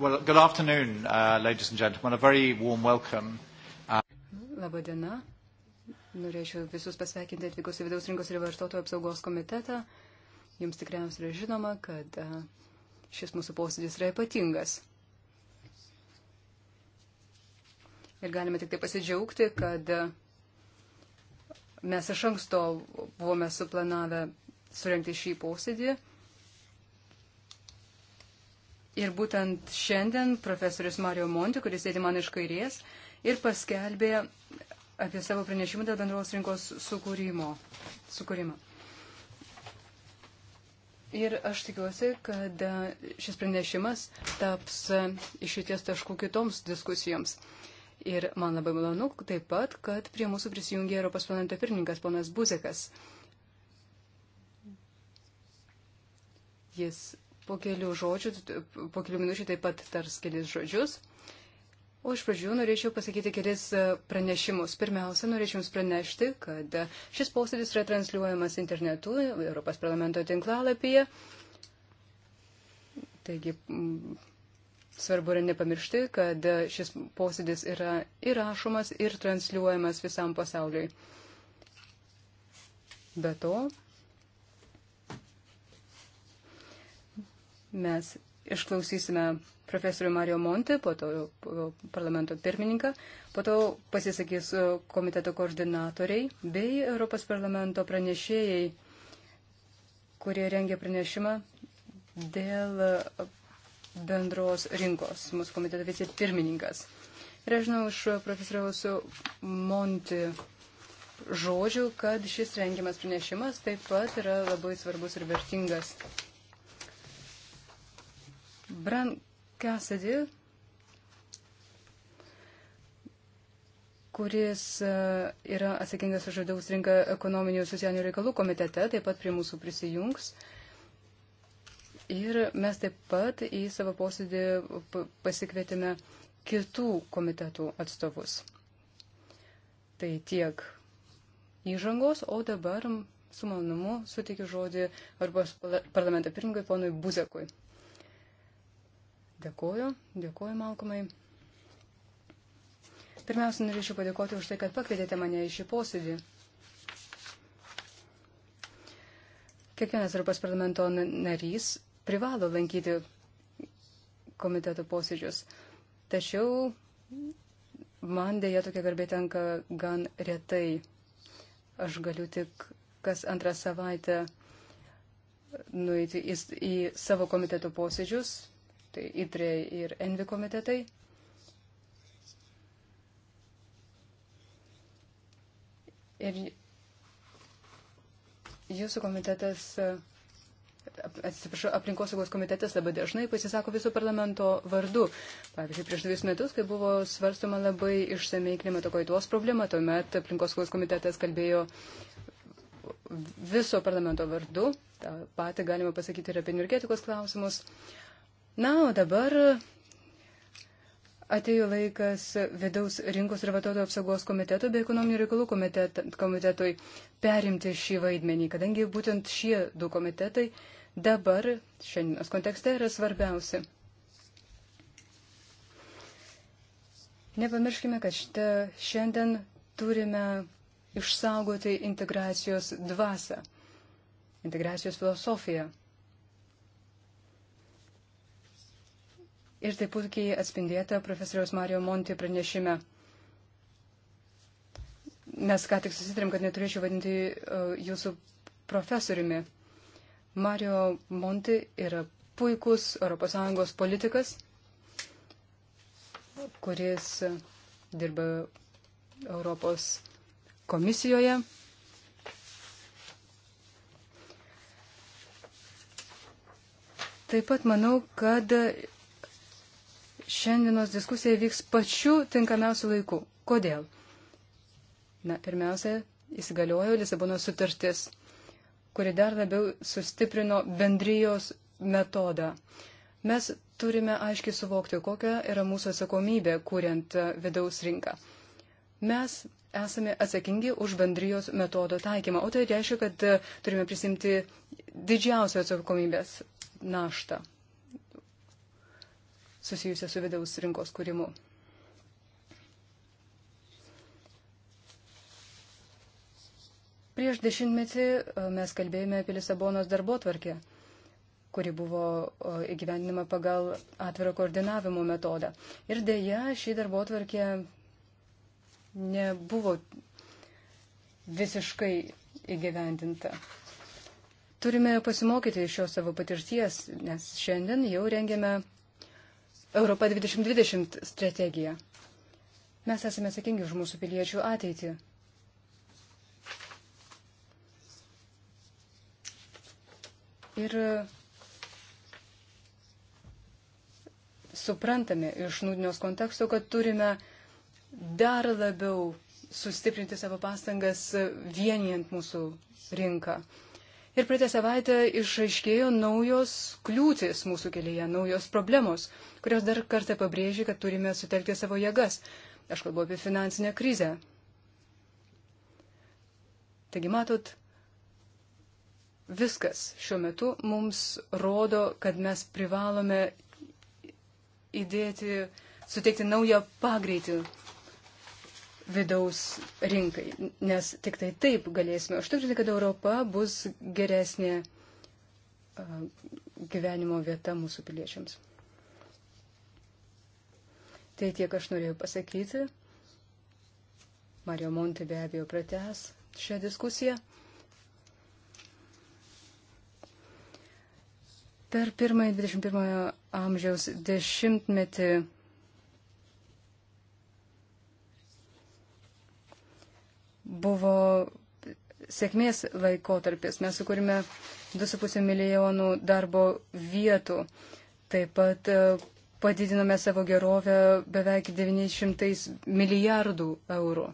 Well, good afternoon, uh, ladies and gentlemen. A very warm welcome. Uh... Labą dieną. Norėčiau visus pasveikinti atvykus į Vidaus rinkos ir vartotojų apsaugos komitetą. Jums tikriausiai yra žinoma, kad uh, šis mūsų posėdis yra ypatingas. Ir galime tik tai pasidžiaugti, kad uh, mes iš anksto buvome suplanavę surinkti šį posėdį Ir būtent šiandien profesorius Mario Monti, kuris sėdi man iš kairės, ir paskelbė apie savo pranešimą dėl bendros rinkos sukūrimo. sukūrimo. Ir aš tikiuosi, kad šis pranešimas taps išėties taškų kitoms diskusijoms. Ir man labai malonu taip pat, kad prie mūsų prisijungė Europos parlamento pirmininkas ponas Buzekas. Jis po kelių žodžių, po kelių minučių taip pat tars kelis žodžius. O iš pradžių norėčiau pasakyti kelis e, pranešimus. Pirmiausia, norėčiau Jums pranešti, kad e, šis posėdis yra transliuojamas internetu, Europos parlamento tinklalapyje. Taigi, svarbu yra nepamiršti, kad e, šis posėdis yra įrašomas ir transliuojamas visam pasauliui. Be to, Mes išklausysime profesorių Mario Monti, po to parlamento pirmininką, po to pasisakys e, komiteto koordinatoriai bei Europos parlamento pranešėjai, kurie rengia pranešimą dėl bendros rinkos, mūsų komiteto vicepirmininkas. Ir aš žinau iš profesoriaus Monti žodžių, kad šis rengiamas pranešimas taip pat yra labai svarbus ir vertingas. Bran Cassidy, kuris e, yra atsakingas už žadaus rinką ekonominių ir socialinių reikalų komitete, taip pat prie mūsų prisijungs. Ir mes taip pat į savo posėdį pasikvietėme kitų komitetų atstovus. Tai tiek įžangos, o dabar su manumu suteikiu žodį arba parlamento pirmininkui ponui Buzekui. Dėkuoju, dėkuoju Malkomai. Pirmiausia, norėčiau padėkoti už tai, kad pakvietėte mane į šį posėdį. Kiekvienas Europos parlamento narys privalo lankyti komiteto posėdžius. Tačiau man dėja tokia garbė tenka gan retai. Aš galiu tik kas antrą savaitę nueiti į, į savo komiteto posėdžius tai ITRE ir ENVI komitetai. Ir jūsų komitetas, atsiprašau, aplinkosaugos komitetas labai dažnai pasisako viso parlamento vardu. Pavyzdžiui, prieš dvius metus, kai buvo svarstoma labai išsamei klimato kaitos problema, tuomet aplinkosaugos komitetas kalbėjo viso parlamento vardu. Ta pati galima pasakyti ir apie energetikos klausimus. Uh, Na, o dabar atėjo laikas vidaus rinkos ir vartotojų apsaugos komiteto bei ekonominių reikalų komitet, komitetui perimti šį vaidmenį, kadangi būtent šie du komitetai dabar šiandienos kontekste yra svarbiausi. Nepamirškime, kad šitą šiandien turime išsaugoti integracijos dvasę, integracijos filosofiją. ir tai puikiai atspindėta profesoriaus Mario Monti pranešime. Mes ką tik susitarėm, kad neturėčiau vadinti e, jūsų profesoriumi. Mario Monti yra puikus ES politikas, kuris dirba Europos komisijoje. Taip pat manau, kad šiandienos diskusija vyks pačiu tinkamiausiu laiku. Kodėl? Na, pirmiausia, įsigaliojo Lisabonos sutartis, kuri dar labiau sustiprino bendrijos metodą. Mes turime aiškiai suvokti, kokia yra mūsų atsakomybė, kuriant vidaus rinką. Mes esame atsakingi už bendrijos metodo taikymą, o tai reiškia, kad turime prisimti didžiausią atsakomybės naštą susijusią su vidaus rinkos kūrimu. Prieš dešimtmetį e, mes kalbėjome apie Lisabonos darbo tvarkę, kuri buvo e, įgyvendinama pagal atviro koordinavimo metodą. Ir dėja, ši darbo tvarkė nebuvo visiškai įgyvendinta. Turime pasimokyti iš šios savo patirties, nes šiandien jau rengiame Europa 2020 strategiją. Mes esame atsakingi už mūsų piliečių ateitį. Ir suprantame iš nūdinios konteksto, kad turime dar labiau sustiprinti savo pastangas vienijant mūsų rinką. Ir praeitą savaitę išaiškėjo naujos kliūtis mūsų kelyje, naujos problemos, kurios dar kartą pabrėžė, kad turime sutelkti savo jėgas. Aš kalbu apie finansinę krizę. Taigi, matot, viskas šiuo metu mums rodo, kad mes privalome įdėti, suteikti naują pagreitį vidaus rinkai, nes tik tai taip galėsime užtikrinti, kad Europa bus geresnė gyvenimo vieta mūsų piliečiams. Tai tiek aš norėjau pasakyti. Mario Monti be abejo pratęs šią diskusiją. Per pirmąjį 21 amžiaus dešimtmetį buvo sėkmės laikotarpis. Mes sukūrėme 2,5 milijonų darbo vietų. Taip pat e, padidinome savo gerovę beveik 900 milijardų eurų.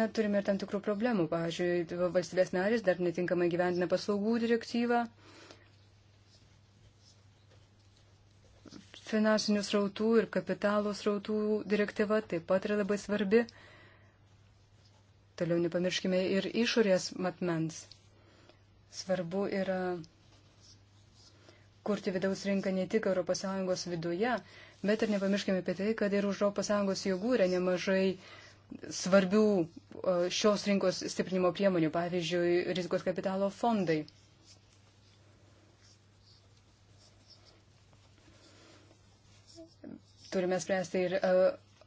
Na, turime ir tam tikrų problemų. Pavyzdžiui, valstybės narės dar netinkamai gyventina paslaugų direktyvą. Uh, finansinių srautų ir kapitalo srautų direktyva taip pat yra labai svarbi. Toliau nepamirškime ir išorės matmens. Svarbu yra kurti vidaus rinką ne tik ES viduje, bet ir nepamirškime apie tai, kad ir už ES jėgų yra nemažai svarbių šios rinkos stiprinimo priemonių, pavyzdžiui, rizikos kapitalo fondai. Turime spręsti ir e,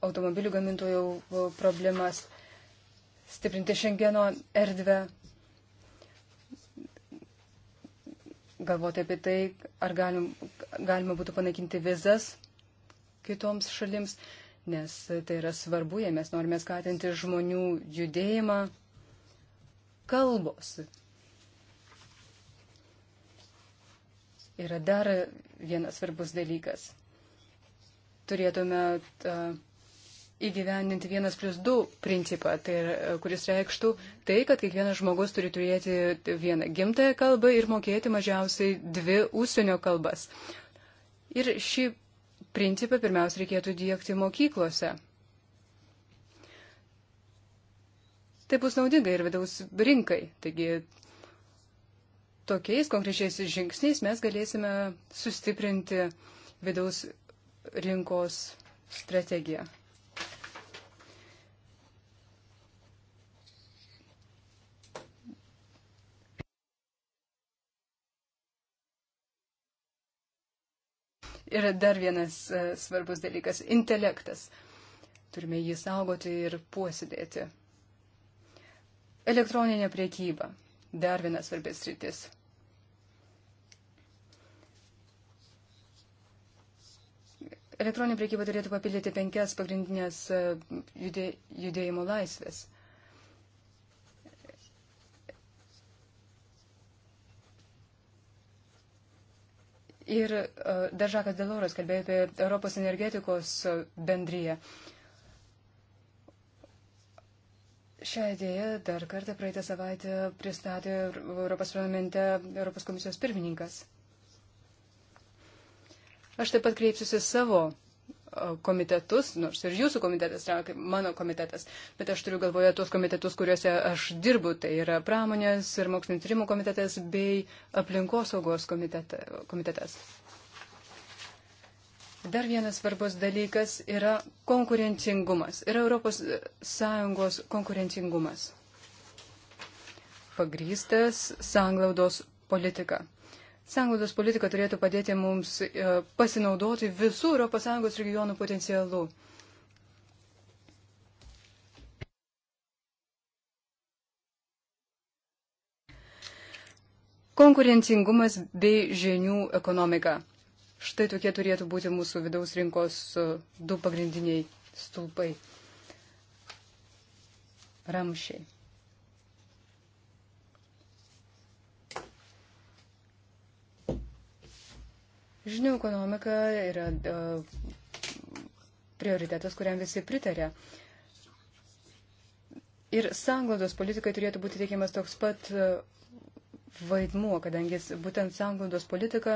automobilių gamintojų e, problemas, stiprinti šengeno erdvę, galvoti apie tai, ar galim, galima būtų panaikinti vizas kitoms šalims, nes tai yra svarbu, jei mes norime skatinti žmonių judėjimą. Kalbos. Yra dar vienas svarbus dalykas turėtume e, įgyvendinti vienas plus du principą, tai, e, kuris reikštų tai, kad kiekvienas žmogus turi turėti vieną gimtąją kalbą ir mokėti mažiausiai dvi užsienio kalbas. Ir šį principą pirmiausia reikėtų dėkti mokyklose. Tai bus naudinga ir vidaus rinkai. Taigi tokiais konkrečiais žingsniais mes galėsime sustiprinti vidaus rinkos strategiją. Ir dar vienas e, svarbus dalykas - intelektas. Turime jį saugoti ir puosidėti. Elektroninė priekyba - dar vienas svarbės rytis. Elektroninė priekyba turėtų papildyti penkias pagrindinės e, judė, judėjimo laisvės. Ir e, dar Žakas Deloras kalbėjo apie Europos energetikos e, bendryje. Šią idėją dar kartą praeitą savaitę pristatė Europos parlamente Europos komisijos pirmininkas. Aš taip pat kreipsiuosi savo komitetus, nors ir jūsų komitetas, tai mano komitetas, bet aš turiu galvoje tuos komitetus, kuriuose aš dirbu, tai yra pramonės ir mokslinio tyrimų komitetas bei aplinkosaugos komiteta, komitetas. Dar vienas svarbus dalykas yra konkurencingumas, yra ES e, konkurencingumas, pagrystas sanglaudos politika. Sanglaudos politika turėtų padėti mums e, pasinaudoti visų ES regionų potencialu. Konkurencingumas bei žinių ekonomika. Štai tokie turėtų būti mūsų vidaus rinkos e, du pagrindiniai stulpai. Ramšiai. Žinių ekonomika yra e, prioritetas, kuriam visi pritarė. Ir sanglaudos politikai turėtų būti teikiamas toks pat e, vaidmuo, kadangi būtent sanglaudos politika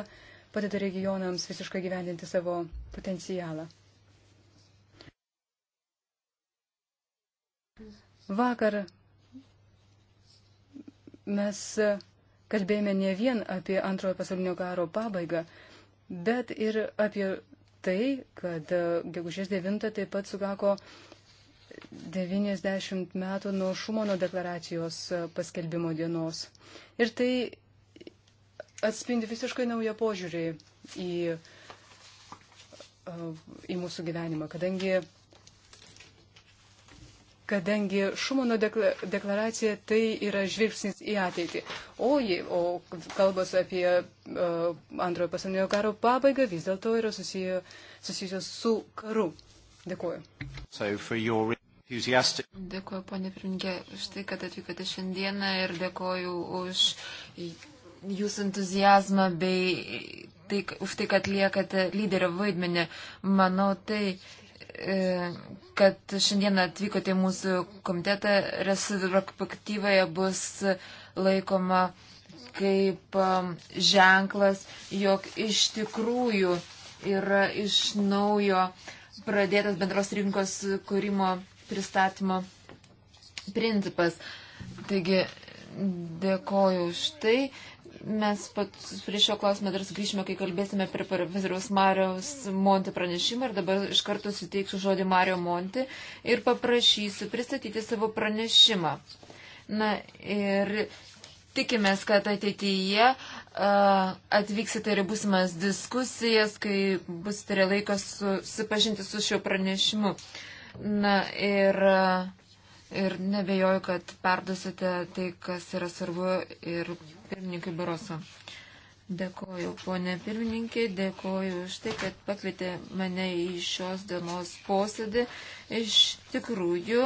padeda regionams visiškai gyvendinti savo potencialą. Vakar mes kalbėjome ne vien apie antrojo pasaulinio karo pabaigą, bet ir apie tai, kad e, gegužės 9 taip pat sugako 90 metų nuo Šumano deklaracijos e, paskelbimo dienos. Ir tai atspindi visiškai naują požiūrį į, e, į mūsų gyvenimą, kadangi kadangi Šumano deklaracija tai yra žvilgsnis į ateitį. O, jį, o kalbos apie uh, antrojo pasaulinio karo pabaigą vis dėlto yra susiję, susijusios su karu. Dėkuoju. So your... Dėkuoju, ponė Primgė, už tai, kad atvykote šiandieną ir dėkuoju už jūsų entuzijazmą bei tai, už tai, kad liekate lyderio vaidmenį. Manau, tai E, kad šiandieną atvykote į mūsų komitetą, retrospektyvoje bus laikoma kaip um, ženklas, jog iš tikrųjų yra iš naujo pradėtas bendros rinkos kūrimo pristatymo principas. Taigi dėkoju už tai. Mes pat prie šio klausimo dar sugrįšime, kai kalbėsime prie profesoriaus Marijos Monti pranešimą ir dabar iš karto suteiksiu žodį Mario Monti ir paprašysiu pristatyti savo pranešimą. Na ir tikimės, kad ateityje atvyksite tai ir būsimas diskusijas, kai busite tai laiko susipažinti su šiuo pranešimu. Na ir. A, ir nebejoju, kad perdusite tai, kas yra svarbu ir pirmininkui Baroso. Dėkoju, ponė pirmininkė, dėkoju už tai, kad pakvietė mane į šios dienos posėdį. Iš tikrųjų,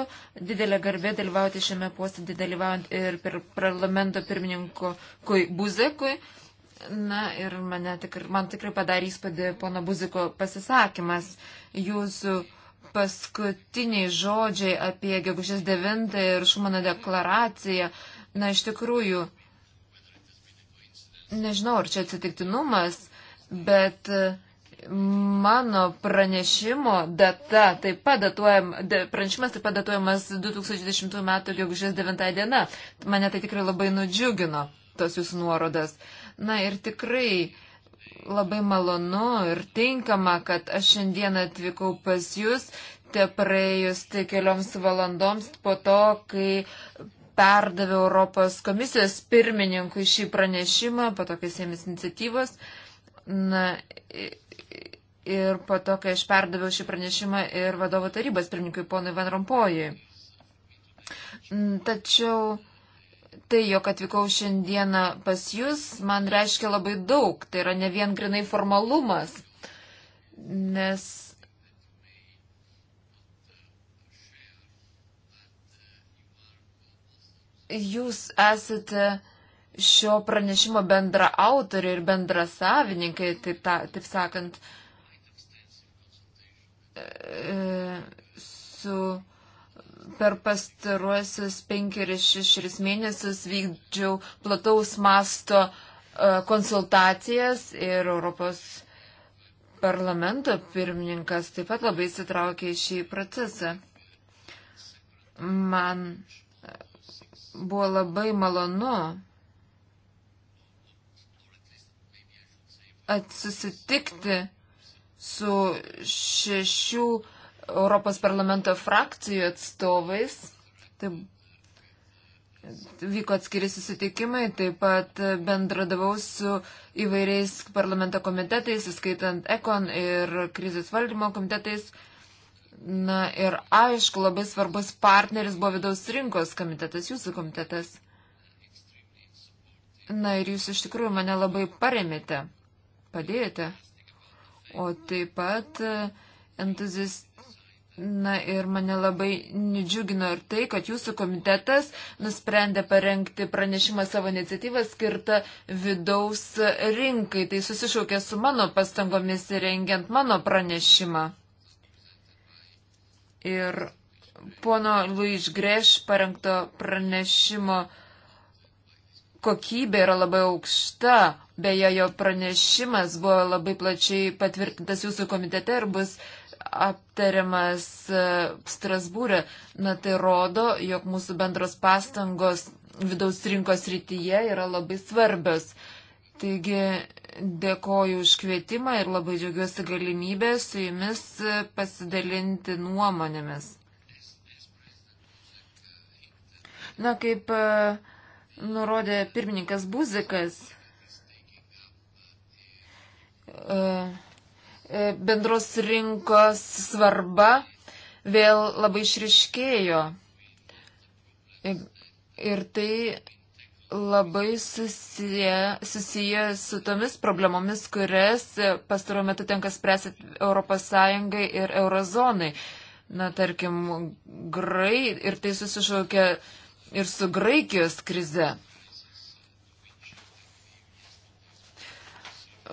didelė garbė dalyvauti šiame posėdį, dalyvaujant ir per parlamento pirmininko Kui Buzekui. Na ir mane tikrai, man tikrai padarė įspūdį pono Buziko pasisakymas. Jūsų uh, paskutiniai žodžiai apie gegužės 9 ir Šumano deklaraciją. Na, iš tikrųjų, nežinau, ar čia atsitiktinumas, bet e, mano pranešimo data taip pat datuojam, de, pranešimas taip pat datuojamas 2010 m. gegužės 9 diena. Mane tai tikrai labai nudžiugino, tos jūsų nuorodas. Na ir tikrai labai malonu ir tinkama, kad aš šiandien atvykau pas jūs, te praėjus tai kelioms valandoms po to, kai perdaviau Europos komisijos pirmininkui šį pranešimą, po to, kai sėmės iniciatyvos. Na, ir po to, kai aš perdaviau šį pranešimą ir vadovo tarybos pirmininkui ponui Van Rompojui. Tačiau tai, jog atvykau šiandieną pas jūs, man reiškia labai daug. Tai yra ne vien grinai formalumas, nes. Jūs esate šio pranešimo bendra autoriai ir bendra savininkai, taip, ta, taip sakant, e, su per pastaruosius penkeris šešis mėnesius vykdžiau plataus masto e, konsultacijas ir Europos parlamento pirmininkas taip pat labai sitraukė į šį procesą. Man buvo labai malonu atsusitikti su šešių Europos parlamento frakcijų atstovais. Tai vyko atskiri susitikimai, taip pat bendradavau su įvairiais parlamento komitetais, įskaitant ekon ir krizės valdymo komitetais. Na ir aišku, labai svarbus partneris buvo vidaus rinkos komitetas, jūsų komitetas. Na ir jūs iš tikrųjų mane labai paremėte, padėjote. O taip pat e, entuziastingai Na ir mane labai nidžiugino ir tai, kad jūsų komitetas nusprendė parengti pranešimą savo iniciatyvą skirtą vidaus rinkai. Tai susišaukė su mano pastangomis rengiant mano pranešimą. Ir pono Luiš Greš parengto pranešimo kokybė yra labai aukšta. Beje, jo pranešimas buvo labai plačiai patvirtintas jūsų komitete ir bus aptariamas e, Strasbūrė, na tai rodo, jog mūsų bendros pastangos vidaus rinkos rytyje yra labai svarbios. Taigi dėkoju už kvietimą ir labai džiaugiuosi galimybę su jumis e, pasidalinti nuomonėmis. Na, kaip e, nurodė pirmininkas Buzikas, uh, E, bendros rinkos svarba vėl labai išriškėjo. Ir tai labai susiję, susiję su tomis problemomis, kurias pastaruoju metu tenka spręsti ES ir eurozonai. Na, tarkim, grai, ir tai susišaukia ir su Graikijos krize.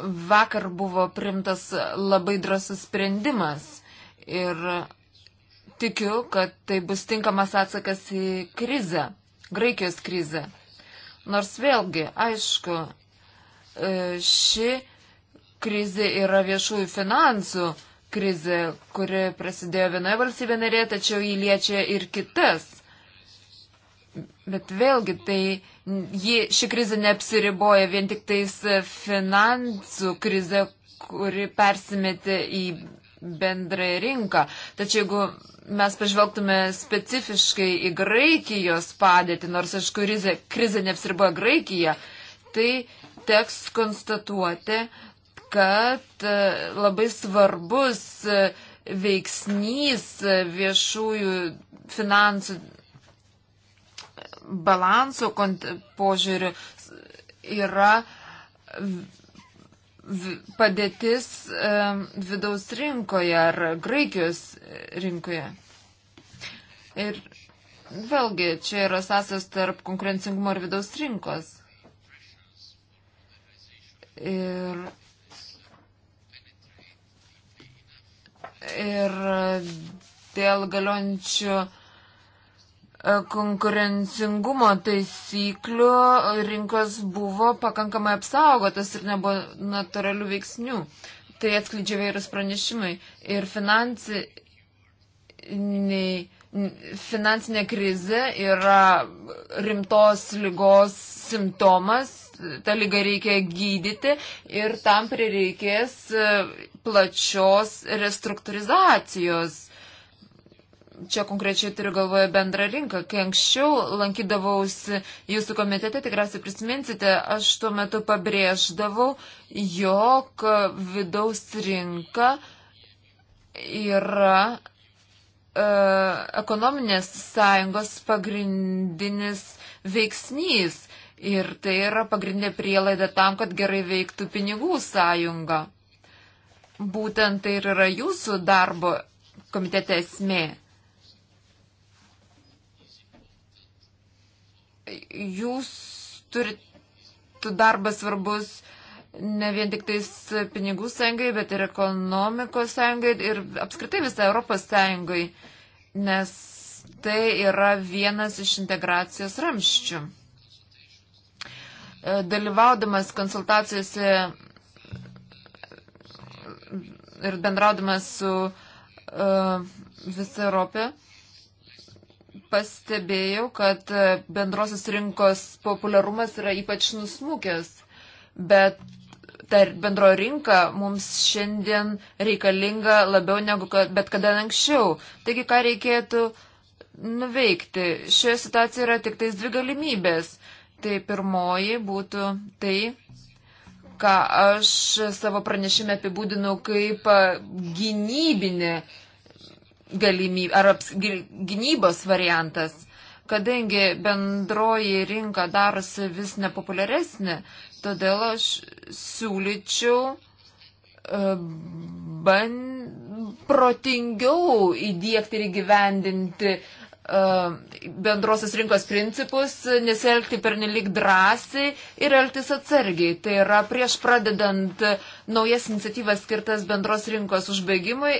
vakar buvo primtas labai drasus sprendimas ir tikiu, kad tai bus tinkamas atsakas į krizę, Graikijos krizę. Nors vėlgi, aišku, e, ši krizė yra viešųjų finansų krizė, kuri prasidėjo vienoje valstybėje narėje, tačiau įliečia ir kitas. Bet vėlgi, tai ji, ši krizė neapsiriboja vien tik tais e, finansų krize, kuri persimetė į bendrąją rinką. Tačiau jeigu mes pažvelgtume specifiškai į Graikijos padėtį, nors aš krizė, krizė neapsiriboja Graikiją, tai teks konstatuoti, kad e, labai svarbus e, veiksnys viešųjų finansų balanso požiūriu yra padėtis vidaus rinkoje ar Graikijos rinkoje. Ir vėlgi, čia yra sąsas tarp konkurencingumo ir vidaus rinkos. Ir, ir dėl galiojančių E, konkurencingumo taisyklių e, rinkos buvo pakankamai apsaugotas ir nebuvo natūralių veiksnių. Tai atskleidžia vairūs pranešimai. Ir finansiniai, finansinė krizė yra rimtos lygos simptomas, tą lygą reikia gydyti ir tam prireikės e, plačios restruktūrizacijos čia konkrečiai turiu galvoje bendrą rinką. Kai anksčiau lankydavausi jūsų komitete, tikriausiai prisiminsite, aš tuo metu pabrėždavau, jog vidaus rinka yra e, ekonominės sąjungos pagrindinis veiksnys ir tai yra pagrindinė prielaida tam, kad gerai veiktų pinigų sąjunga. Būtent tai ir yra jūsų darbo komitete esmė. jūs turite darbas svarbus ne vien tik tais pinigų sąjungai, bet ir ekonomikos sąjungai ir apskritai visą Europos sąjungai, nes tai yra vienas iš integracijos ramščių. E, dalyvaudamas konsultacijose ir bendraudamas su uh, e, visą Europę, uh, pastebėjau, kad e, bendrosios rinkos populiarumas yra ypač nusmukęs, bet ta bendro rinka mums šiandien reikalinga labiau negu kad, bet kada anksčiau. Taigi, ką reikėtų nuveikti? Šioje situacijoje yra tik tais dvi galimybės. Tai pirmoji būtų tai, ką aš savo pranešime apibūdinau kaip e, gynybinė galimybė, ar aps, gynybos variantas, kadangi bendroji rinka darosi vis nepopuliaresnė, todėl aš siūlyčiau e, ban protingiau įdėkti ir gyvendinti E, bendrosios rinkos principus, nesielgti pernelik drąsiai ir elgtis atsargiai. Tai yra prieš pradedant naujas iniciatyvas skirtas bendros rinkos užbaigimui,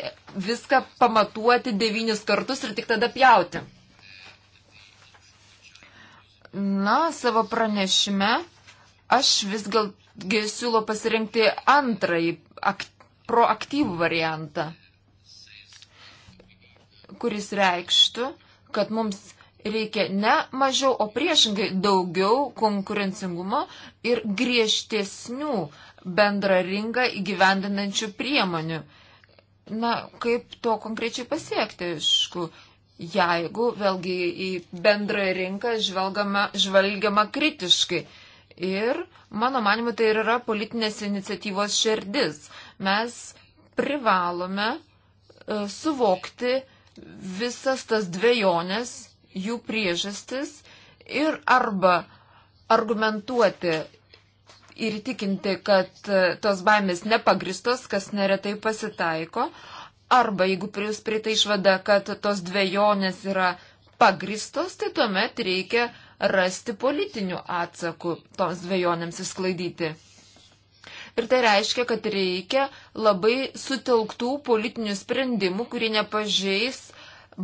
viską pamatuoti devynis kartus ir tik tada pjauti. Na, savo pranešime aš vis gal siūlo pasirinkti antrąjį ak, proaktyvų variantą, kuris reikštų, kad mums reikia ne mažiau, o priešingai daugiau konkurencingumo ir griežtesnių bendrą rinką įgyvendinančių priemonių. Na, kaip to konkrečiai pasiekti, aišku, jeigu vėlgi į bendrą rinką žvelgama, žvelgiama kritiškai. Ir, mano manimu, tai yra politinės iniciatyvos šerdis. Mes privalome uh, suvokti, uh, visas tas dviejonės, jų priežastis ir arba argumentuoti ir įtikinti, kad e, tos baimės nepagristos, kas neretai pasitaiko, arba jeigu jūs prieita išvada, kad tos dviejonės yra pagristos, tai tuomet reikia rasti politinių atsakų toms dviejonėms išsklaidyti. Ir tai reiškia, kad reikia labai sutelktų politinių sprendimų, kurie nepažeis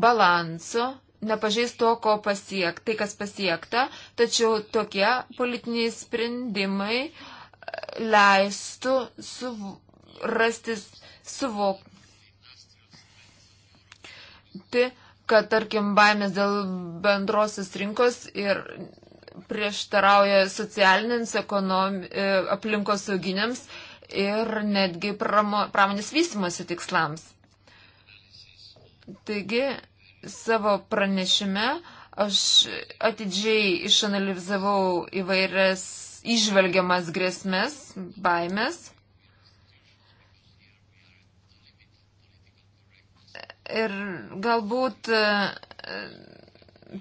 balanso, nepažeis to, ko pasiek, tai, kas pasiekta, tačiau tokie politiniai sprendimai e, leistų suv... rastis suvokti, kad, tarkim, baimės dėl bendrosios rinkos ir prieštarauja socialiniams, e, aplinkosauginiams ir netgi pramonės vystimosi tikslams. Taigi, savo pranešime aš atidžiai išanalizavau įvairias išvelgiamas grėsmės, baimės. Ir galbūt e,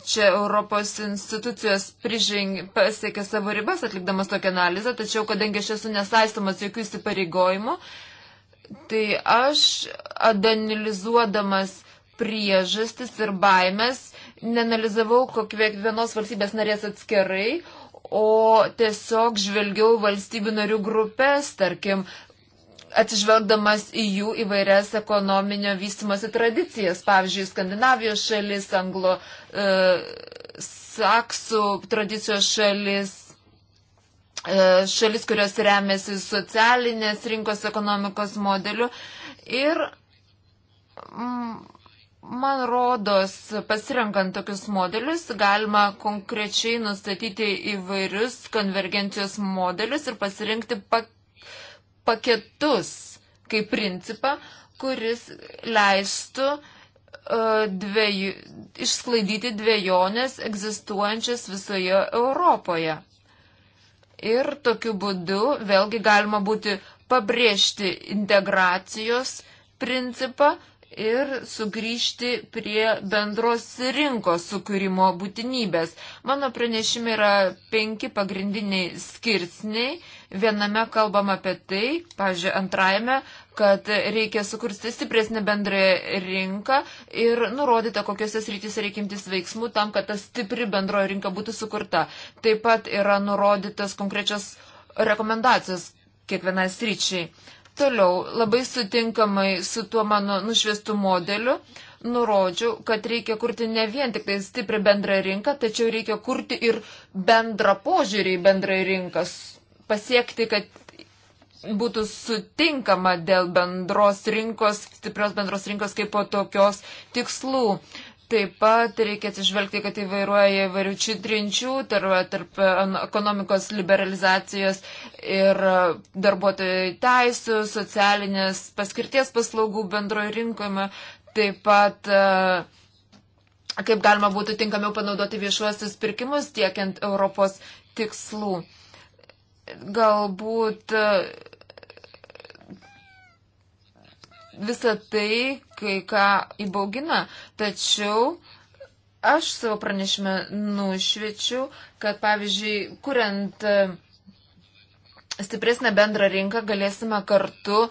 čia Europos institucijos priženg, pasiekė savo ribas atlikdamas tokią analizę, tačiau kadangi aš esu nesaistomas jokių įsipareigojimų, tai aš adanalizuodamas priežastis ir baimės nenalizavau kiekvienos valstybės narės atskirai, o tiesiog žvelgiau valstybių narių grupės, tarkim, atsižvelgdamas į jų įvairias ekonominio vystimosi tradicijas, pavyzdžiui, Skandinavijos šalis, anglo e, saksų tradicijos šalis, e, šalis, kurios remiasi socialinės rinkos ekonomikos modeliu. Ir mm, Man rodos, pasirenkant tokius modelius, galima konkrečiai nustatyti įvairius konvergencijos modelius ir pasirinkti pakeitimą paketus kaip principą, kuris leistų e, dviejų, išsklaidyti dviejonės egzistuojančias visoje Europoje. Ir tokiu būdu vėlgi galima būti pabrėžti integracijos principą, ir sugrįžti prie bendros rinkos sukūrimo būtinybės. Mano pranešime yra penki pagrindiniai skirsniai. Viename kalbam apie tai, pažiūrėjau, antrajame, kad reikia sukurti stipresnį bendrąją rinką ir nurodyta, kokiuose srityse reikia imtis veiksmų tam, kad ta stipri bendroja rinka būtų sukurta. Taip pat yra nurodytas konkrečias rekomendacijas kiekvienai sryčiai. Toliau, labai sutinkamai su tuo mano nušviestu modeliu, nurodžiau, kad reikia kurti ne vien tik tai stipri bendrą rinką, tačiau reikia kurti ir bendrą požiūrį į bendrą rinką, pasiekti, kad būtų sutinkama dėl bendros rinkos, stiprios bendros rinkos kaip po tokios tikslų. Taip pat reikia atsižvelgti, kad įvairuoja įvairių čitrinčių tarp, tarp ekonomikos liberalizacijos ir darbuotojų teisų, socialinės paskirties paslaugų bendroje rinkoje. Taip pat e, kaip galima būtų tinkamiau panaudoti viešuosius pirkimus tiekiant Europos tikslų. Galbūt e, visa tai kai ką įbaugina, tačiau aš savo pranešime nušvečiu, kad pavyzdžiui, kuriant e, stipresnę bendrą rinką galėsime kartu e,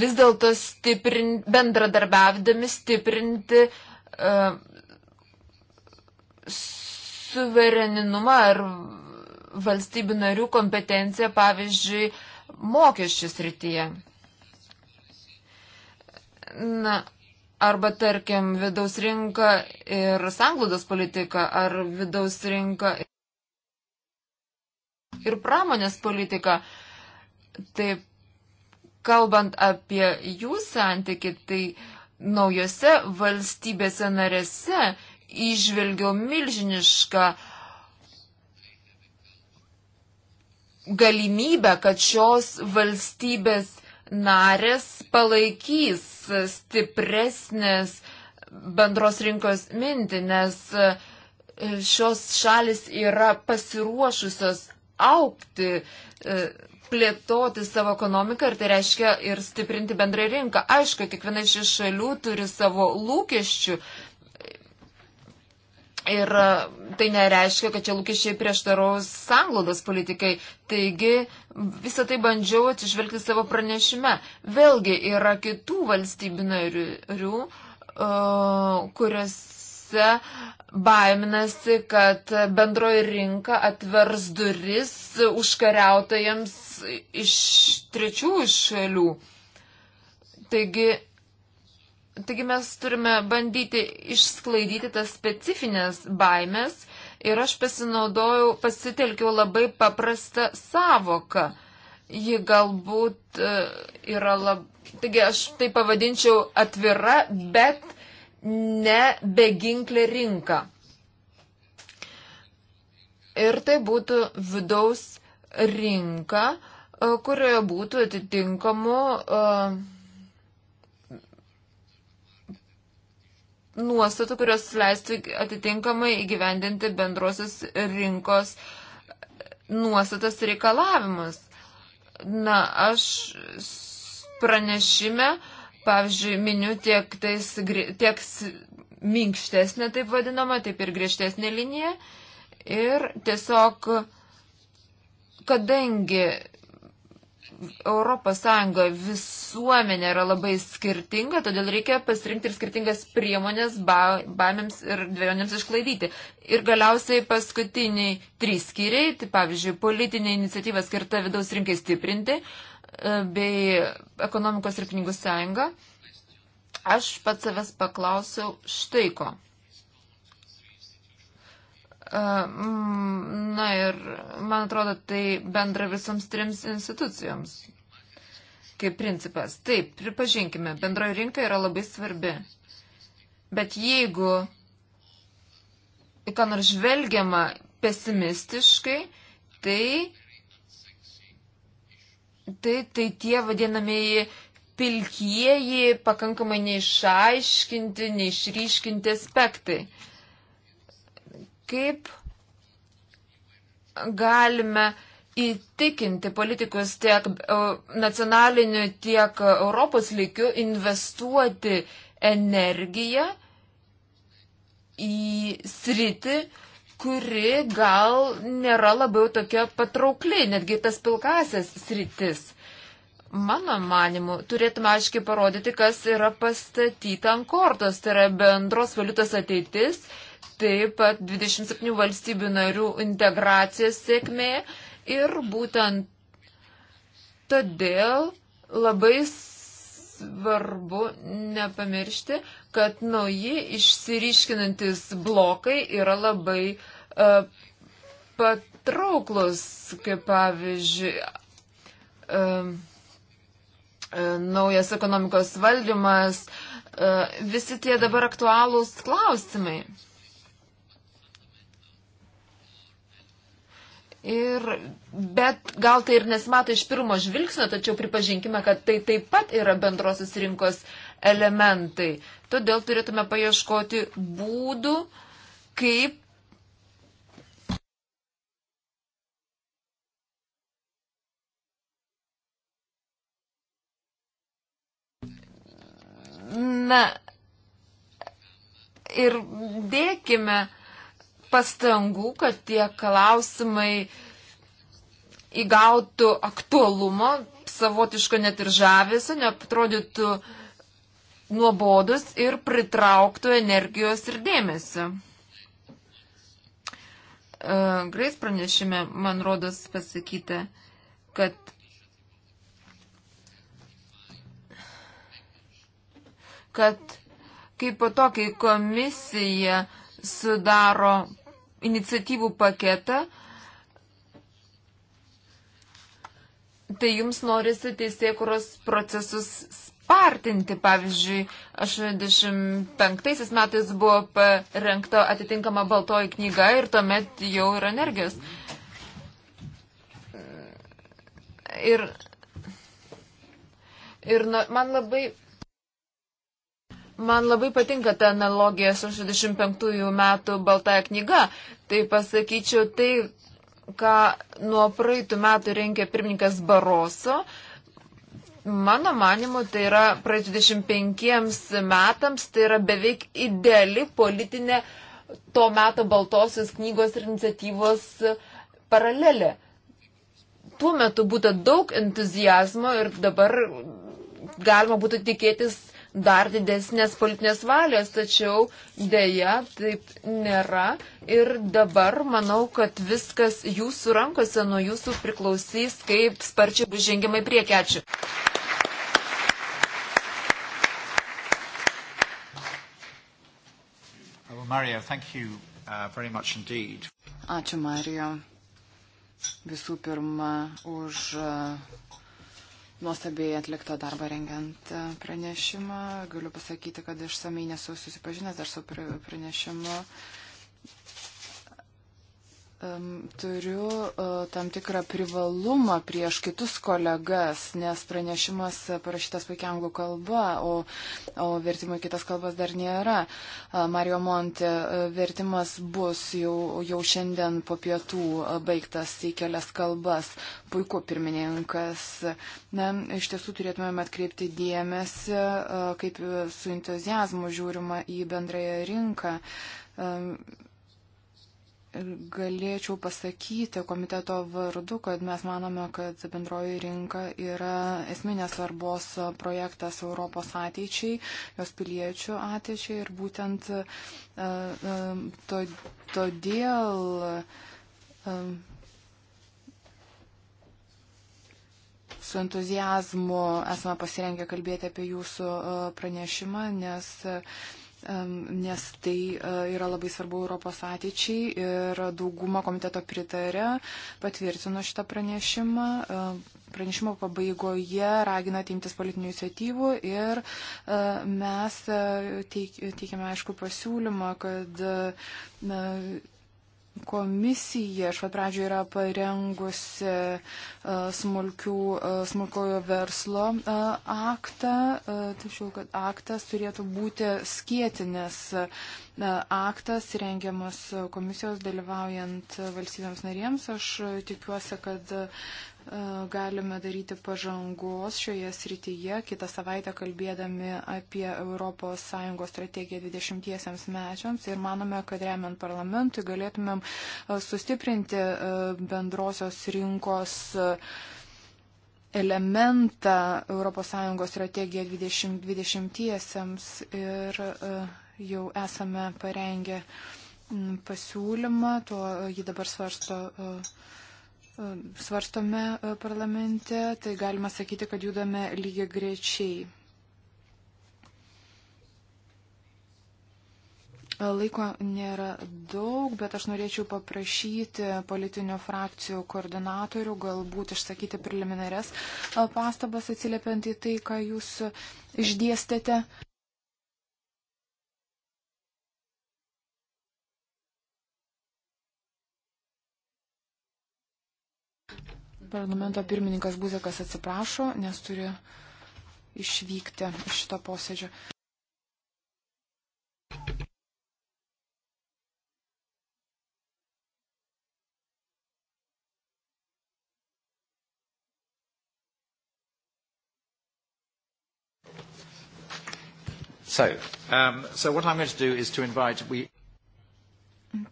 vis dėlto stiprin, bendradarbiavdami stiprinti e, suvereninumą ar valstybių narių kompetenciją, pavyzdžiui, mokesčių srityje. Na, arba tarkim vidaus rinka ir sanglaudos politika, ar vidaus rinka ir pramonės politika. Taip, kalbant apie jų santyki, tai naujose valstybėse narėse išvelgiau milžinišką galimybę, kad šios valstybės narės palaikys stipresnės bendros rinkos mintį, nes e, šios šalis yra pasiruošusios aukti, e, plėtoti savo ekonomiką ir tai reiškia ir stiprinti bendrą rinką. Aišku, kiekviena iš šalių turi savo lūkesčių, Ir e, tai nereiškia, kad čia lūkesčiai prieštaraus sanglaudos politikai. Taigi visą tai bandžiau atsižvelgti savo pranešime. Vėlgi yra kitų valstybių narių, e, kuriuose baiminasi, kad bendroji rinka atvers duris užkariautojams iš trečiųjų šalių. Taigi Taigi mes turime bandyti išsklaidyti tas specifines baimės ir aš pasinaudojau, pasitelkiau labai paprastą savoką. Ji galbūt e, yra labai. Taigi aš tai pavadinčiau atvira, bet ne beginklė rinka. Ir tai būtų vidaus rinka, e, kurioje būtų atitinkamų uh, e, nuostatų, kurios leistų atitinkamai įgyvendinti bendrosios rinkos nuostatas reikalavimus. Na, aš pranešime, pavyzdžiui, miniu tiek, tais, tiek minkštesnė, taip vadinama, taip ir griežtesnė linija. Ir tiesiog, kadangi Europos Sąjungoje visuomenė yra labai skirtinga, todėl reikia pasirinkti ir skirtingas priemonės ba, baimėms ir dviejonėms išklaidyti. Ir galiausiai paskutiniai trys skyriai, tai pavyzdžiui, politinė iniciatyva skirta vidaus rinkai stiprinti e, bei ekonomikos ir pinigų sąjunga. Aš pats savęs paklausiau štai ko. Mm, na ir, man atrodo, tai bendra visoms trims institucijoms kaip principas. Taip, pripažinkime, bendroji rinka yra labai svarbi. Bet jeigu į ką nors žvelgiama pesimistiškai, tai, tai, tai tie vadinamieji pilkieji pakankamai neišaiškinti, neišryškinti aspektai. Kaip galime įtikinti politikus tiek e, nacionaliniu, tiek Europos lygiu investuoti energiją į sritį, kuri gal nėra labiau tokia patraukli, netgi tas pilkasias sritis. Mano manimu, turėtume aiškiai parodyti, kas yra pastatyta ant kortos, tai yra bendros valiutos ateitis taip pat 27 valstybių narių integracijos sėkmė ir būtent todėl labai svarbu nepamiršti, kad nauji išsiriškinantis blokai yra labai uh, patrauklus, kaip pavyzdžiui, uh, naujas ekonomikos valdymas, visi tie dabar aktualūs klausimai. Ir, bet gal tai ir nesimato iš pirmo žvilgsnio, tačiau pripažinkime, kad tai taip pat yra bendrosios rinkos elementai. Todėl turėtume paieškoti būdų, kaip. Na, ir dėkime pastangų, kad tie klausimai įgautų aktualumo, savotiško net ir žavėsio, neatrodytų nuobodus ir pritrauktų energijos ir dėmesio. E, Grais pranešime, man rodos, pasakyti, kad kad kaip po to, kai komisija sudaro iniciatyvų paketą, tai jums norisi teisėkuros procesus spartinti. Pavyzdžiui, 85 metais buvo parengta atitinkama baltoji knyga ir tuomet jau yra energijos. Ir, ir man labai Man labai patinka ta analogija su 65 metų baltąją knyga. Tai pasakyčiau tai, ką nuo praeitų metų renkė pirmininkas Baroso. Mano manimu, tai yra praeitų 25 metams, tai yra beveik ideali politinė to meto baltosios knygos ir iniciatyvos paralelė. Tuo metu būtų daug entuzijazmo ir dabar galima būtų tikėtis dar didesnės politinės valios, tačiau dėja taip nėra. Ir dabar manau, kad viskas jūsų rankose nuo jūsų priklausys, kaip sparčiai bus žengiamai prieki. Ačiū. Mario, thank you uh, very much indeed. Ačiū, Mario. Visų pirma, už uh, nuostabiai atlikto darbo rengiant e, pranešimą. Galiu pasakyti, kad išsamei nesu susipažinęs dar su pranešimu. Turiu e, tam tikrą privalumą prieš kitus kolegas, nes pranešimas parašytas puikia anglų kalba, o, o vertimo į kitas kalbas dar nėra. E, Mario Monte vertimas bus jau, jau šiandien po pietų e, baigtas į kelias kalbas. Puiku pirmininkas. Na, iš tiesų turėtumėm atkreipti dėmesį, kaip su entuzijazmu žiūrima į bendrąją rinką Galėčiau pasakyti komiteto vardu, kad mes manome, kad bendroji rinka yra esminės svarbos projektas Europos ateičiai, jos piliečių ateičiai ir būtent e, e, to, todėl e, su entuzijazmu esame pasirengę kalbėti apie jūsų pranešimą, nes nes tai e, yra labai svarbu Europos ateičiai ir dauguma komiteto pritarė, patvirtino šitą pranešimą. Pranešimo pabaigoje ragina imtis politinių iniciatyvų ir e, mes e, teikiame aišku pasiūlymą, kad komisija iš pat pradžio yra parengusi e, smulkių, e, smulkojo verslo e, aktą, tačiau kad aktas turėtų būti skėtinis aktas rengiamas komisijos dalyvaujant valstybėms narėms. Aš tikiuosi, kad galime daryti pažangos šioje srityje. Kitą savaitę kalbėdami apie ES strategiją 20-iesiams mečiams ir manome, kad remiant parlamentui galėtumėm e, sustiprinti e, bendrosios rinkos e, elementą ES strategiją 2020-iesiams ir jau esame parengę pasiūlymą, tuo jį dabar svarsto. Uh, svarstome e, parlamente, tai galima sakyti, kad judame lygiai grečiai. E, laiko nėra daug, bet aš norėčiau paprašyti politinių frakcijų koordinatorių galbūt išsakyti preliminarias e, pastabas atsiliepiant į tai, ką jūs išdėstėte. Parlamento pirmininkas Buzekas atsiprašo, nes turi išvykti iš šito posėdžio. So, um, so what I'm going to do is to invite we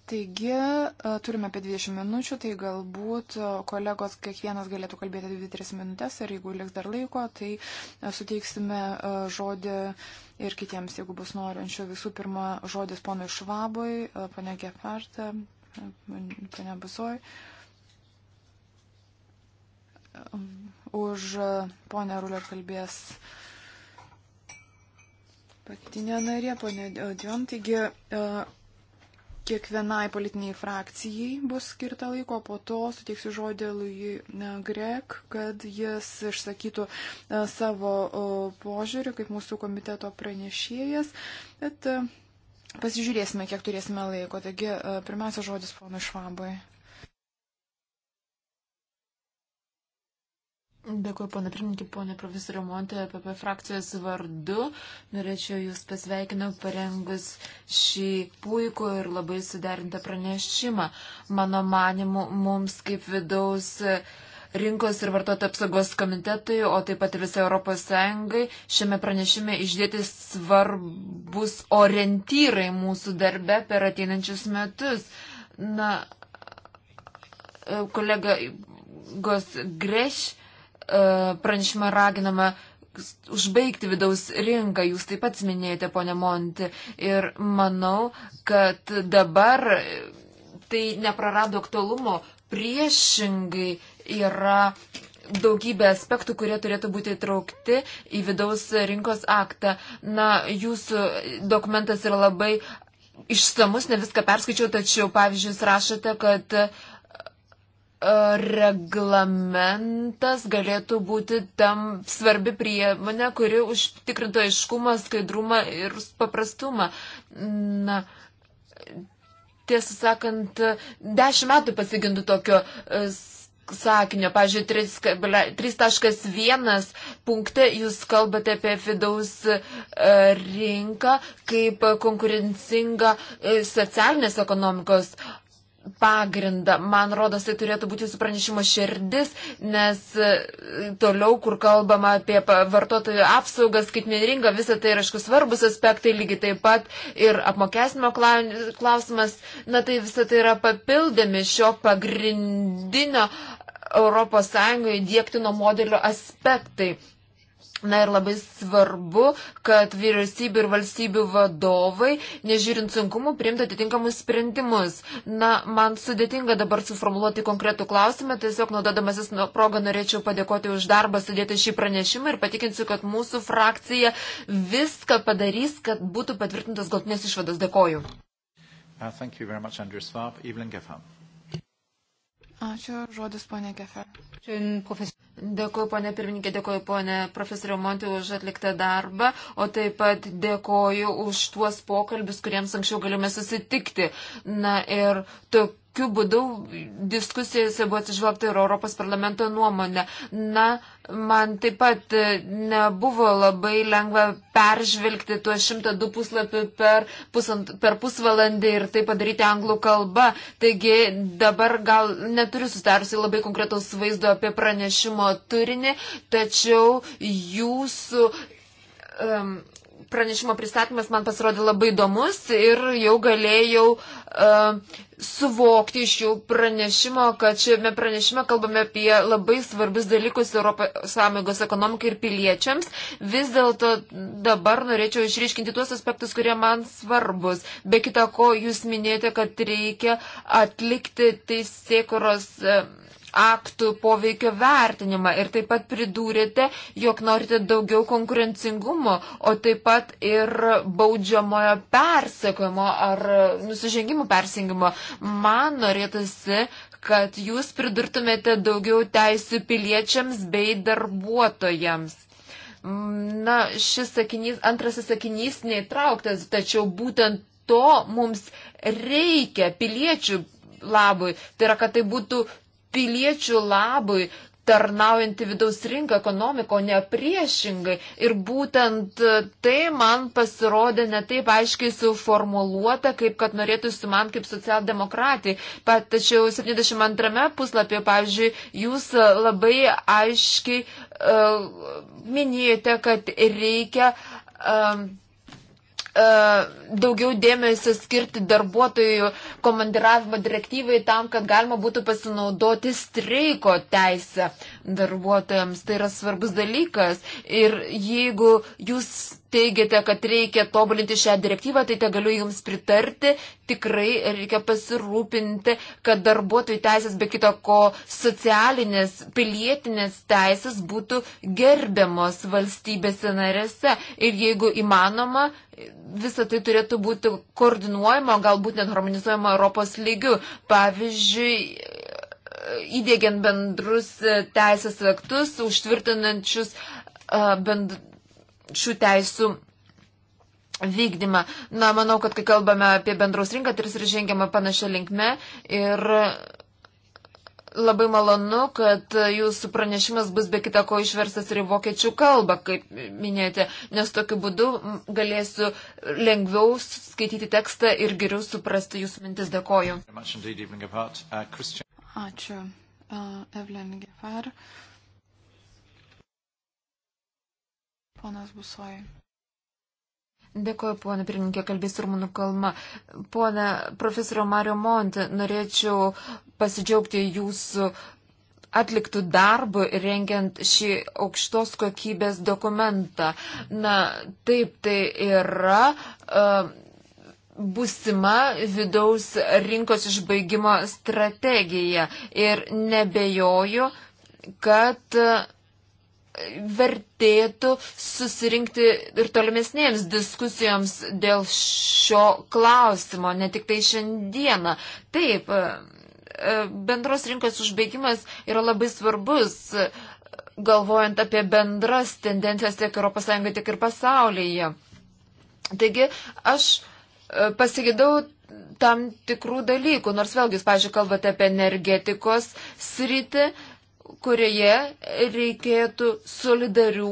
Taigi, e, turime apie 20 minučių, tai galbūt e, kolegos kiekvienas galėtų kalbėti 2-3 minutės ir jeigu liks dar laiko, tai e, suteiksime žodį ir kitiems, jeigu bus norinčių. Visų pirma, žodis ponui Švabui, pane Gefartą, pane Bazoj. Už ponę Rulę kalbės paketinė narė, ponė Dion. Taigi, kiekvienai politiniai frakcijai bus skirta laiko, po to suteiksiu žodį Lui e, Grek, kad jis išsakytų e, savo požiūrį kaip mūsų komiteto pranešėjas. Bet e, pasižiūrėsime, kiek turėsime laiko. Taigi, pirmiausia žodis ponui Švabui. Dėkuoju, pana pirmininkė, ponė profesorė Montė, PP frakcijos vardu. Norėčiau Jūs pasveikinu parengus šį puikų ir labai suderintą pranešimą. Mano manimu, mums kaip vidaus rinkos ir vartotojų apsaugos komitetui, o taip pat ir visai Europos Sąjungai, šiame pranešime išdėti svarbus orientyrai mūsų darbe per ateinančius metus. Na, kolega Gos Greš E, pranešime raginama užbaigti vidaus rinką, jūs taip pat minėjote, ponė Monti, ir manau, kad dabar tai neprarado aktualumo, priešingai yra daugybė aspektų, kurie turėtų būti įtraukti į vidaus rinkos aktą. Na, jūsų dokumentas yra labai išsamus, ne viską perskaičiau, tačiau, pavyzdžiui, jūs rašote, kad uh, reglamentas galėtų būti tam svarbi priemonė, kuri užtikrintų aiškumą, skaidrumą ir paprastumą. Na, tiesą sakant, dešimt metų pasigindu tokio e, sakinio. Pavyzdžiui, 3.1 punkte jūs kalbate apie vidaus e, rinką kaip konkurencingą e, socialinės ekonomikos pagrindą. Man rodos, tai turėtų būti jūsų pranešimo širdis, nes e, toliau, kur kalbama apie vartotojų apsaugą, skaitmeninringą, visą tai yra, aišku, svarbus aspektai, lygiai taip pat ir apmokesnimo klausimas, na tai visą tai yra papildomi šio pagrindinio ES dėktino modelio aspektai. Na ir labai svarbu, kad vyriausybių ir valstybių vadovai, nežiūrint sunkumų, priimtų atitinkamus sprendimus. Na, man sudėtinga dabar suformuoluoti konkretų klausimą, tiesiog naudodamasis nuo progą norėčiau padėkoti už darbą, sudėti šį pranešimą ir patikinsiu, kad mūsų frakcija viską padarys, kad būtų patvirtintas galtinės išvados. Dėkoju. Uh, Ačiū, žodis ponė Gefer. Dėkuoju, ponė pirmininkė, dėkuoju, ponė profesoriu Monti už atliktą darbą, o taip pat dėkuoju už tuos pokalbius, kuriems anksčiau galime susitikti. Na ir tokiu tokiu būdu diskusijose buvo atsižvelgta ir Europos parlamento nuomonė. Na, man taip pat e, nebuvo labai lengva peržvelgti tuos 102 puslapį per, pusant, per pusvalandį ir tai padaryti anglų kalba. Taigi dabar gal neturiu sustarusi labai konkretaus vaizdo apie pranešimo turinį, tačiau jūsų. Um, pranešimo pristatymas man pasirodė labai įdomus ir jau galėjau uh, suvokti iš jų pranešimo, kad šiame pranešime kalbame apie labai svarbus dalykus Europos Sąjungos ekonomikai ir piliečiams. Vis dėlto dabar norėčiau išryškinti tuos aspektus, kurie man svarbus. Be kita ko, jūs minėjote, kad reikia atlikti teisėkuros. Tai aktų poveikio vertinimą ir taip pat pridūrėte, jog norite daugiau konkurencingumo, o taip pat ir baudžiamojo persekojimo ar nusižengimų persingimo. Man norėtųsi, kad jūs pridurtumėte daugiau teisų piliečiams bei darbuotojams. Na, šis sakinys, antrasis sakinys neįtrauktas, tačiau būtent to mums reikia piliečių labui. Tai yra, kad tai būtų piliečių labui tarnaujantį vidaus rinką ekonomiko, ne priešingai. Ir būtent tai man pasirodė ne taip aiškiai suformuoluota, kaip kad norėtųsi man kaip socialdemokratai. Pat, tačiau 72 puslapyje, pavyzdžiui, jūs labai aiškiai uh, minėjote, kad reikia. Uh, E, daugiau dėmesio skirti darbuotojų komandiravimo direktyvai tam, kad galima būtų pasinaudoti streiko teisę darbuotojams. Tai yra svarbus dalykas. Ir jeigu jūs teigiate, kad reikia tobulinti šią direktyvą, tai te galiu Jums pritarti. Tikrai reikia pasirūpinti, kad darbuotojų teisės, be kito ko, socialinės, pilietinės teisės būtų gerbiamos valstybėse narėse. Ir jeigu įmanoma, visą tai turėtų būti koordinuojama, galbūt net harmonizuojama Europos lygių. Pavyzdžiui, įdėgiant bendrus teisės aktus, užtvirtinančius bend, šių teisų vykdymą. Na, manau, kad kai kalbame apie bendraus rinką, tai ir žengiama panašia linkme. Ir labai malonu, kad jūsų pranešimas bus be kita ko išverstas ir į vokiečių kalbą, kaip minėjote, nes tokiu būdu galėsiu lengviau skaityti tekstą ir geriau suprasti jūsų mintis. Dėkoju. Uh, Ačiū. Uh, Evelyn Gefar, Ponas Busoji. Dėkuoju, ponė pirmininkė, kalbės rumunų kalba. Pone profesorio Mario Monti, norėčiau pasidžiaugti jūsų atliktų darbų rengiant šį aukštos kokybės dokumentą. Na, taip tai yra. Uh, Būsima vidaus rinkos išbaigimo strategija ir nebejoju, kad uh, vertėtų susirinkti ir tolimesnėms diskusijoms dėl šio klausimo, ne tik tai šiandieną. Taip, e, bendros rinkos užbaigimas yra labai svarbus, e, galvojant apie bendras tendencijas tiek ES, tiek ir pasaulyje. Taigi, aš e, pasigėdau tam tikrų dalykų, nors vėlgi, jūs, pažiūrėjau, kalbate apie energetikos sritį, uh, kurioje reikėtų solidarių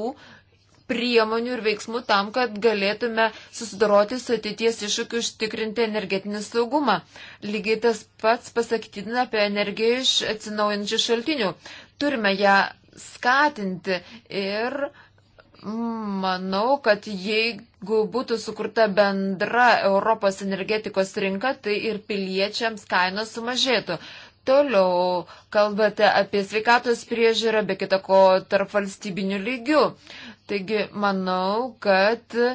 priemonių ir veiksmų tam, kad galėtume susidoroti su ateities iššūkiu užtikrinti energetinį saugumą. Lygiai tas pats pasakytina apie energiją iš atsinaujančių šaltinių. Turime ją skatinti ir manau, kad jeigu būtų sukurta bendra Europos energetikos rinka, tai ir piliečiams kainos sumažėtų. Toliau kalbate apie sveikatos priežiūrą, be kitako tarp valstybinių lygių. Taigi, manau, kad e,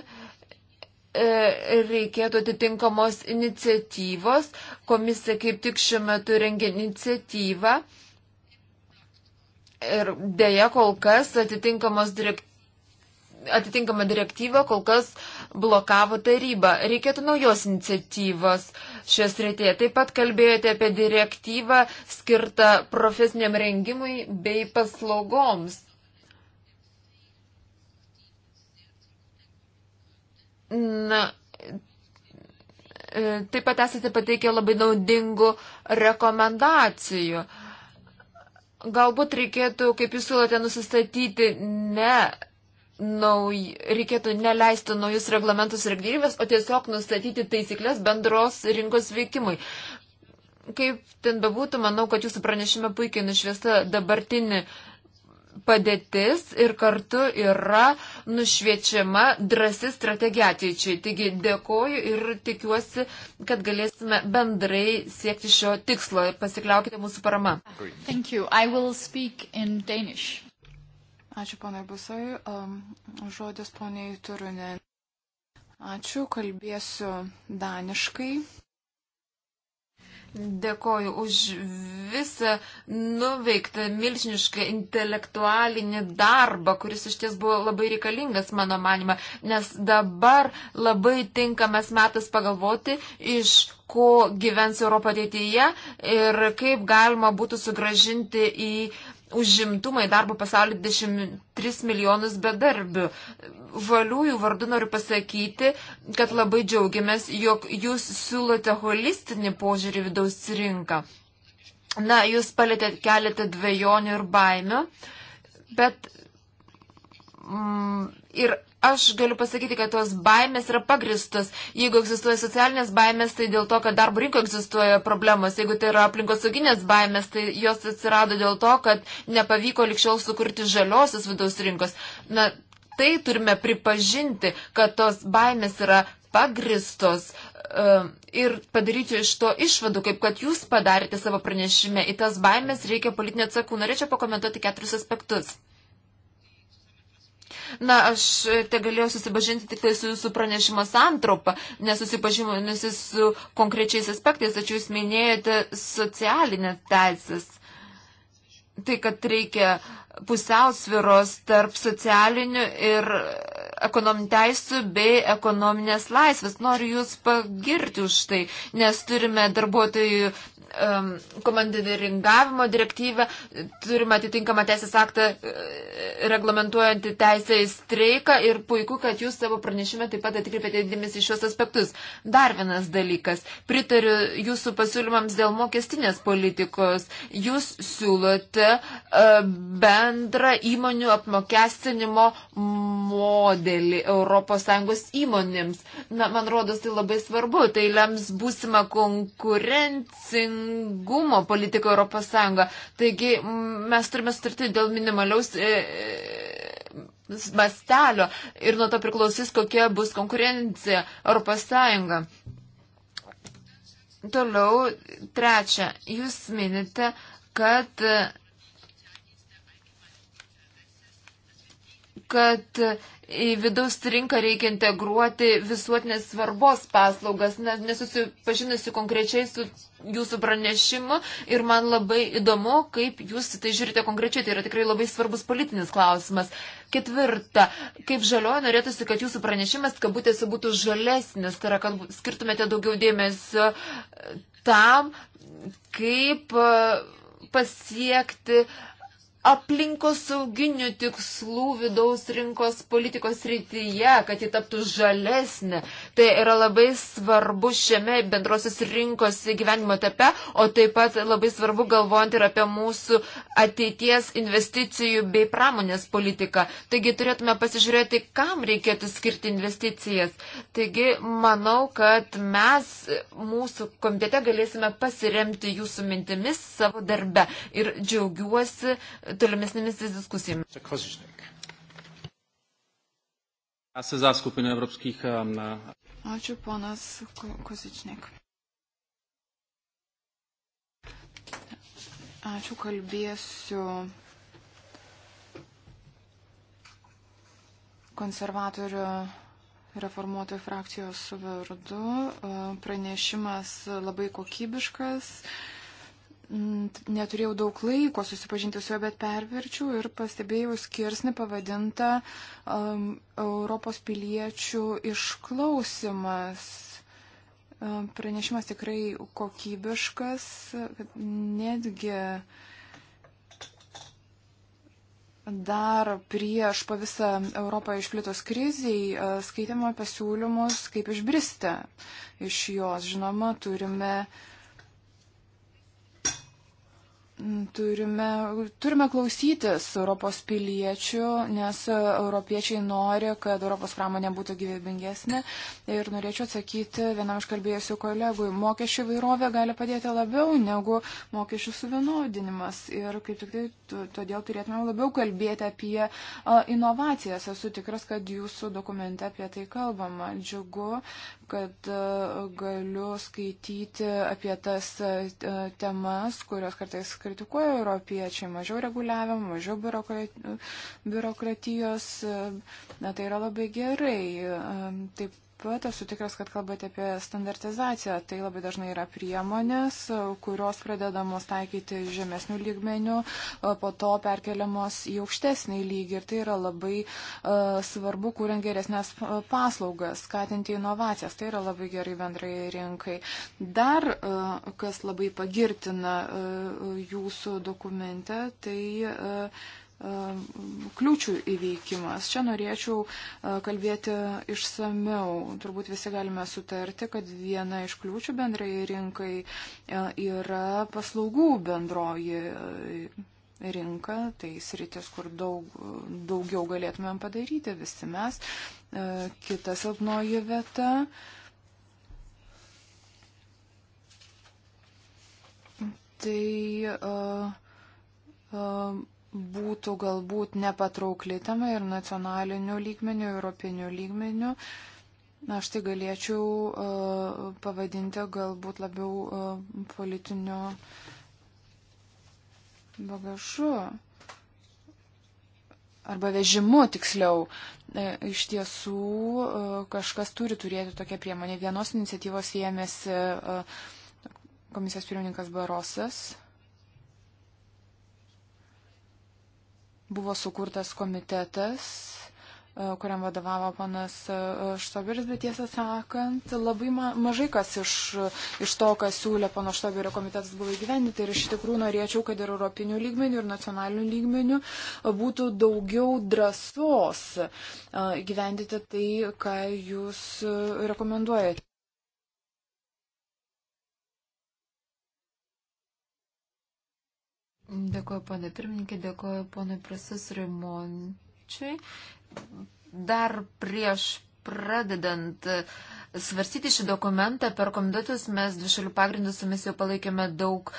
reikėtų atitinkamos iniciatyvos. Komisija kaip tik šiuo metu rengia iniciatyvą. Ir dėja kol kas atitinkamos direktyvos atitinkamą direktyvą kol kas blokavo taryba. Reikėtų naujos iniciatyvos šios rytėje. Taip pat kalbėjote apie direktyvą skirtą profesiniam rengimui bei paslaugoms. Na, e, taip pat esate pateikę labai naudingų rekomendacijų. Galbūt reikėtų, kaip jūs siūlote, nusistatyti ne nauj, reikėtų neleisti naujus reglamentus ir gyvybės, o tiesiog nustatyti taisyklės bendros rinkos veikimui. Kaip ten bebūtų, manau, kad jūsų pranešime puikiai nušviesta dabartinė padėtis ir kartu yra nušviečiama drasi strategija ateičiai. Taigi dėkoju ir tikiuosi, kad galėsime bendrai siekti šio tikslo ir pasikliaukite mūsų parama. Thank you. I will speak in Danish. Ačiū, ponai Busai. Um, žodis poniai Turunė. Ačiū, kalbėsiu daniškai. Dėkoju už visą nuveiktą milžinišką intelektualinį darbą, kuris iš ties buvo labai reikalingas, mano manima, nes dabar labai tinkamas metas pagalvoti, iš ko gyvens Europą ateityje ir kaip galima būtų sugražinti į užimtumą į darbo pasaulį 23 milijonus bedarbių. Valiųjų vardu noriu pasakyti, kad labai džiaugiamės, jog jūs siūlote holistinį požiūrį vidaus rinką. Na, jūs palėtėt keletą dviejonių ir baimių, bet Mm, ir aš galiu pasakyti, kad tos baimės yra pagristos. Jeigu egzistuoja socialinės baimės, tai dėl to, kad darbo rinko egzistuoja problemos. Jeigu tai yra aplinkosauginės baimės, tai jos atsirado dėl to, kad nepavyko likščiau sukurti žaliosios vidaus rinkos. Na, tai turime pripažinti, kad tos baimės yra pagristos. E, ir padaryčiau iš to išvadų, kaip kad jūs padarėte savo pranešime. Į tas baimės reikia politinę atsakų. Norėčiau pakomentuoti keturis aspektus. Na, aš te galėjau susipažinti tik tai su jūsų pranešimo santropa, nesusipažinusi su konkrečiais aspektais, tačiau jūs minėjote socialinės teisės. Tai, kad reikia pusiausviros tarp socialinių ir ekonominių teisų bei ekonominės laisvės. Noriu Jūs pagirti už tai, nes turime darbuotojų um, komandiringavimo direktyvą, turime atitinkamą teisės aktą uh, reglamentuojantį teisę į streiką ir puiku, kad jūs savo pranešime taip pat atkreipėte dėmesį į šios aspektus. Dar vienas dalykas. Pritariu jūsų pasiūlymams dėl mokestinės politikos. Jūs siūlote uh, bendrą įmonių apmokestinimo modelį ES įmonėms. Na, man rodos, tai labai svarbu. Tai lems būsimą konkurencingą teisingumo politiką Europos Sąjungą. Taigi mes turime sutarti dėl minimaliaus e, e, mastelio ir nuo to priklausys, kokia bus konkurencija Europos Sąjunga. Toliau, trečia, jūs minite, kad kad į vidaus rinką reikia integruoti visuotinės svarbos paslaugas, nes nesusipažinusi konkrečiai su jūsų pranešimu ir man labai įdomu, kaip jūs tai žiūrite konkrečiai, tai yra tikrai labai svarbus politinis klausimas. Ketvirta, kaip žalioji norėtųsi, kad jūsų pranešimas, kabutėse, būtų žalesnis, tai yra, kad skirtumėte daugiau dėmesio tam, kaip e, pasiekti uh, aplinkosauginių tikslų vidaus rinkos politikos rytyje, kad ji taptų žalesnė. Tai yra labai svarbu šiame bendrosios rinkos gyvenimo etape, o taip pat labai svarbu galvojant ir apie mūsų ateities investicijų bei pramonės politiką. Taigi turėtume pasižiūrėti, kam reikėtų skirti investicijas. Taigi manau, kad mes mūsų komitete galėsime pasiremti jūsų mintimis savo darbe. Ir džiaugiuosi tolimesnėmis diskusijomis. Se za skupinu evropských... Ačiū, ponas Kozičnik. Ačiū, kalbėsiu konservatorių reformuotojų frakcijos vardu. Pranešimas labai kokybiškas neturėjau daug laiko susipažinti su juo, bet perverčiau ir pastebėjau skirsnį pavadintą um, Europos piliečių išklausimas. Um, pranešimas tikrai kokybiškas, kad netgi dar prieš po visą Europą išplitus kriziai uh, skaitėme pasiūlymus, kaip išbristi iš jos. Žinoma, turime uh, Turime, turime klausytis Europos piliečių, nes europiečiai nori, kad Europos pramonė būtų gyvybingesnė. Ir norėčiau atsakyti vienam iš kalbėjusių kolegų, mokesčių vairovė gali padėti labiau negu mokesčių suvienodinimas. Ir kaip tik tai todėl turėtume labiau kalbėti apie a, inovacijas. Esu tikras, kad jūsų dokumente apie tai kalbama. Džiugu, kad e, galiu skaityti apie tas e, temas, kurios kartais kritikuoja europiečiai - mažiau reguliavimo, mažiau biurokratijos. E, na, tai yra labai gerai. Taip pat esu tikras, kad kalbate apie standartizaciją. Tai labai dažnai yra priemonės, kurios pradedamos taikyti žemesnių lygmenių, po to perkeliamos į aukštesnį lygį. Ir tai yra labai uh, svarbu, kuriant geresnės e, paslaugas, skatinti inovacijas. Tai yra labai gerai bendrai rinkai. Dar, uh, kas labai pagirtina uh, jūsų dokumente, tai. Uh, kliūčių įveikimas. Čia norėčiau e, kalbėti išsameu. Turbūt visi galime sutarti, kad viena iš kliūčių bendrai rinkai e, yra paslaugų bendroji e, rinka, tai sritis, kur daug, daugiau galėtumėm padaryti visi mes. Kita silpnoji vieta. Tai uh, uh, būtų galbūt nepatraukli tema ir nacionaliniu lygmeniu, europiniu lygmeniu. Aš tai galėčiau uh, pavadinti galbūt labiau uh, politiniu bagažu arba vežimu tiksliau. E, iš tiesų kažkas turi turėti tokią priemonę. Vienos iniciatyvos ėmėsi komisijos pirmininkas Barosas Buvo sukurtas komitetas, e, kuriam vadovavo panas e, Štoberis, bet tiesą sakant, labai ma mažai kas iš, iš to, kas siūlė pano Štoberio komitetas buvo įgyvendinti. Ir iš tikrųjų norėčiau, kad ir europinių lygmenių, ir nacionalinių lygmenių būtų daugiau drąsos e, įgyvendinti tai, ką jūs rekomenduojate. Dėkuoju, ponė pirmininkė, dėkuoju, ponė profesoriui Mončiui. Dar prieš pradedant e, svarstyti šį dokumentą per komitetus, mes dvišalių pagrindų su mes jau palaikėme daug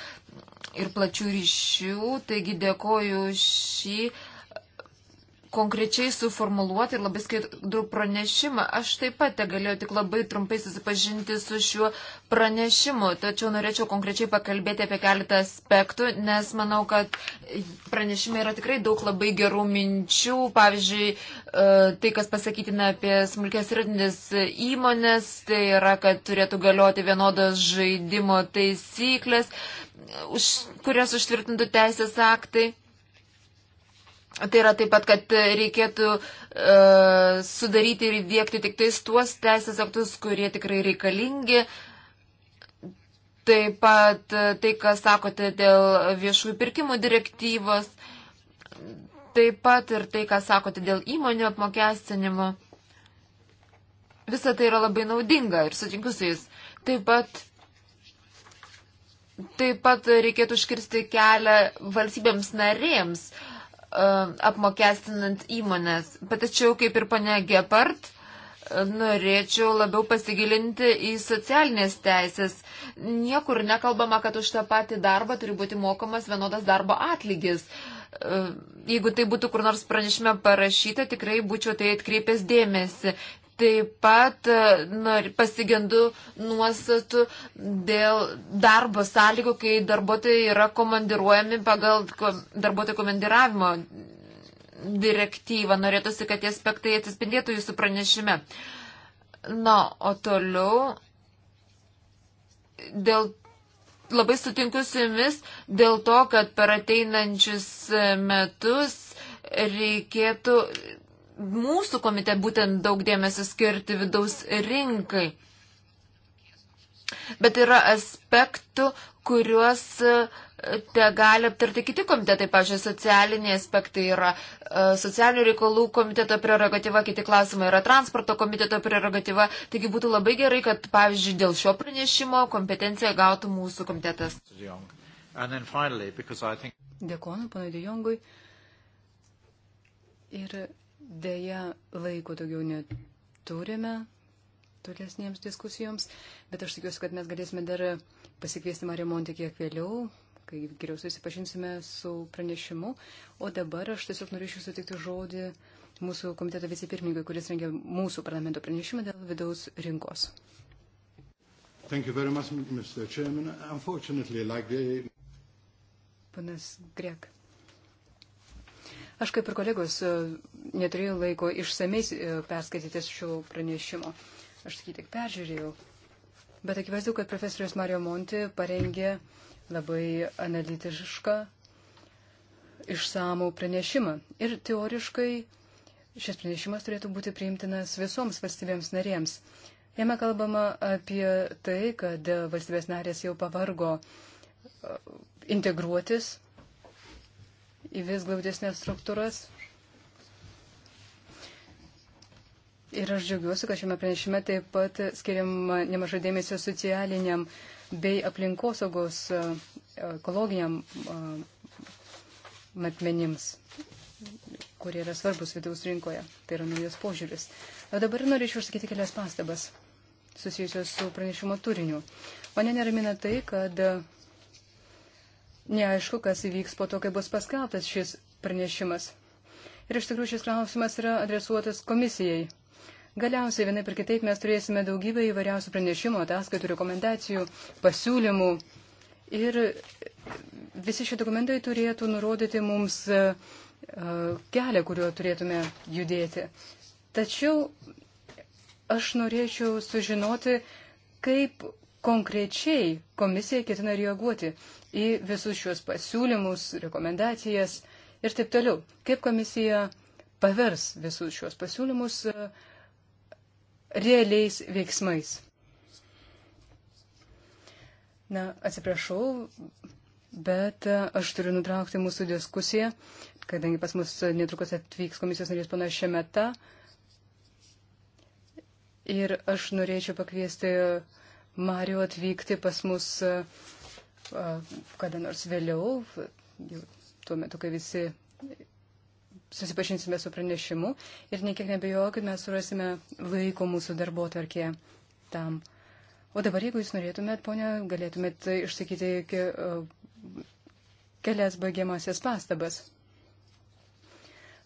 ir plačių ryšių, taigi dėkoju šį konkrečiai suformuluoti ir labai skaidrų pranešimą. Aš taip pat galėjau tik labai trumpai susipažinti su šiuo pranešimu, tačiau norėčiau konkrečiai pakalbėti apie keletą aspektų, nes manau, kad pranešime yra tikrai daug labai gerų minčių. Pavyzdžiui, e, tai, kas pasakytina apie smulkės rytinis įmonės, tai yra, kad turėtų galioti vienodos žaidimo taisyklės, už, kurias užtvirtintų teisės aktai. Tai yra taip pat, kad reikėtų e, sudaryti ir įdėkti tik tais tuos teisės aktus, kurie tikrai reikalingi. Taip pat e, tai, ką sakote dėl viešųjų pirkimų direktyvos, taip pat ir tai, ką sakote dėl įmonių apmokestinimo. Visa tai yra labai naudinga ir sutinku su jais. Taip pat Taip pat reikėtų užkirsti kelią valstybėms narėms Um, apmokestinant įmonės. Bet tačiau, kaip ir pane Gepard, um, norėčiau labiau pasigilinti į socialinės teisės. Niekur nekalbama, kad už tą patį darbą turi būti mokamas vienodas darbo atlygis. Um, jeigu tai būtų kur nors pranešime parašyta, tikrai būčiau tai atkreipęs dėmesį. Taip pat e, nor, pasigendu nuostatų dėl darbo sąlygų, kai darbuotojai yra komandiruojami pagal darbuotojų komandiravimo direktyvą. Norėtųsi, kad tie aspektai atsispindėtų jūsų pranešime. Na, o toliau dėl, labai sutinku su jumis dėl to, kad per ateinančius metus reikėtų mūsų komite būtent daug dėmesio skirti vidaus rinkai. Bet yra aspektų, kuriuos e, te gali aptarti kiti komitetai, pavyzdžiui, socialiniai aspektai yra e, socialinių reikalų komiteto prerogatyva, kiti klausimai yra transporto komiteto prerogatyva, taigi būtų labai gerai, kad, pavyzdžiui, dėl šio pranešimo kompetenciją gautų mūsų komitetas. Dėkuoju, panai Dejongui. Ir Deja, laiko daugiau neturime tolesniems diskusijoms, bet aš tikiuosi, kad mes galėsime dar pasikviesti Marimontį kiek vėliau, kai geriau susipažinsime su pranešimu. O dabar aš tiesiog norėčiau sutikti žodį mūsų komiteto vicepirmininkui, kuris rengė mūsų parlamento pranešimą dėl vidaus rinkos. Much, like the... Panas Grek. Aš kaip ir kolegos e, neturėjau laiko išsamei e, perskaityti šio pranešimo. Aš sakyti, tik peržiūrėjau. Bet akivaizdu, kad profesorius Mario Monti parengė labai analitišką, išsamų pranešimą. Ir teoriškai šis pranešimas turėtų būti priimtinas visoms valstybėms narėms. Jame kalbama apie tai, kad valstybės narės jau pavargo e, integruotis į vis glaudesnės struktūras. Ir aš džiaugiuosi, kad šiame pranešime taip pat skiriam nemažai dėmesio socialiniam bei aplinkosaugos e, ekologiniam e, matmenims, kurie yra svarbus vidaus rinkoje. Tai yra naujas požiūris. O dabar norėčiau išsakyti kelias pastabas susijusios su pranešimo turiniu. Mane neramina tai, kad neaišku, kas įvyks po to, kai bus paskeltas šis pranešimas. Ir iš tikrųjų šis klausimas yra adresuotas komisijai. Galiausiai vienai per kitaip mes turėsime daugybę įvairiausių pranešimų, ataskaitų, rekomendacijų, pasiūlymų. Ir visi šie dokumentai turėtų nurodyti mums e, kelią, kuriuo turėtume judėti. Tačiau aš norėčiau sužinoti, kaip konkrečiai komisija ketina reaguoti į visus šios pasiūlymus, rekomendacijas ir taip toliau. Kaip komisija pavers visus šios pasiūlymus e, realiais veiksmais. Na, atsiprašau, bet e, aš turiu nutraukti mūsų diskusiją, kadangi pas mus netrukus atvyks komisijos narys panašia meta. Ir aš norėčiau pakviesti uh, Mario atvykti pas mus e, e, kada nors vėliau, tuo metu, kai visi susipažinsime su pranešimu ir niekiek nebejokit, mes surasime laiko mūsų darbo tvarkė tam. O dabar, jeigu jūs norėtumėt, ponia, galėtumėt išsakyti ke, e, kelias baigiamasias pastabas.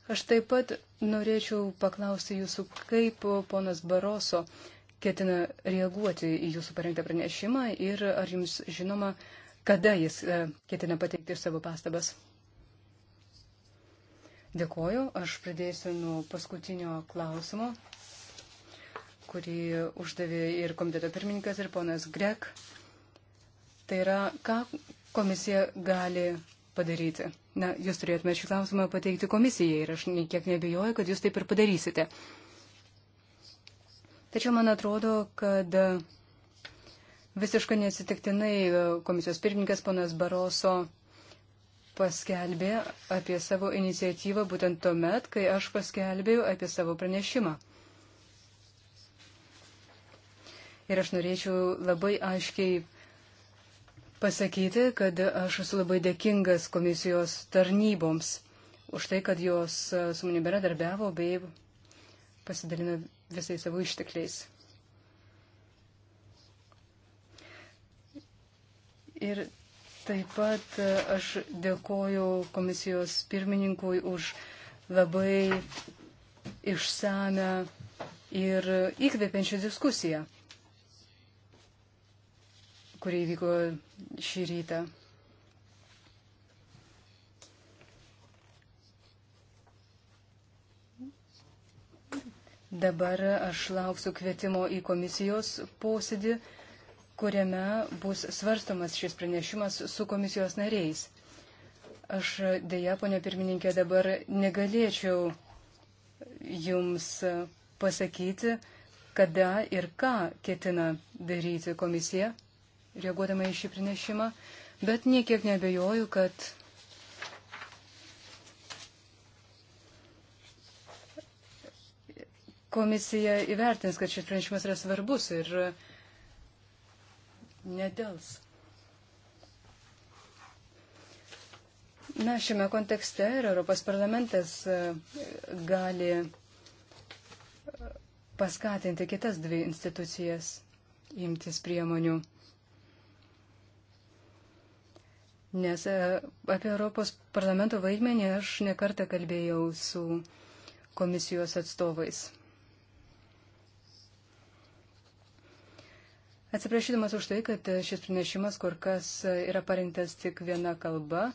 Aš taip pat norėčiau paklausti jūsų, kaip ponas Baroso uh, ketina reaguoti į jūsų parengtą pranešimą ir ar jums žinoma, kada jis e, ketina pateikti savo pastabas. Dėkoju, aš pradėsiu nuo paskutinio klausimo, kurį uždavė ir komiteto pirmininkas, ir ponas Grek. Tai yra, ką komisija gali padaryti. Na, jūs turėtumėte šį klausimą pateikti komisijai ir aš niekiek nebejoju, kad jūs taip ir padarysite. Uh, Tačiau man atrodo, kad visiškai nesitiktinai e, komisijos pirmininkas ponas Baroso paskelbė apie savo iniciatyvą būtent tuo met, kai aš paskelbėjau apie savo pranešimą. Ir aš norėčiau labai aiškiai pasakyti, kad aš esu labai dėkingas komisijos tarnyboms už tai, kad jos e, su manimi bendradarbiavo bei pasidalino visais savo ištekliais. Ir taip pat e, aš dėkoju komisijos pirmininkui už labai išsame ir įkvepiančią diskusiją, kurie vyko šį rytą. Dabar aš lauksiu kvietimo į komisijos posėdį, kuriame bus svarstomas šis pranešimas su komisijos nariais. Aš dėja, ponia pirmininkė, dabar negalėčiau jums pasakyti, kada ir ką ketina daryti komisija, reaguodama į šį pranešimą, bet niekiek nebejoju, kad komisija įvertins, kad šis pranešimas yra svarbus ir nedels. Na, šiame kontekste ir Europos parlamentas e, gali e, paskatinti kitas dvi institucijas imtis priemonių. Nes e, apie Europos parlamento vaidmenį aš nekartą kalbėjau su komisijos atstovais. Atsiprašydamas už tai, kad šis pranešimas kur kas yra parinktas tik viena kalba.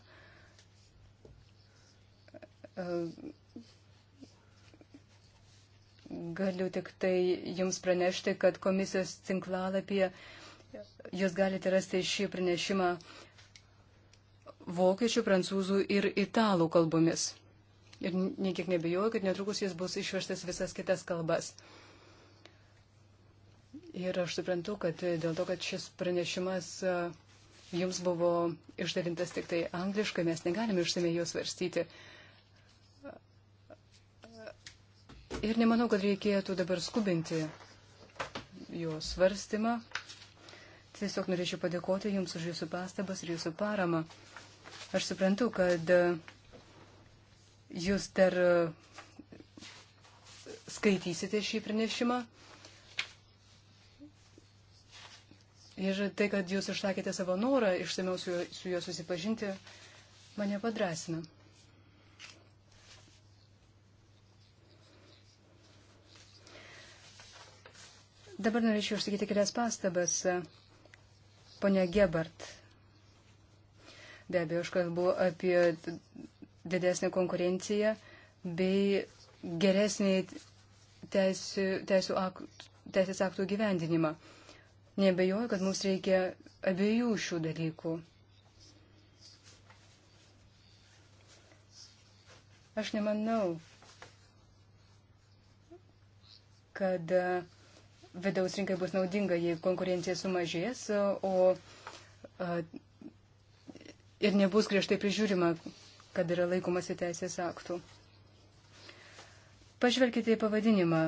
Galiu tik tai jums pranešti, kad komisijos tinklalapyje jūs galite rasti šį pranešimą vokiečių, prancūzų ir italų kalbomis. Ir niekiek nebejoju, kad netrukus jis bus išverstas visas kitas kalbas. Ir aš suprantu, kad dėl to, kad šis pranešimas e, jums buvo išdalintas tik tai angliškai, mes negalime išsamei jo svarstyti. Ir nemanau, kad reikėtų dabar skubinti jo svarstymą. Tiesiog norėčiau padėkoti Jums už Jūsų pastabas ir Jūsų paramą. Aš suprantu, kad e, Jūs dar e, skaitysite šį pranešimą Ir tai, kad jūs išsakėte savo norą išsameu su, su juo susipažinti, mane padrasina. Dabar norėčiau išsakyti kelias pastabas. Pone Gebart, be abejo, aš kalbu apie didesnę konkurenciją bei geresnį teisės aktų, aktų gyvendinimą. Nebejoju, kad mums reikia abiejų šių dalykų. Aš nemanau, kad e, vidaus rinkai bus naudinga, jei konkurencija sumažės, e, o e, ir nebus griežtai prižiūrima, kad yra laikomasi teisės aktų. Pažvelkite į pavadinimą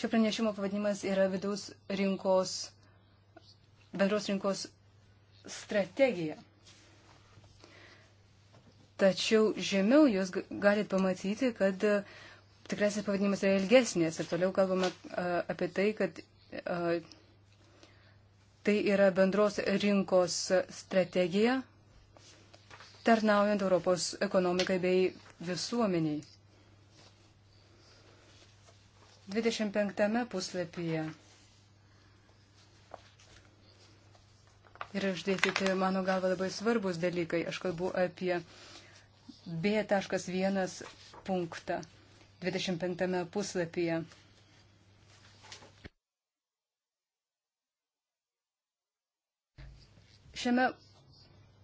Šio pranešimo pavadinimas yra vidaus rinkos, bendros rinkos strategija. Tačiau žemiau jūs galite pamatyti, kad e, tikrasis pavadinimas yra ilgesnės ir toliau kalbame apie tai, kad tai yra bendros rinkos strategija tarnaujant Europos ekonomikai bei visuomeniai. 25 puslapyje yra išdėstyti, mano galva, labai svarbus dalykai. Aš kalbu apie B.1 punktą 25 puslapyje. Šiame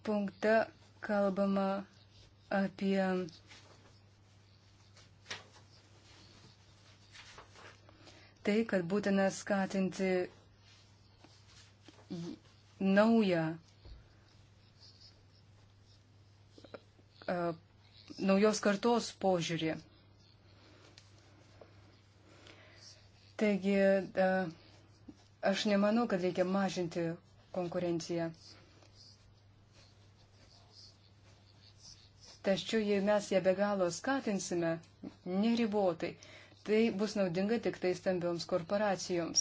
punkte kalbama apie tai, kad būtina skatinti naują, naujos kartos požiūrį. Taigi, aš nemanau, kad reikia mažinti konkurenciją. Tačiau jei mes ją be galo skatinsime neribotai, tai bus naudinga tik tai stambioms korporacijoms.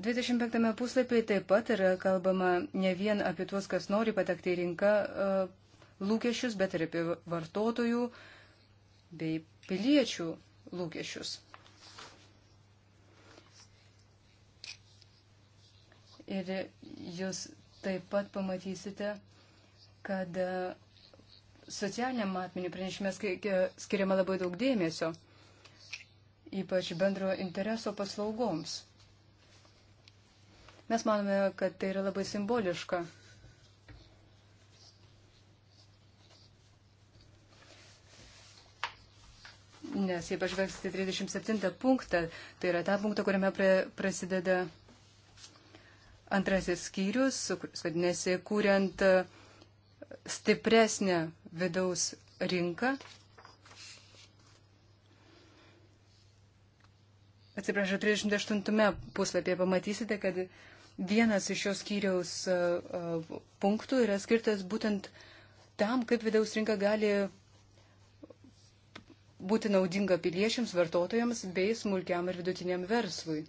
25 puslapyje taip pat yra kalbama ne vien apie tuos, kas nori patekti į rinką e, lūkesčius, bet ir apie vartotojų bei piliečių lūkesčius. Ir jūs taip pat pamatysite, kad socialiniam matmeniu pranešime skiriama labai daug dėmesio, ypač bendro intereso paslaugoms. Mes manome, kad tai yra labai simboliška. Nes jei pažvelgsite 37 punktą, tai yra ta punktą, kuriame prasideda antrasis skyrius, kuris vadinasi, kuriant uh, stipresnę vidaus rinką. Atsiprašau, 38 puslapyje pamatysite, kad vienas iš šios skyriaus punktų yra skirtas būtent tam, kaip vidaus rinka gali būti naudinga piliečiams, vartotojams bei smulkiam ir vidutiniam verslui.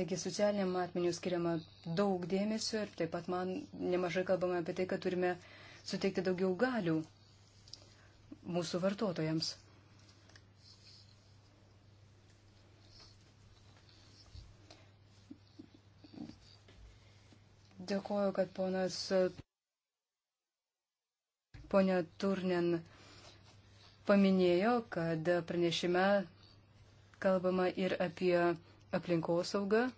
Taigi socialiniam atmeniu skiriama daug dėmesio ir taip pat man nemažai kalbama apie tai, kad turime suteikti daugiau galių mūsų vartotojams. Dėkuoju, kad ponas, ponia Turnen paminėjo, kad pranešime kalbama ir apie aplinkosaugą.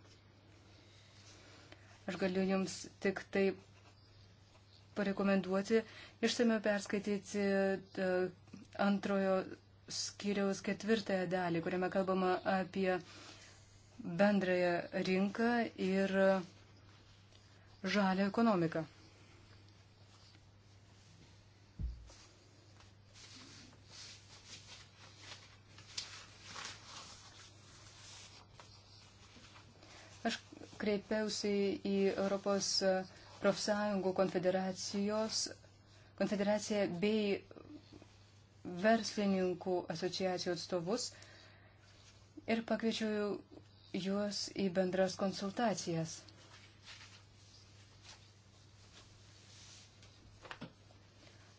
Aš galiu jums tik tai parekomenduoti išsame perskaityti e, antrojo skyriaus ketvirtąją dalį, kuriame kalbama apie bendrąją rinką ir žalę ekonomiką. kreipiausi į Europos profsąjungų konfederacijos, konfederaciją bei verslininkų asociacijų atstovus ir pakviečiau juos į bendras konsultacijas.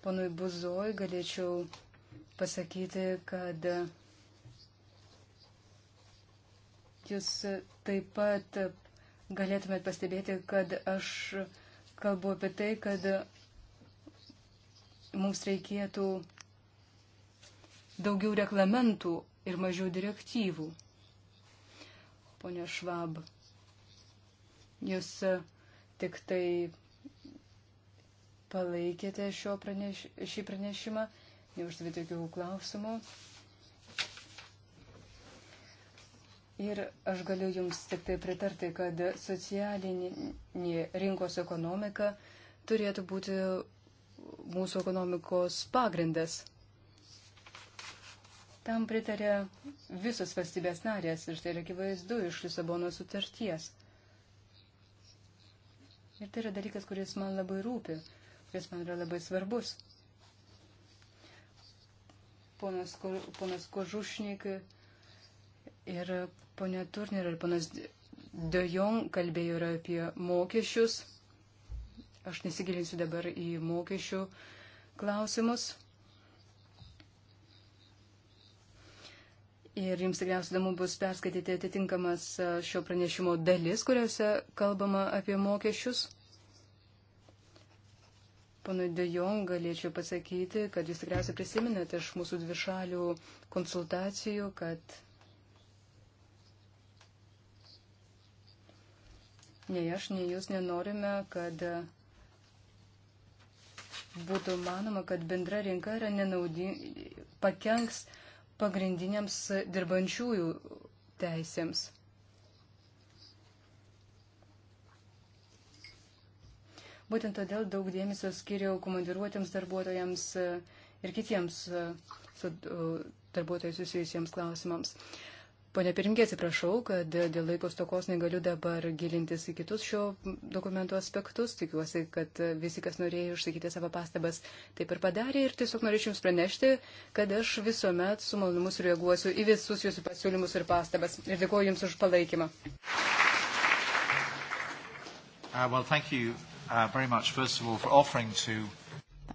Ponui Buzoj galėčiau pasakyti, kad jūs taip pat galėtumėt pastebėti, kad aš kalbu apie tai, kad mums reikėtų daugiau reglamentų ir mažiau direktyvų. Pone Švab, jūs tik tai palaikėte praneš, šį pranešimą, neuždavėte jokių klausimų. Ir aš galiu Jums tik tai pritarti, kad socialinė rinkos ekonomika turėtų būti mūsų ekonomikos pagrindas. Tam pritarė visos valstybės narės ir tai yra akivaizdu iš Lisabono sutarties. Ir tai yra dalykas, kuris man labai rūpi, kuris man yra labai svarbus. Ponas, ponas Kožušnik. Kur, Ir ponė Turner ir ponas De Jong kalbėjo ir apie mokesčius. Aš nesigilinsiu dabar į mokesčių klausimus. Ir jums tikriausiai įdomu bus perskaityti atitinkamas šio pranešimo dalis, kuriuose kalbama apie mokesčius. Ponui De Jong galėčiau pasakyti, kad jūs tikriausiai prisiminate iš mūsų dvišalių konsultacijų, kad Nei aš, nei jūs nenorime, kad būtų manoma, kad bendra rinka yra nenaudinga, pakenks pagrindiniams dirbančiųjų teisėms. Būtent todėl daug dėmesio skiriau komandiruotėms darbuotojams ir kitiems su darbuotojais susijusiems klausimams. Pone Pirinkė, atsiprašau, kad dėl laikos tokos negaliu dabar gilintis į kitus šio dokumento aspektus. Tikiuosi, kad visi, kas norėjo išsakyti savo pastabas, taip ir padarė. Ir tiesiog norėčiau Jums pranešti, kad aš visuomet su malonumu sureaguosiu į visus Jūsų pasiūlymus ir pastabas. Ir dėkuoju Jums už palaikymą. Uh, well, thank you uh, very much, first of all, for offering to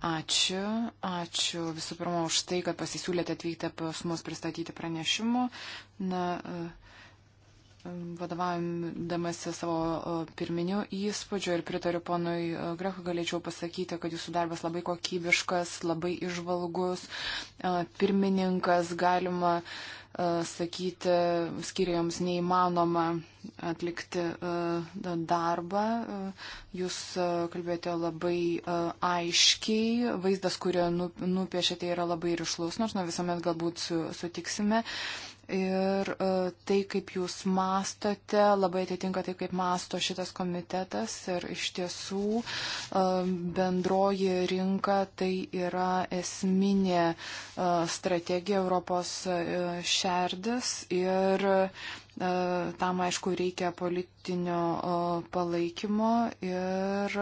Ačiū, ačiū visų pirma už tai, kad pasisiūlėte atvykti pas mus pristatyti pranešimu. Na, uh, Vadovaujamasi savo pirminiu įspūdžiu ir pritariu ponui Grehu, galėčiau pasakyti, kad jūsų darbas labai kokybiškas, labai išvalgus, pirmininkas galima sakyti, skiriams neįmanoma atlikti darbą. Jūs kalbėjote labai aiškiai, vaizdas, kurį nu-, nupiešėte, yra labai ryšlus, nors nu, visuomet galbūt sutiksime. Su Ir e, tai, kaip jūs mastote, labai atitinka tai, kaip masto šitas komitetas. Ir iš tiesų e, bendroji rinka tai yra esminė e, strategija Europos šerdis. Ir tam, aišku, reikia politinio palaikymo. Ir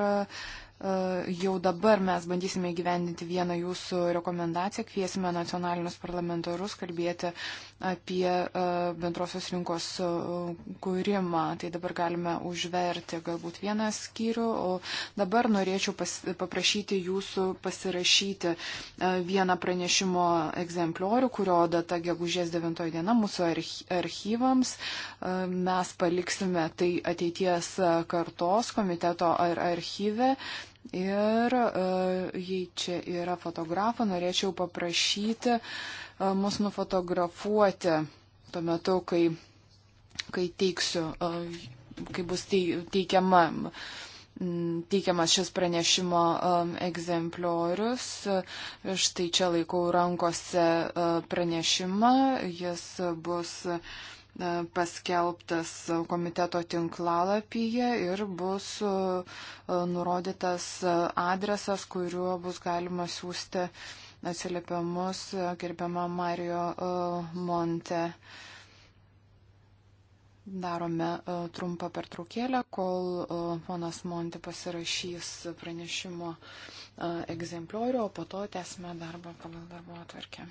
E, jau dabar mes bandysime įgyvendinti vieną jūsų rekomendaciją, kviesime nacionalinius parlamentarus kalbėti apie e, bendrosios rinkos e, kūrimą. Tai dabar galime užverti galbūt vieną skyrių, o dabar norėčiau pas, paprašyti jūsų pasirašyti vieną pranešimo egzempliorių, kurio data gegužės 9 diena mūsų archyvams. Mes paliksime tai ateities kartos komiteto ar archyve Ir e, jei čia yra fotografo, norėčiau paprašyti e, mus nufotografuoti tuo metu, kai, kai teiksiu, e, kai bus teikiama, teikiamas šis pranešimo egzempliorius. Štai čia laikau rankose pranešimą, jis bus E, paskelbtas komiteto tinklalapyje ir bus e, nurodytas adresas, kuriuo bus galima siūsti atsiliepimus e, gerbiamą Mario Monte. Darome trumpą pertraukėlę, kol ponas Monti pasirašys pranešimo egzempliorių, o po to tęsime darbą pagal darbo atvarkę.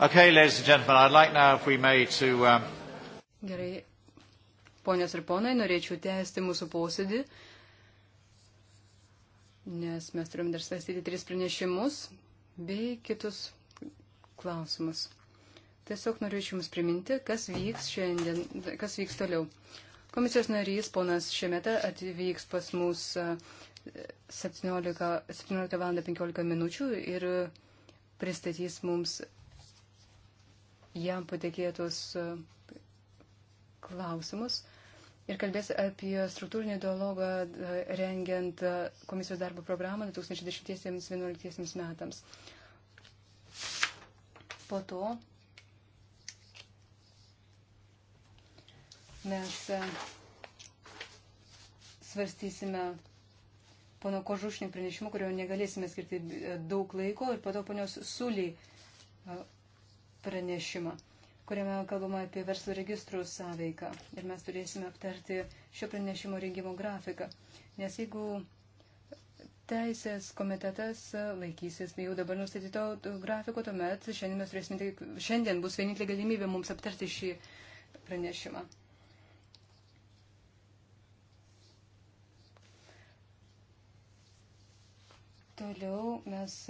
Okay, ladies and gentlemen, I'd like now if we may to. Um... Gerai, ponios ir ponai, norėčiau tęsti mūsų posėdį, nes mes turim dar svarstyti tris pranešimus bei kitus klausimus. Tiesiog norėčiau Jums priminti, kas vyks šiandien, kas vyks toliau. Komisijos narys ponas Šemeta atvyks pas mus 17, 17 val. 15 min. ir pristatys mums jam patikėtus e, klausimus ir kalbės apie struktūrinį dialogą e, rengiant e, komisijos darbo programą 2010-2011 metams. Po to mes svarstysime pono Kožušnio pranešimų, kurio negalėsime skirti daug laiko ir po to ponios Sulį pranešimą, kuriame kalbama apie verslo registrų sąveiką. Ir mes turėsime aptarti šio pranešimo rengimo grafiką. Nes jeigu teisės komitetas laikysis jau dabar nustatyto grafiko, tuomet šiandien, mes turėsime, šiandien bus vienintelė galimybė mums aptarti šį pranešimą. Toliau mes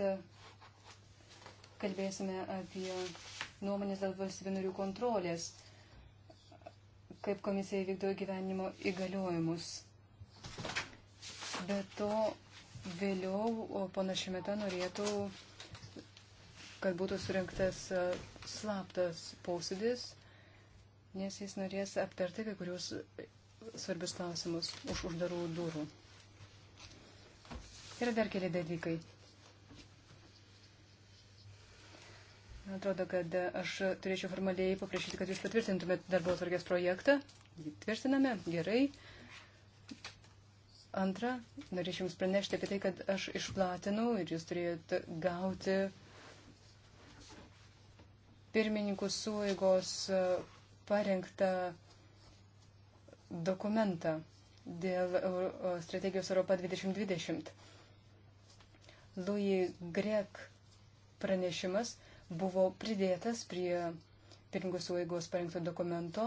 kalbėsime apie nuomonės dėl valstybių narių kontrolės, kaip komisija vykdo gyvenimo įgaliojimus. Be to, vėliau panašiu metu norėtų, kad būtų surinktas e, slaptas posėdis, nes jis norės aptarti kai kurios svarbius klausimus už uždarų durų. Yra dar keli dalykai. Man atrodo, kad aš turėčiau formaliai paprašyti, kad jūs patvirtintumėt darbo atvarkės projektą. Jį tvirtiname, gerai. Antra, norėčiau Jums pranešti apie tai, kad aš išplatinau ir Jūs turėjote gauti pirmininkų suėgos parengtą dokumentą dėl strategijos Europa 2020. Louis Grek pranešimas buvo pridėtas prie pirmingos suvaigos parengto dokumento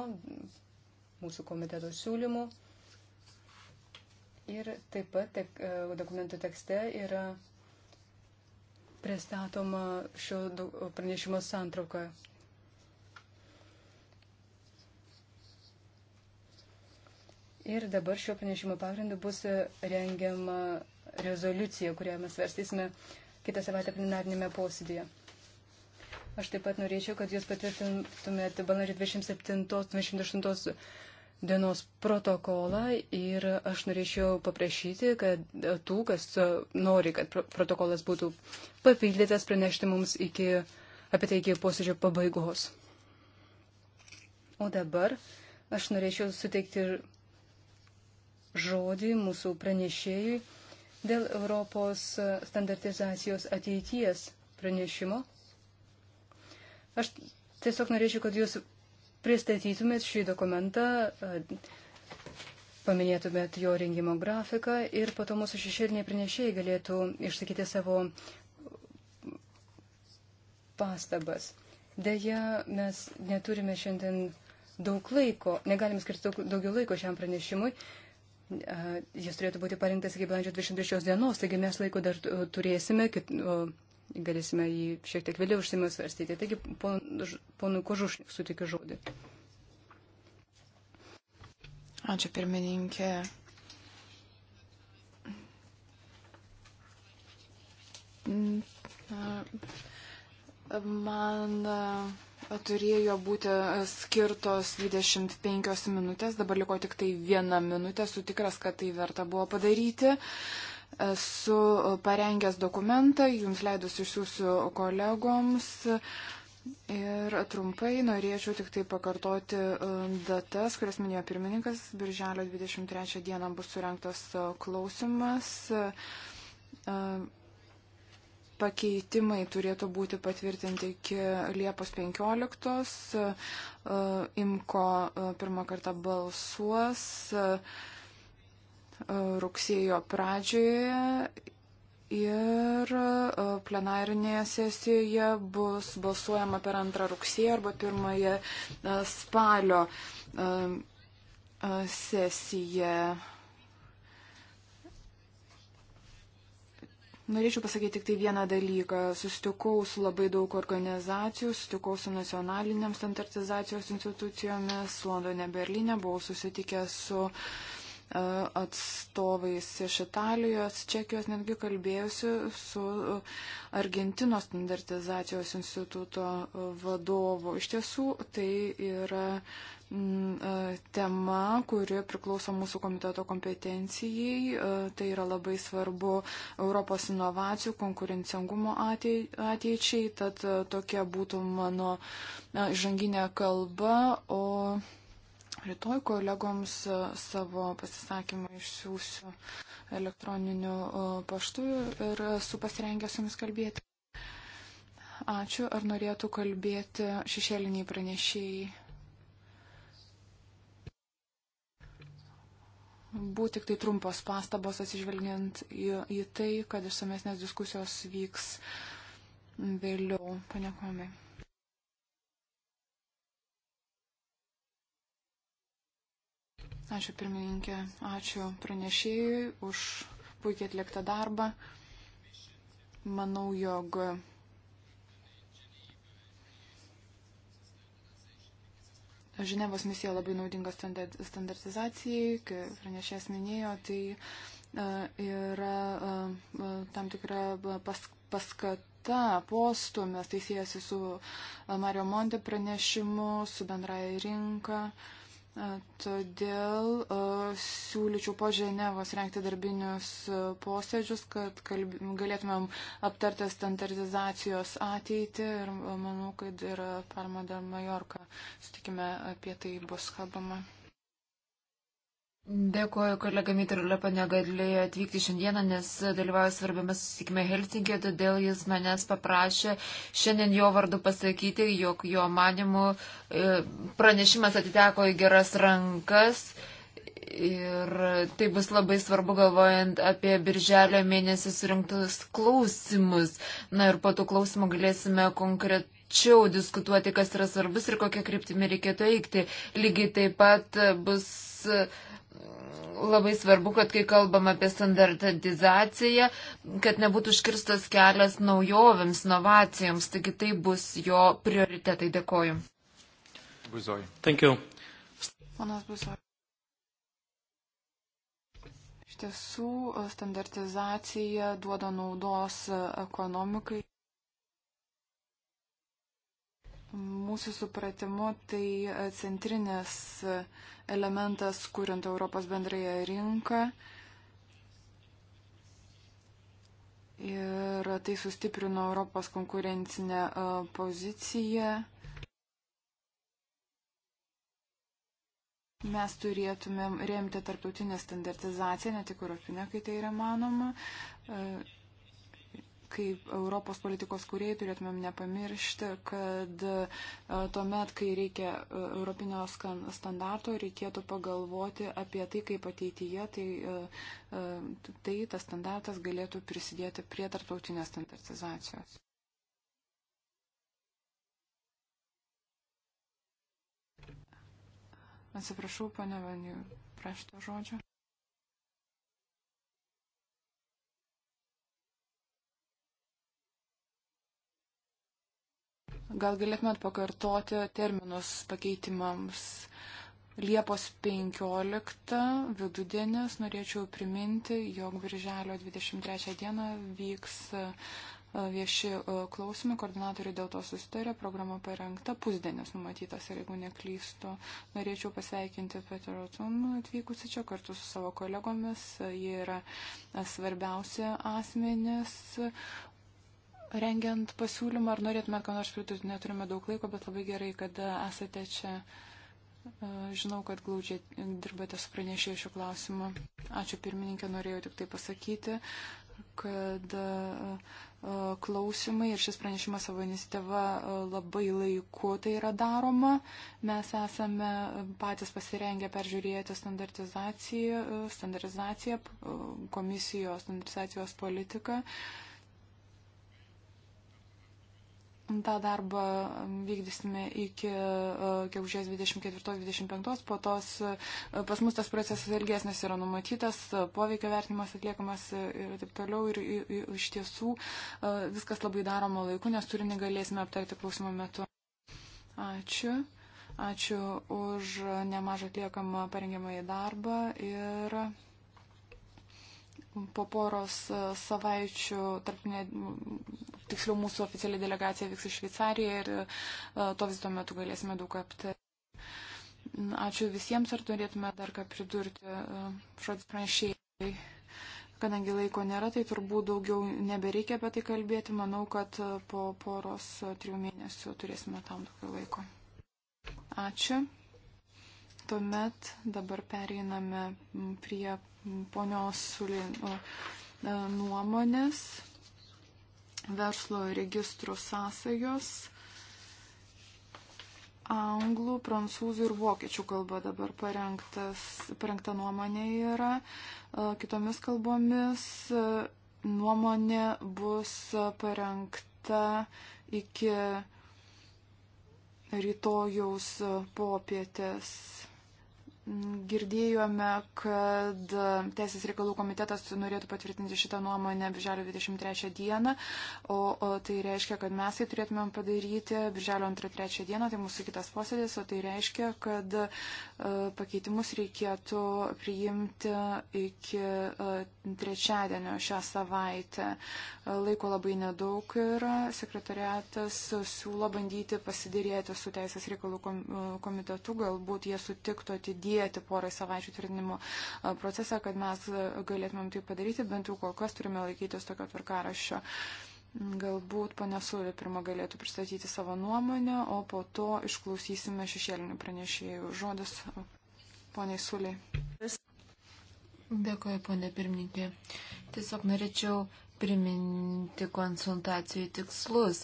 mūsų komiteto siūlymų. Ir taip pat tek, e, dokumento tekste yra pristatoma šio pranešimo santrauka. Ir dabar šio pranešimo pagrindu bus rengiama rezoliucija, kurią mes svarstysime kitą savaitę plenarinėme posėdėje. Aš taip pat norėčiau, kad jūs patvirtintumėte balandžio 27-28 dienos protokolą ir aš norėčiau paprašyti, kad tų, kas nori, kad protokolas būtų papildytas, pranešti mums iki, apie tai iki posėdžio pabaigos. O dabar aš norėčiau suteikti žodį mūsų pranešėjui dėl Europos standartizacijos ateities pranešimo. Aš tiesiog norėčiau, kad jūs pristatytumėt šį dokumentą, paminėtumėt jo rengimo grafiką ir po to mūsų šešėliniai pranešėjai galėtų išsakyti savo pastabas. Deja, mes neturime šiandien daug laiko, negalim skirti daug, daugiau laiko šiam pranešimui. Jis turėtų būti parinktas iki balandžio 23 dienos, taigi mes laiko dar turėsime, kit, galėsime jį šiek tiek vėliau užsime svarstyti. Taigi, ponui Kožuš, sutikiu žodį. Ačiū, pirmininkė. Man turėjo būti skirtos 25 minutės, dabar liko tik tai viena minutė, sutikras, kad tai verta buvo padaryti. Uh, Esu parengęs dokumentą, jums leidus išsiųsiu kolegoms. Ir trumpai norėčiau tik tai pakartoti um, datas, kurias minėjo pirmininkas. Birželio 23 dieną bus surinktas uh, klausimas. Uh, pakeitimai turėtų būti patvirtinti iki Liepos 15. Uh, Imko pirmą kartą balsuos rugsėjo pradžioje ir e, plenarinėje sesijoje bus balsuojama per antrą rugsėjo arba pirmąją e, spalio e, sesiją. Norėčiau pasakyti tik tai vieną dalyką. Sustikau su labai daug organizacijų, sustikau su nacionalinėms standartizacijos institucijomis, Londone, Berlyne, buvau susitikęs su uh, E, atstovais iš Italijos, Čekijos, netgi kalbėjusi su e, Argentinos standartizacijos instituto e, vadovu. Iš tiesų, tai yra tema, kuri priklauso mūsų komiteto kompetencijai. Tai yra labai svarbu Europos inovacijų konkurencingumo ateičiai, tad tokia būtų mano žanginė kalba. O Rytoj kolegoms e, savo pasisakymą išsiųsiu elektroniniu e, paštu ir esu pasirengęs jums kalbėti. Ačiū. Ar norėtų kalbėti šešėliniai pranešėjai? Būtų tik tai trumpos pastabos atsižvelgiant į, į tai, kad išsamesnės diskusijos vyks vėliau. Panekomė. Ačiū pirmininkė, ačiū pranešėjui už puikiai atliktą darbą. Manau, jog Ženevos misija labai naudinga standartizacijai, kaip pranešėjas minėjo, tai e, yra e, tam tikra pas, paskata, postumis, tai siejasi su Mario Monte pranešimu, su bendrai rinka. Uh, Todėl siūlyčiau po Ženevos renkti darbinius posėdžius, kad kalb... galėtumėm aptarti standartizacijos ateitį ir manau, kad ir Parma dar Mallorca, sutikime, apie tai bus kalbama. Dėkuoju, kolega Mitriulėpa negalėjo atvykti šiandieną, nes dalyvauja svarbiame susitikime Helsinkė, todėl jis manęs paprašė šiandien jo vardu pasakyti, jog jo manimu e, pranešimas atiteko į geras rankas. Ir tai bus labai svarbu galvojant apie birželio mėnesį surinktus klausimus. Na ir po tų klausimų galėsime konkretų plačiau diskutuoti, kas yra svarbus ir kokią kryptimį reikėtų eikti. Lygiai taip pat bus labai svarbu, kad kai kalbam apie standartizaciją, kad nebūtų užkirstas kelias naujovėms, inovacijoms, taigi tai bus jo prioritetai. Dėkoju. Buzoj. Thank you. Ponas Buzoj. Iš tiesų, standartizacija duoda naudos ekonomikai. Mūsų supratimu tai centrinis elementas, kuriant Europos bendrąją rinką. Ir tai sustiprino Europos konkurencinę e, poziciją. mes turėtumėm remti tarptautinę standartizaciją, ne tik europinę, kai tai yra manoma. E, kaip Europos politikos kuriejai turėtumėm nepamiršti, kad e, tuomet, kai reikia e, europinio standarto, reikėtų pagalvoti apie tai, kaip ateityje tai, e, tai tas standartas galėtų prisidėti prie tarptautinės standartizacijos. Atsiprašau, pane Vaniu, prašto žodžio. Gal galėtumėt pakartoti terminus pakeitimams. Liepos 15 vidudienis norėčiau priminti, jog birželio 23 dieną vyks e, vieši e, klausimai, koordinatoriai dėl to susitarė, programa parengta, pusdienis numatytas ir jeigu neklystu, norėčiau pasveikinti Peterą Tum atvykusi čia kartu su savo kolegomis. Jie yra e, svarbiausi asmenys, rengiant pasiūlymą, ar norėtumėt ką nors pridurti, neturime daug laiko, bet labai gerai, kad e, esate čia. E, žinau, kad glaudžiai dirbate su pranešėjų šiuo klausimu. Ačiū pirmininkė, norėjau tik tai pasakyti, kad e, klausimai ir šis pranešimas savo iniciatyva labai laiku tai yra daroma. Mes esame patys pasirengę peržiūrėti standartizaciją, standartizaciją komisijos standartizacijos politiką tą darbą um, vykdysime iki uh, gegužės 24-25, po tos uh, pas mus tas procesas ilgesnis yra numatytas, uh, poveikio vertinimas atliekamas ir taip toliau. Ir iš tiesų viskas labai daroma laiku, nes turinį galėsime aptarti klausimo metu. Ačiū. Ačiū už nemažą atliekamą parengiamąjį darbą ir po poros e, savaičių, tarpinė, tiksliau mūsų oficiali delegacija vyks į Šveicariją ir e, to vizito metu galėsime daug aptarti. Ačiū visiems, ar turėtume dar ką pridurti, e, žodis pranešėjai. Kadangi laiko nėra, tai turbūt daugiau nebereikia apie tai kalbėti. Manau, kad po poros trijų mėnesių turėsime tam daugiau laiko. Ačiū. Tuomet dabar pereiname prie ponios Sulin e, nuomonės, verslo registrų sąsajos anglų, prancūzų ir vokiečių kalba dabar parengta nuomonė yra. E, kitomis kalbomis e, nuomonė bus parengta iki rytojaus popietės. Girdėjome, kad Teisės reikalų komitetas norėtų patvirtinti šitą nuomonę birželio 23 dieną, o, o tai reiškia, kad mes tai turėtumėm padaryti birželio 2-3 dieną, tai mūsų kitas posėdis, o tai reiškia, kad e, pakeitimus reikėtų priimti iki e, trečiadienio šią savaitę. E, laiko labai nedaug yra, sekretariatas siūlo bandyti pasidėrėti su Teisės reikalų komitetu, galbūt jie sutiktų atidėti atidėti porai savaičių tvirtinimo e, procesą, kad mes galėtumėm tai padaryti, bent jau kol kas turime laikytis tokio tvarkaraščio. Galbūt ponia Sulė pirmą galėtų pristatyti savo nuomonę, o po to išklausysime šešėlinių pranešėjų žodis poniai Sulė. Dėkuoju, ponė pirmininkė. Tiesiog norėčiau priminti konsultacijų tikslus.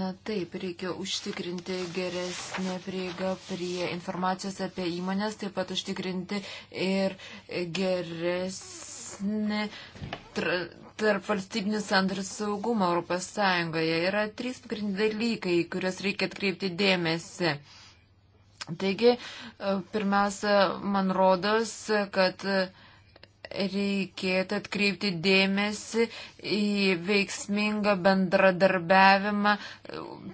Na taip, reikia užtikrinti geresnę prieigą prie informacijos apie įmonės, taip pat užtikrinti ir geresnį tarp valstybinių sandrų saugumą Europos Sąjungoje. Yra trys pagrindiniai dalykai, kuriuos reikia atkreipti dėmesį. Taigi, pirmiausia, man rodos, kad uh, reikėtų atkreipti dėmesį į veiksmingą bendradarbiavimą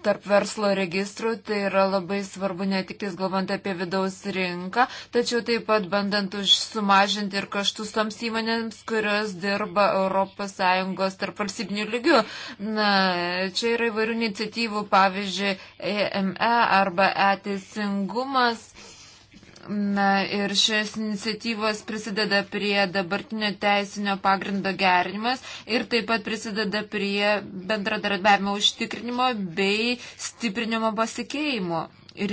tarp verslo registrų. Tai yra labai svarbu ne tik galvant apie vidaus rinką, tačiau taip pat bandant sumažinti ir kaštus toms įmonėms, kurios dirba ES tarp valstybinių lygių. Na, čia yra įvairių iniciatyvų, pavyzdžiui, EME e arba E-teisingumas. Na ir šios iniciatyvos prisideda prie dabartinio teisinio pagrindo gerinimas ir taip pat prisideda prie bendradarbiavimo užtikrinimo bei stiprinimo pasikeimo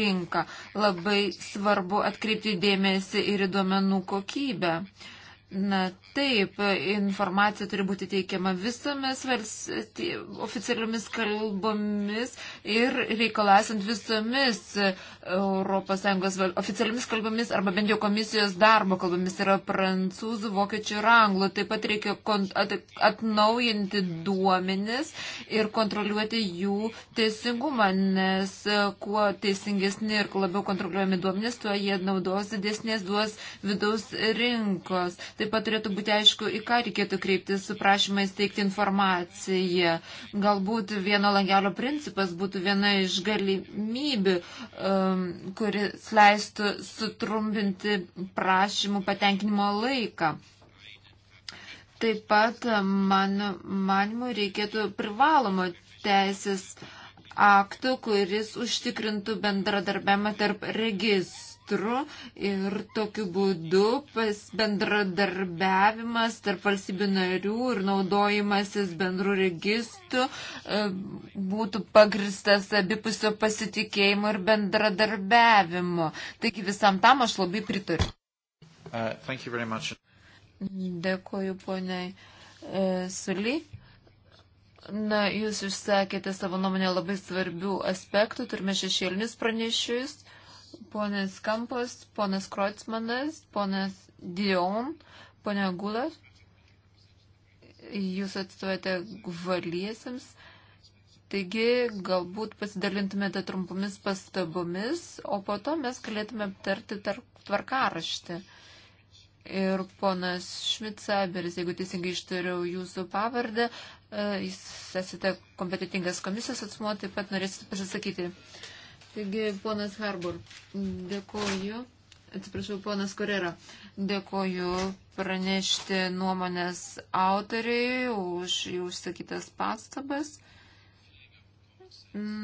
rinką. Labai svarbu atkreipti dėmesį ir į duomenų kokybę. Uh, Na taip, informacija turi būti teikiama visomis valsty, oficialiomis kalbomis ir reikalasant visomis ES oficialiomis kalbomis arba bent jau komisijos darbo kalbomis tai yra prancūzų, vokiečių ir anglų. Taip pat reikia at atnaujinti duomenis ir kontroliuoti jų teisingumą, nes kuo teisingesni ir labiau kontroliuojami duomenis, tuo jie naudos didesnės duos vidaus rinkos. Tai Taip pat turėtų būti aišku, į ką reikėtų kreiptis su prašymais teikti informaciją. Galbūt vieno langelio principas būtų viena iš galimybių, um, kuris leistų sutrumpinti prašymų patenkinimo laiką. Taip pat, um, man, manimu, reikėtų privalomo teisės aktų, kuris užtikrintų bendradarbiamą tarp registrų semestru ir tokiu būdu bendradarbiavimas tarp valstybių narių ir naudojimasis bendrų registrų e, būtų pagristas abipusio pasitikėjimo ir bendradarbiavimo. Taigi visam tam aš labai pritariu. Uh, Dėkoju, poniai e, Suly. Na, jūs išsakėte savo nuomonę labai svarbių aspektų, turime šešėlinius pranešius ponas Kampas, ponas Kreutzmanas, ponas Dion, ponia Gulas. Jūs atstovate gvaliesiams. Taigi, galbūt pasidalintumėte trumpomis pastabomis, o po to mes galėtume aptarti tvarkaraštį. Ir ponas Šmitsaberis, jeigu teisingai ištariau jūsų pavardę, e, jūs esate kompetitingas komisijos atsmuo, taip pat norėsite pasisakyti. Uh, Taigi, ponas Harbor, dėkoju. Atsiprašau, ponas Korera, dėkoju pranešti nuomonės autoriai už jų užsakytas pastabas.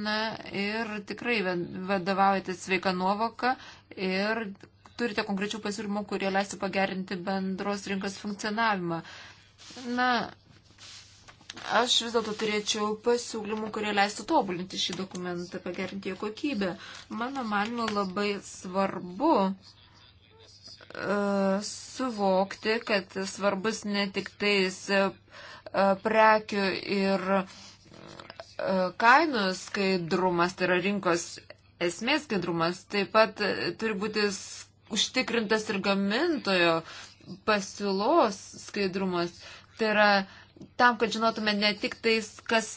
Na ir tikrai vadovaujate sveiką nuovoką ir turite konkrečių pasiūlymų, kurie leistų pagerinti bendros rinkos funkcionavimą. Na, Aš vis dėlto turėčiau pasiūlymų, kurie leistų tobulinti šį dokumentą, pagerinti jo kokybę. Mano manimo labai svarbu uh, suvokti, kad svarbus ne tik tais uh, prekių ir uh, kainų skaidrumas, tai yra rinkos esmės skaidrumas, taip pat turi būti užtikrintas ir gamintojo pasiūlos skaidrumas. Tai yra tam, kad žinotume ne tik tais, kas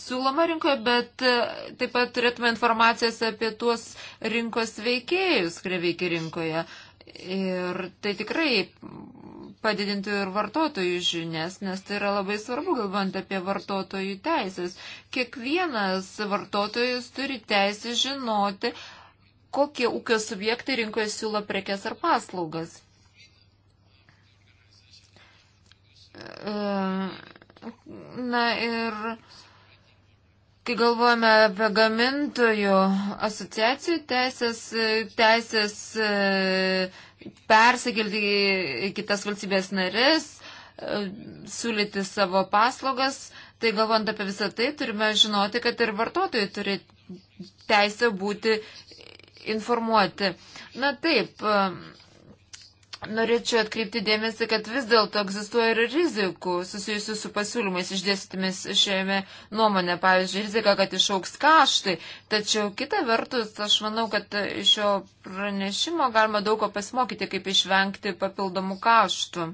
siūloma rinkoje, bet e, taip pat turėtume informacijos apie tuos rinkos veikėjus, kurie veikia rinkoje. Ir tai tikrai padidintų ir vartotojų žinias, nes tai yra labai svarbu, galvant apie vartotojų teisės. Kiekvienas vartotojas turi teisę žinoti, kokie ūkio subjektai rinkoje siūlo prekes ar paslaugas. Na ir kai galvojame apie gamintojų asociacijų teisės, teisės e, persikelti į kitas valstybės narės, e, siūlyti savo paslaugas, tai galvojant apie visą tai, turime žinoti, kad ir vartotojai turi teisę būti informuoti. Na taip, Norėčiau atkreipti dėmesį, kad vis dėlto egzistuoja ir rizikų susijusių su pasiūlymais išdėstymis šiame nuomonė. Pavyzdžiui, rizika, kad išauks kaštai. Tačiau kita vertus, aš manau, kad iš šio pranešimo galima daug ko pasimokyti, kaip išvengti papildomų kaštų.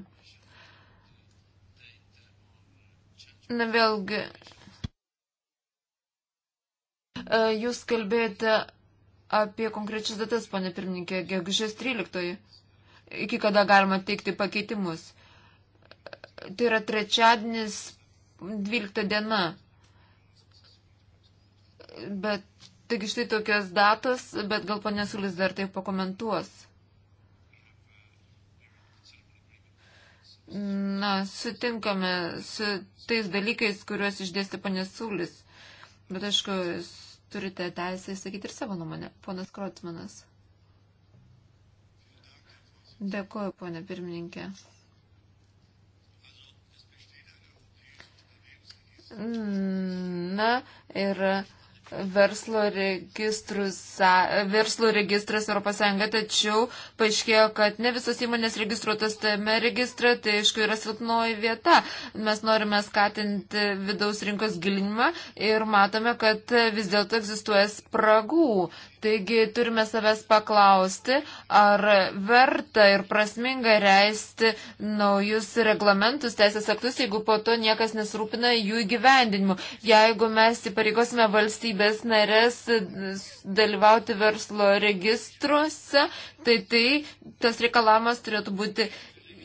Na vėlgi, e, jūs kalbėjote apie konkrečias datas, ponė pirmininkė, gegužės 13. -oji iki kada galima teikti pakeitimus. Tai yra trečiadienis 12 diena. Bet, taigi štai tokios datos, bet gal panesulis dar tai pakomentuos. Na, sutinkame su tais dalykais, kuriuos išdėstė panesulis. Bet, aišku, turite teisę įsakyti ir savo nuomonę, ponas Krotmanas. Dėkuoju, ponė pirmininkė. Na ir verslo registrus, verslo registras Europos Sąjunga, tačiau paaiškėjo, kad ne visos įmonės registruotas tame registre, tai aišku yra silpnoji vieta. Mes norime skatinti vidaus rinkos gilinimą ir matome, kad vis dėlto egzistuoja spragų. Taigi turime savęs paklausti, ar verta ir prasminga reisti naujus reglamentus, teisės aktus, jeigu po to niekas nesrūpina jų įgyvendinimu. Jeigu mes įpareigosime valstybės narės dalyvauti verslo registruose, tai, tai tas reikalavimas turėtų būti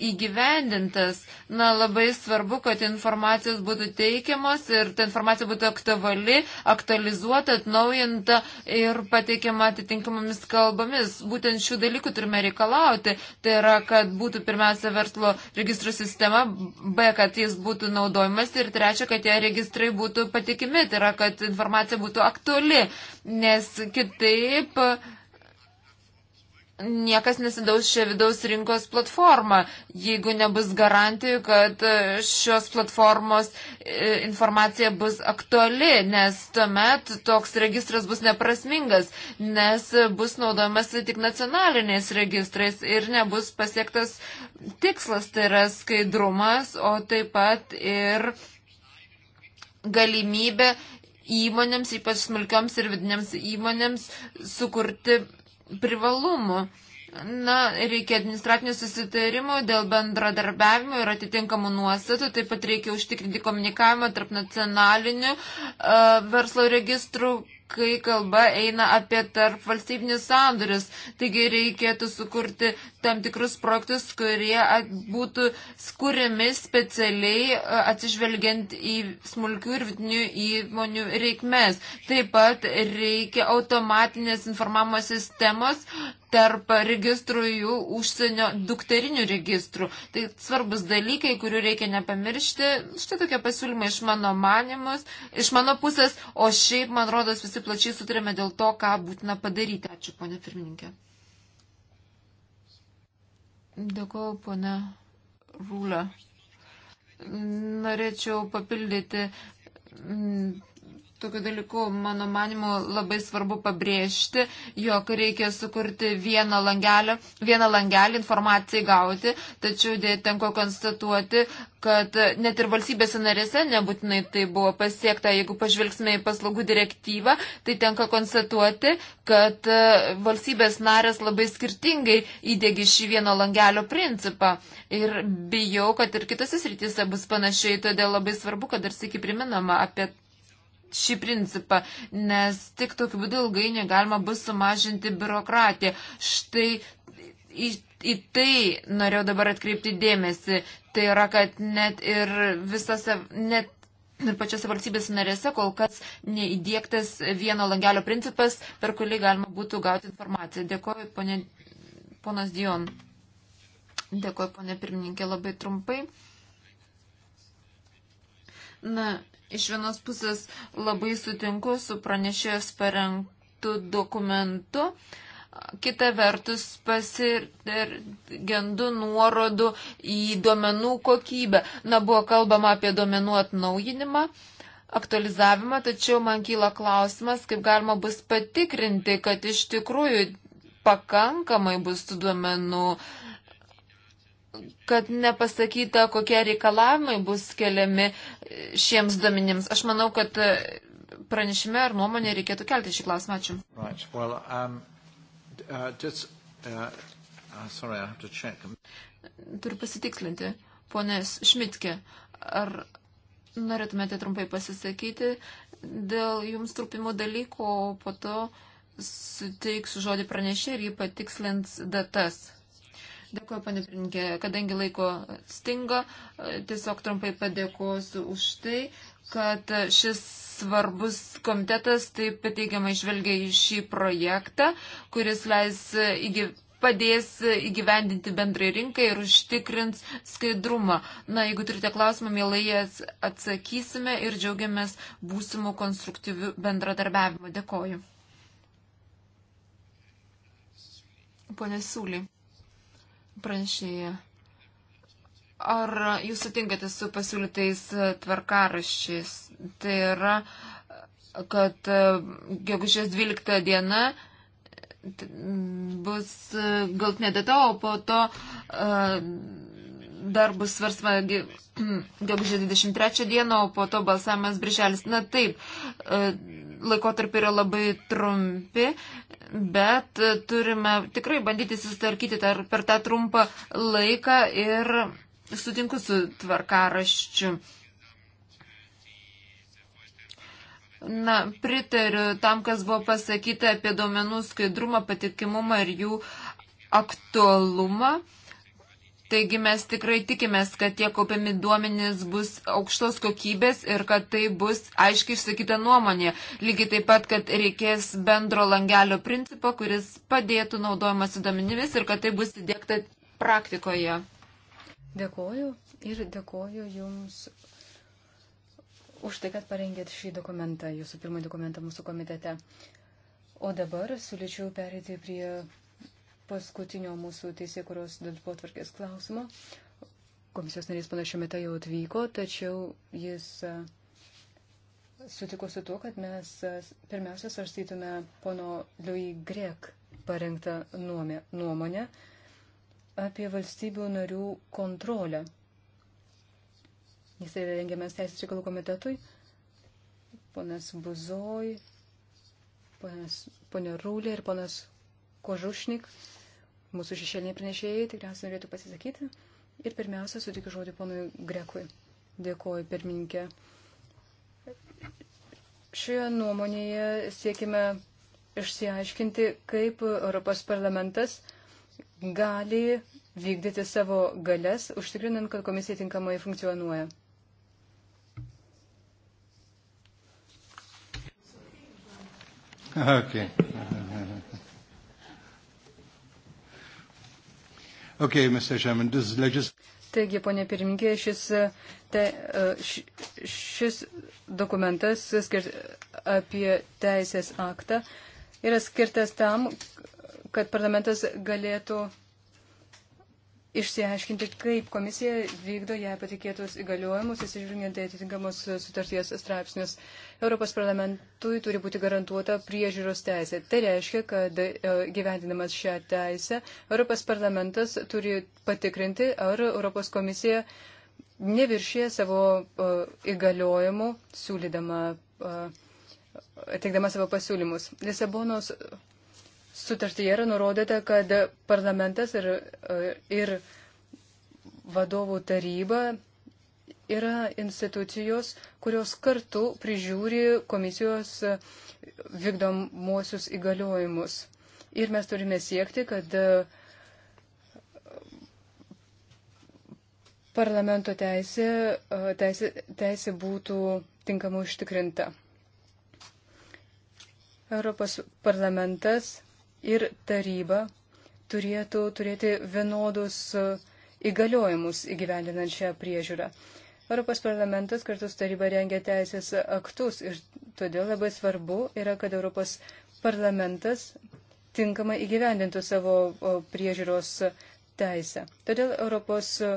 įgyvendintas. Na, labai svarbu, kad informacijos būtų teikiamas ir ta informacija būtų aktuali, aktualizuota, atnaujinta ir pateikiama atitinkamomis kalbomis. Būtent šių dalykų turime reikalauti. Tai yra, kad būtų pirmiausia verslo registrų sistema, B, kad jis būtų naudojimas ir trečia, kad tie registrai būtų patikimi. Tai yra, kad informacija būtų aktuali, nes kitaip. Uh, niekas nesidaus šią vidaus rinkos platformą, jeigu nebus garantijų, kad e, šios platformos e, informacija bus aktuali, nes tuomet toks registras bus neprasmingas, nes bus naudojamas tik nacionaliniais registrais ir nebus pasiektas tikslas, tai yra skaidrumas, o taip pat ir galimybė įmonėms, ypač smulkioms ir vidinėms įmonėms, sukurti privalumų. Na, reikia administratinių susitarimų dėl bendradarbiavimo ir atitinkamų nuostatų, taip pat reikia užtikrinti komunikavimą tarp nacionalinių uh, verslo registrų kai kalba eina apie tarp valstybinius sandorius. Taigi reikėtų sukurti tam tikrus projektus, kurie būtų skūrimi specialiai e, atsižvelgiant į smulkių ir vidinių įmonių reikmes. Taip pat reikia automatinės informavimo sistemos, tarp registrų jų užsienio dukterinių registrų. Tai svarbus dalykai, kurių reikia nepamiršti. Štai tokie pasiūlymai iš mano manimus, iš mano pusės, o šiaip, man rodos, visi plačiai sutarėme dėl to, ką būtina padaryti. Ačiū, ponė pirmininkė. Dėkuoju, ponė Rūlė. Norėčiau papildyti tokių dalykų, mano manimu, labai svarbu pabrėžti, jog reikia sukurti vieną langelį, vieną langelį informacijai gauti, tačiau tenko konstatuoti, kad net ir valstybėse narėse nebūtinai tai buvo pasiekta. Jeigu pažvelgsime į paslaugų direktyvą, tai tenka konstatuoti, kad e, valstybės narės labai skirtingai įdėgi šį vieno langelio principą. Ir bijau, kad ir kitose srityse bus panašiai, todėl labai svarbu, kad ir sėki priminama apie šį principą, nes tik tokiu būdu ilgai negalima bus sumažinti biurokratiją. Štai į, į tai norėjau dabar atkreipti dėmesį. Tai yra, kad net ir visose, net ir pačiose valstybės narėse kol kas neįdėktas vieno langelio principas, per kurį galima būtų gauti informaciją. Dėkuoju, ponė, ponas Dion. Dėkuoju, ponė pirmininkė, labai trumpai. Na, iš vienos pusės labai sutinku su pranešėjos parengtu dokumentu. Kita vertus pasirgendu nuorodų į duomenų kokybę. Na, buvo kalbama apie duomenų atnaujinimą, aktualizavimą, tačiau man kyla klausimas, kaip galima bus patikrinti, kad iš tikrųjų pakankamai bus tų duomenų uh, kad nepasakyta, kokie reikalavimai bus keliami šiems duomenims. Aš manau, kad pranešime ar nuomonė reikėtų kelti šį klausimą. Ačiū. Right. Well, um, uh, just, uh, uh sorry, Turiu pasitikslinti. Ponės Šmitke, ar norėtumėte trumpai pasisakyti dėl jums trupimo dalykų, o po to suteiksiu žodį pranešė ir jį patikslins datas. Dėkuoju, panė Pirinkė, kadangi laiko stinga, e, tiesiog trumpai padėkosiu už tai, kad šis svarbus komitetas taip pateigiamai žvelgia į šį projektą, kuris leis e, įgyvendinti padės įgyvendinti bendrai rinkai ir užtikrins skaidrumą. Na, jeigu turite klausimą, mielai jas atsakysime ir džiaugiamės būsimų konstruktyvių bendradarbiavimų. Dėkoju. Pone Sūly pranešėja. Ar jūs sutinkate su pasiūlytais tvarkaraščiais? Tai yra, kad e, gegužės 12 diena bus e, galtinė data, o po to e, dar bus svarstama gegužės 23 diena, o po to balsavimas brželis. Na taip, laikotarpiai yra labai trumpi bet turime tikrai bandyti sustarkyti tar, per tą trumpą laiką ir sutinku su tvarkaraščiu. Na, pritariu tam, kas buvo pasakyta apie duomenų skaidrumą, patikimumą ir jų aktualumą. Taigi mes tikrai tikimės, kad tie kaupiami duomenys bus aukštos kokybės ir kad tai bus aiškiai išsakyta nuomonė. Lygiai taip pat, kad reikės bendro langelio principo, kuris padėtų naudojimas duomenimis ir kad tai bus įdėkta praktikoje. Dėkoju ir dėkoju Jums už tai, kad parengėt šį dokumentą, Jūsų pirmąjį dokumentą mūsų komitete. O dabar siūlyčiau perėti prie paskutinio mūsų teisėkuros darbo tvarkės klausimo. Komisijos narys panašiu metu jau atvyko, tačiau jis sutiko su tuo, kad mes pirmiausia svarstytume pono Louis Grek parengtą nuomonę apie valstybių narių kontrolę. Jis yra rengiamas Teisės reikalų komitetui, ponas Buzoj, ponas, ponė Rūlė ir ponas Kožušnik Mūsų šešėliniai pranešėjai tikriausiai norėtų pasisakyti. Ir pirmiausia, sutikiu žodį ponui Grekui. Dėkoju, pirmininkė. Šioje nuomonėje siekime išsiaiškinti, kaip Europos parlamentas gali vykdyti savo galės, užtikrinant, kad komisija tinkamai funkcionuoja. Okay. Okay, Chairman, legis... Taigi, ponė pirmininkė, šis, te, e, šis dokumentas skirt, apie teisės aktą yra skirtas tam, kad parlamentas galėtų išsiaiškinti, kaip komisija vykdo ją patikėtus įgaliojimus, įsižiūrint į atitinkamos sutarties straipsnius. Europos parlamentui turi būti garantuota priežiūros teisė. Tai reiškia, kad e, gyvendinamas šią teisę, Europos parlamentas turi patikrinti, ar Europos komisija neviršė savo e, įgaliojimų, siūlydama, e, teikdama savo pasiūlymus. Lisabonos sutartyje yra nurodyta, kad parlamentas ir, e, ir vadovų taryba yra institucijos, kurios kartu prižiūri komisijos vykdomuosius įgaliojimus. Ir mes turime siekti, kad e, parlamento teisė, e, teisė, teisė būtų tinkamai užtikrinta. Europos parlamentas ir taryba turėtų turėti vienodus e, įgaliojimus įgyvendinant šią priežiūrą. Europos parlamentas kartu su taryba rengia teisės aktus ir todėl labai svarbu yra, kad Europos parlamentas tinkamai įgyvendintų savo priežiūros teisę. Todėl Europos e,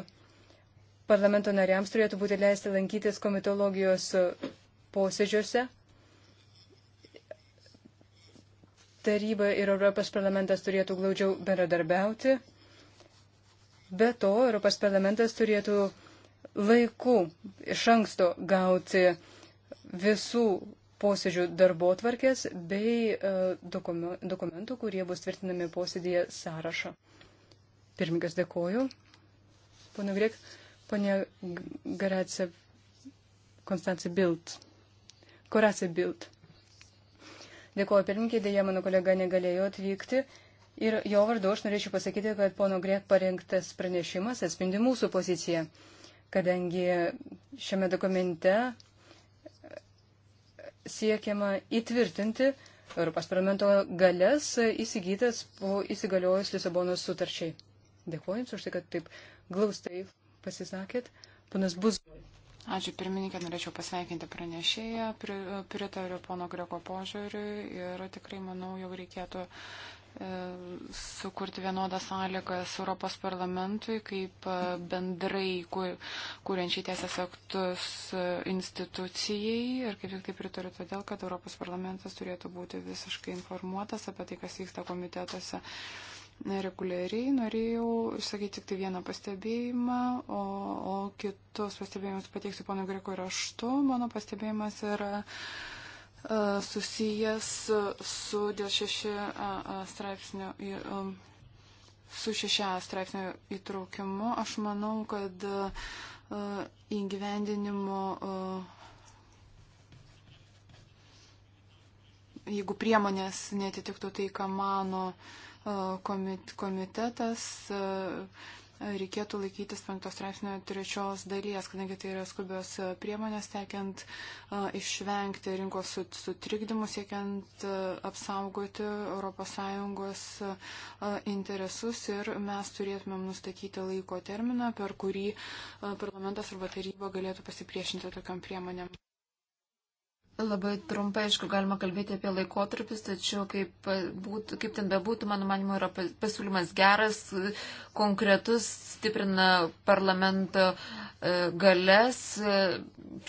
parlamento nariams turėtų būti leisti lankytis komitologijos e, posėdžiuose taryba ir Europos parlamentas turėtų glaudžiau bendradarbiauti. Be to, Europos parlamentas turėtų laiku iš anksto gauti visų posėdžių darbo tvarkės bei e, dokumentų, kurie bus tvirtinami posėdėje sąrašą. Pirmininkas dėkoju. Pone Grek, pone Garacija Konstancija Bild. Koracija Bild. Dėkuoju pirminkė, dėja mano kolega negalėjo atvykti. Ir jo vardu aš norėčiau pasakyti, kad pono Grek parengtas pranešimas atspindi mūsų poziciją, kadangi šiame dokumente siekiama įtvirtinti Europos parlamento galės įsigytas po įsigaliojus Lisabonos sutarčiai. Dėkuoju Jums už tai, kad taip glaustai pasisakėt. Panas Buzoj. Ačiū pirmininkė, norėčiau pasveikinti pranešėją, pritariu pono Greko požiūriui ir tikrai manau jau reikėtų e, sukurti vienodas sąlygas Europos parlamentui kaip e, bendrai kūrenčiai teisės aktus institucijai ir kaip tik tai pritariu todėl, kad Europos parlamentas turėtų būti visiškai informuotas apie tai, kas vyksta komitetuose reguliariai. Norėjau išsakyti tik tai vieną pastebėjimą, o, o kitus pastebėjimus pateiksiu pono Greko raštu. Mano pastebėjimas yra e, susijęs su dėl 6 straipsnio, e, su 6 straipsnio įtraukimu. Aš manau, kad e, įgyvendinimo, jeigu priemonės netitiktų tai, ką mano komitetas e, reikėtų laikytis 5 straipsnio trečios dalies, kadangi tai yra skubios priemonės, siekiant e, išvengti rinkos sutrikdymų, siekiant e, apsaugoti ES interesus ir mes turėtumėm nustatyti laiko terminą, per kurį parlamentas arba taryba galėtų pasipriešinti tokiam priemonėm. Labai trumpai, aišku, galima kalbėti apie laikotarpius, tačiau kaip, būtų, kaip ten bebūtų, mano manimo, yra pasiūlymas geras, konkretus, stiprina parlamento e, galės,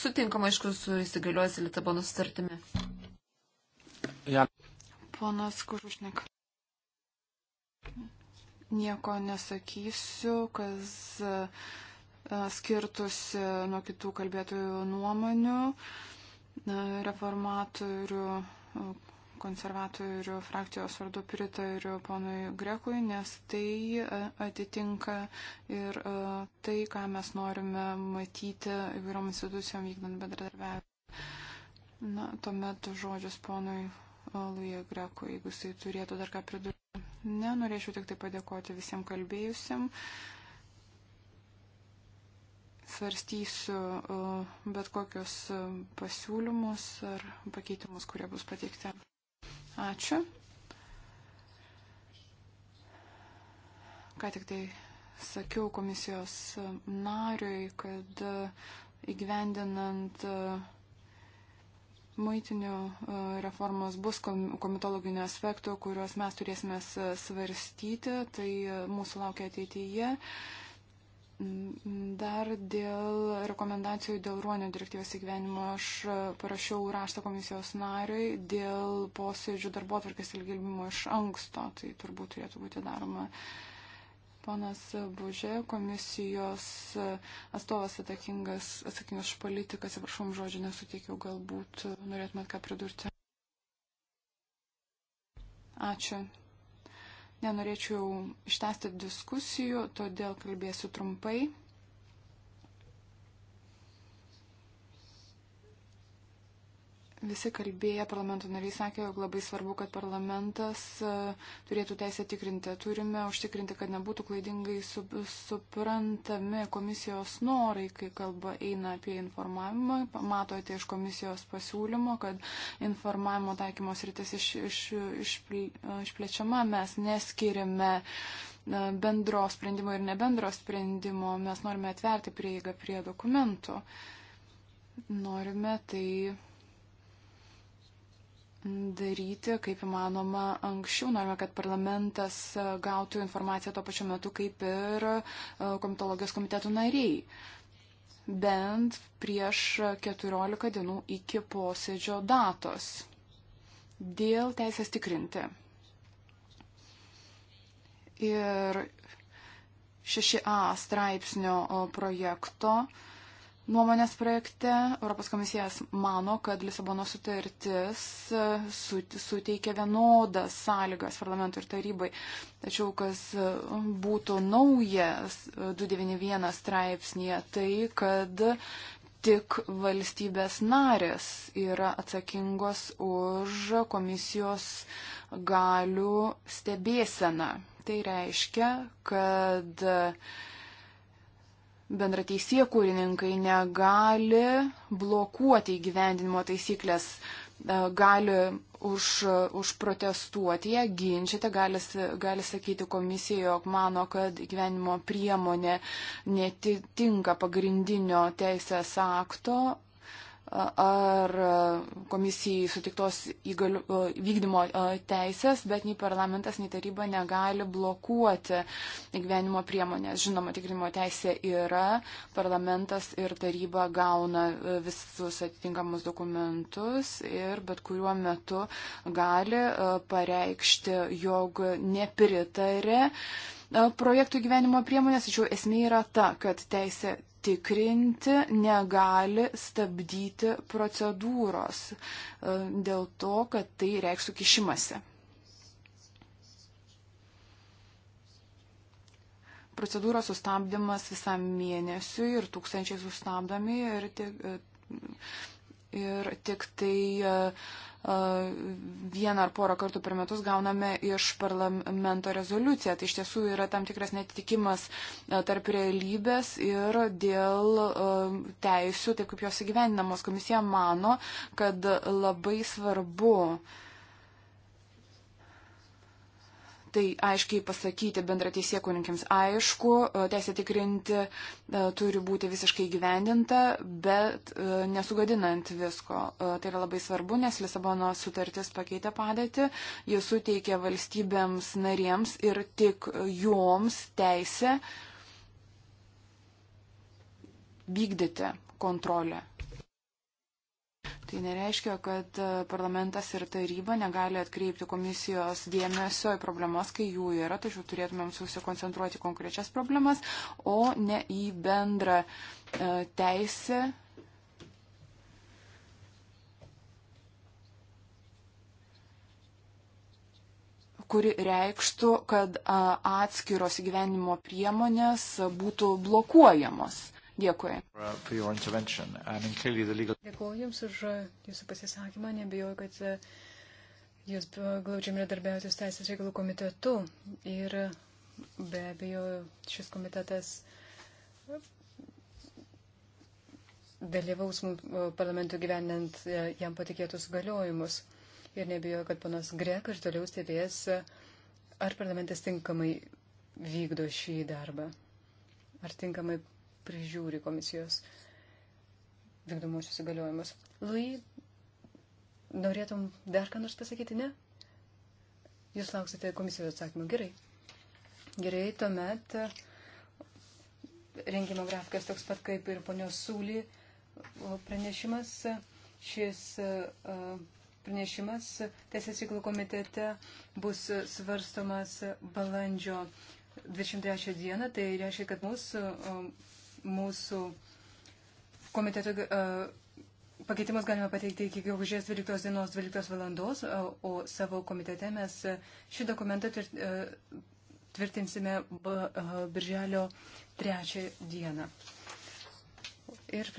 sutinkama, aišku, su įsigaliuosi Lisabono sutartimi. Ja. Ponas Kužušnik. Nieko nesakysiu, kas e, skirtusi nuo kitų kalbėtojų nuomonių. Uh, reformatorių konservatorių frakcijos vardu pritariu ponui Grekui, nes tai e, atitinka ir e, tai, ką mes norime matyti įvairiom institucijom vykdant bendradarbiavimą. Na, tuomet žodžius ponui Luje Grekui, jeigu jisai turėtų dar ką pridurti. Ne, norėčiau tik tai padėkoti visiems kalbėjusiems svarstysiu e, bet kokius e, pasiūlymus ar pakeitimus, kurie bus pateikti. Ačiū. Ką tik tai sakiau komisijos nariui, kad įgyvendinant e, muitinių reformos bus komitologinių aspektų, kuriuos mes turėsime svarstyti, tai mūsų laukia ateityje. Dar dėl rekomendacijų dėl ruonio direktyvos įgyvenimo aš parašiau raštą komisijos nariui dėl posėdžių darbo atvarkės ilgilbimo iš anksto. Tai turbūt turėtų būti daroma. Ponas Bužė, komisijos atstovas atsakingas, atsakingas už politiką, atsiprašau, žodžių nesuteikiau, galbūt norėtumėt ką pridurti. Ačiū. Nenorėčiau ištesti diskusijų, todėl kalbėsiu trumpai. Visi kalbėję parlamento nariai sakė, jog labai svarbu, kad parlamentas e, turėtų teisę tikrinti. Turime užtikrinti, kad nebūtų klaidingai suprantami komisijos norai, kai kalba eina apie informavimą. Matote iš komisijos pasiūlymo, kad informavimo taikymos rytis iš, iš, iš, išplečiama, mes neskirime e, bendro sprendimo ir nebendro sprendimo, mes norime atverti prieigą prie dokumentų. Norime tai daryti, kaip įmanoma, anksčiau. Norime, kad parlamentas e, gautų informaciją tuo pačiu metu, kaip ir e, komitologijos komitetų nariai. Bent prieš 14 dienų iki posėdžio datos. Dėl teisės tikrinti. Ir 6a straipsnio projekto uh, nuomonės projekte Europos komisijas mano, kad Lisabono sutartis e, suteikia vienodas sąlygas parlamentui ir tarybai. Tačiau kas e, būtų naujas 291 e, straipsnėje, tai kad tik valstybės narės yra atsakingos už komisijos galių stebėseną. Tai reiškia, kad uh, bendrateisė kūrininkai negali blokuoti įgyvendinimo taisyklės, e, gali už, užprotestuoti ją, ginčyti, gali, gali sakyti komisija, jog mano, kad įgyvendinimo priemonė netitinka pagrindinio teisės akto ar e, komisijai sutiktos įgaliu, e, vykdymo e, teisės, bet nei parlamentas, nei taryba negali blokuoti gyvenimo priemonės. Žinoma, tikrimo teisė yra, parlamentas ir taryba gauna visus atitinkamus dokumentus ir bet kuriuo metu gali pareikšti, jog nepritarė projektų gyvenimo priemonės, tačiau esmė yra ta, kad teisė tikrinti, negali stabdyti procedūros e, dėl to, kad tai reikštų kišimasi. Procedūros sustabdymas visam mėnesiui ir tūkstančiai sustabdomi ir tik, e, ir tik tai uh, vieną ar porą kartų per metus gauname iš parlamento rezoliuciją. Tai iš tiesų yra tam tikras netitikimas tarp realybės ir dėl teisių, taip kaip jos įgyvendinamos. Komisija mano, kad labai svarbu uh, tai aiškiai pasakyti bendra teisėkurinkėms aišku, e, teisė tikrinti e, turi būti visiškai gyvendinta, bet e, nesugadinant visko. Tai yra labai svarbu, nes Lisabono sutartis pakeitė padėtį, jis suteikė valstybėms narėms ir tik joms teisę vykdyti kontrolę Tai nereiškia, kad e, parlamentas ir taryba negali atkreipti komisijos dėmesio į problemas, kai jų yra, tačiau turėtumėm susikoncentruoti konkrečias problemas, o ne į bendrą e, teisę. kuri reikštų, kad atskiros įgyvenimo priemonės būtų blokuojamos. Dėkui. Um, Dėkuoju Jums už uh, Jūsų pasisakymą. Nebijoju, kad uh, Jūs glaudžiam redarbiavote su Teisės reikalų komitetu. Ir uh, be abejo, šis komitetas dalyvaus parlamentų gyvenant jam patikėtus galiojimus. Ir nebijoju, kad panas Grek aš toliau stebės, ar parlamentas tinkamai vykdo šį darbą. Ar tinkamai prižiūri komisijos vykdomuosius įgaliojimus. Lui, norėtum dar ką nors pasakyti, ne? Jūs lauksite komisijos atsakymų. Gerai. Gerai, tuomet rengimo grafikas toks pat kaip ir ponios Sūly pranešimas. Šis pranešimas Teisės reikalų komitete bus svarstomas balandžio 23 dieną. Tai reiškia, kad mūsų mūsų komiteto e, pakeitimus galime pateikti iki gegužės 12 dienos 12 valandos, e, o savo komitete mes šį dokumentą e, tvirtinsime birželio 3 dieną. Ir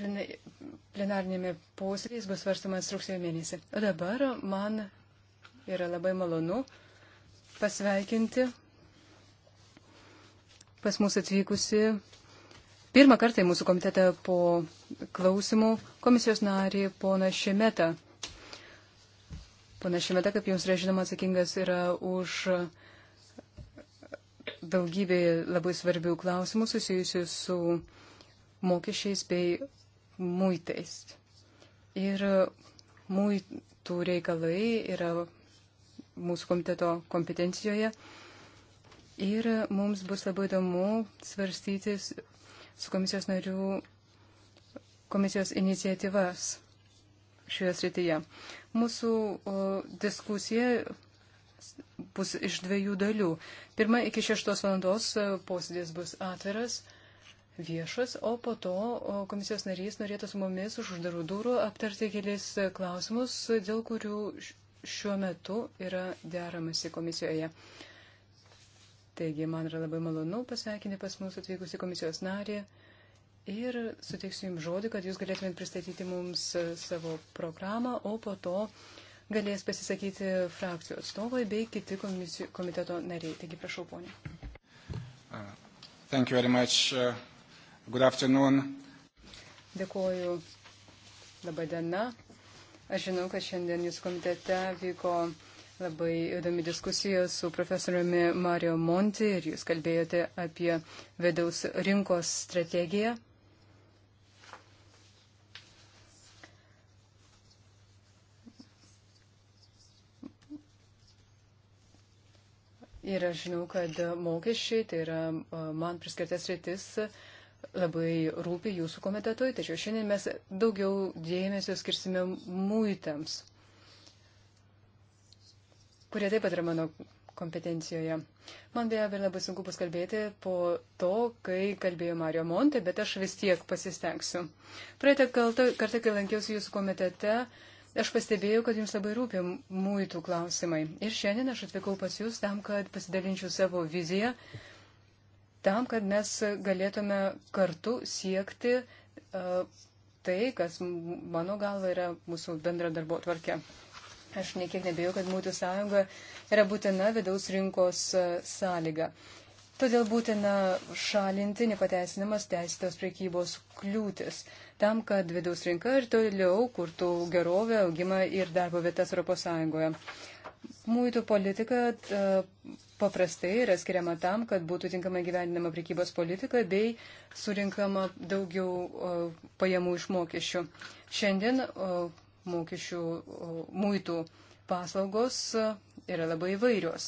plenarnėme posėdės bus svarstamas rugsėjo mėnesį. O dabar man yra labai malonu pasveikinti pas mus atvykusi Pirmą kartą į mūsų komitetą po klausimų komisijos narį pona Šimeta. Pona Šimeta, kaip jums yra žinoma, atsakingas yra už daugybė labai svarbių klausimų susijusių su mokesčiais bei muitais. Ir muitų reikalai yra mūsų komiteto kompetencijoje. Ir mums bus labai įdomu svarstytis su komisijos narių komisijos iniciatyvas šioje srityje. Mūsų o, diskusija bus iš dviejų dalių. Pirma, iki šeštos valandos e, posėdės bus atviras, viešas, o po to o, komisijos narys norėtų su mumis už uždarų durų aptarti kelis klausimus, dėl kurių šiuo metu yra deramasi komisijoje. Uh, Taigi, man yra labai malonu pasveikinti pas mus atvykusi komisijos narį ir suteiksiu Jums žodį, kad Jūs galėtumėt pristatyti mums savo programą, o po to galės pasisakyti frakcijų atstovai bei kiti komisijų, komiteto nariai. Taigi, prašau, ponė. Uh, thank you very much. Uh, good afternoon. Dėkuoju. Labą dieną. Aš žinau, kad šiandien Jūsų komitete vyko Labai įdomi diskusija su profesoriumi Mario Monti ir jūs kalbėjote apie vidaus rinkos strategiją. Ir aš žinau, kad mokesčiai, tai yra man priskirtas rytis, labai rūpi jūsų komitetui, tačiau šiandien mes daugiau dėmesio skirsime muitams kurie taip pat yra mano kompetencijoje. Man beje, vėl labai sunku paskalbėti po to, kai kalbėjo Mario Monte, bet aš vis tiek pasistengsiu. Praeitą kartą, kai lankiausi jūsų komitete, aš pastebėjau, kad jums labai rūpia mūtų klausimai. Ir šiandien aš atvykau pas jūs tam, kad pasidalinčiau savo viziją, tam, kad mes galėtume kartu siekti uh, tai, kas mano galva yra mūsų bendra darbo tvarkė. Aš nekiek nebėjau, kad mūtų sąjunga yra būtina vidaus rinkos e, sąlyga. Todėl būtina šalinti nepateisinamas teisėtos priekybos kliūtis, tam, kad vidaus rinka ir toliau kurtų gerovę, augimą ir darbo vietas ES. Mūtų politika e, paprastai yra skiriama tam, kad būtų tinkamai gyvendinama prekybos politika bei surinkama daugiau e, pajamų iš mokesčių. Šiandien mokesčių muitų paslaugos e, yra labai įvairios.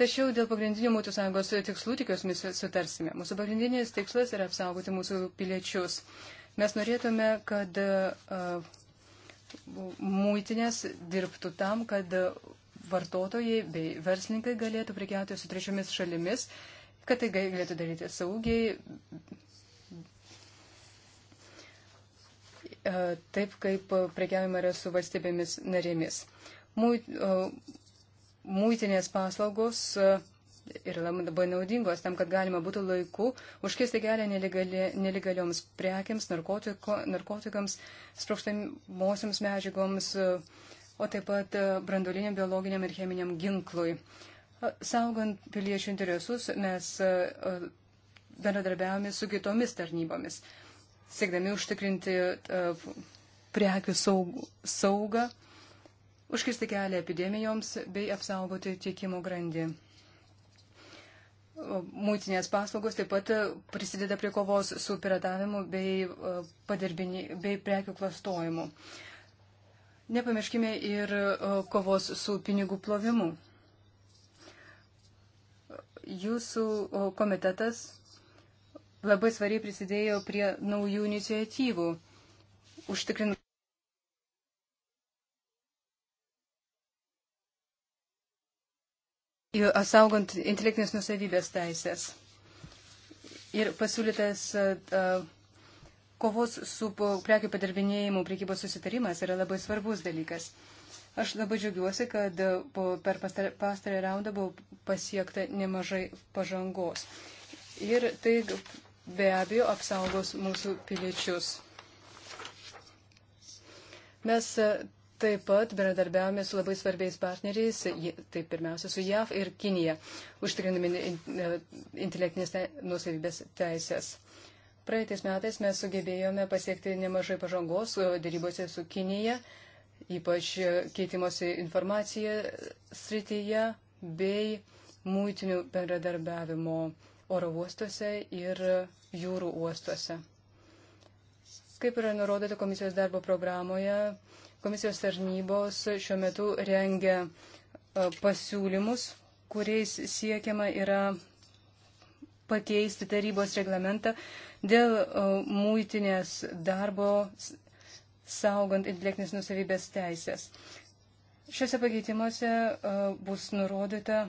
Tačiau dėl pagrindinių mūtų sąjungos tikslų tikiuomis sutarsime. Mūsų pagrindinis tikslas yra apsaugoti mūsų piliečius. Mes norėtume, kad uh, muitinės dirbtų tam, kad vartotojai bei verslininkai galėtų prekiauti su trečiomis šalimis, kad tai galėtų daryti saugiai E, taip, kaip prekiavime yra su valstybėmis narėmis. Mūtinės e, paslaugos e, yra labai naudingos tam, kad galima būtų laiku užkisti kelią nelegali, nelegalioms prekiams, narkotiko, narkotikams, sprokštamosioms medžiagoms, o taip pat brandoliniam, biologiniam ir cheminiam ginklui. Saugant piliečių interesus, mes bendradarbiavome su kitomis tarnybomis. Uh, siekdami užtikrinti e, prekių saugą, užkirsti kelią epidemijoms bei apsaugoti tiekimo grandį. Mūtinės paslaugos taip pat e, prisideda prie kovos su piratavimu bei, e, bei prekių klastojimu. Nepamirškime ir kovos su pinigų plovimu. Jūsų komitetas labai svariai prisidėjo prie naujų iniciatyvų, užtikrinant. saugant intelektinės nusavybės teisės. Ir pasiūlytas uh, kovos su prekių padirbinėjimu priekybos susitarimas yra labai svarbus dalykas. Aš labai džiaugiuosi, kad per pastarąjį raundą buvo pasiekta nemažai pažangos. Ir tai be abejo apsaugos mūsų piliečius. Mes e, taip pat bendradarbiavome su labai svarbiais partneriais, tai pirmiausia su JAV ir Kinija, užtikrindami e, intelektinės nusavybės teisės. Praeitais metais mes sugebėjome pasiekti nemažai pažangos e, dėrybose su Kinija, ypač keitimosi informacija srityje bei mūtinių bendradarbiavimo oro uostuose ir jūrų uostuose. Kaip yra nurodyta komisijos darbo programoje, komisijos tarnybos šiuo metu rengia e, pasiūlymus, kuriais siekiama yra pakeisti tarybos reglamentą dėl e, muitinės darbo saugant intelektinės nusavybės teisės. Šiuose pakeitimuose e, bus nurodyta,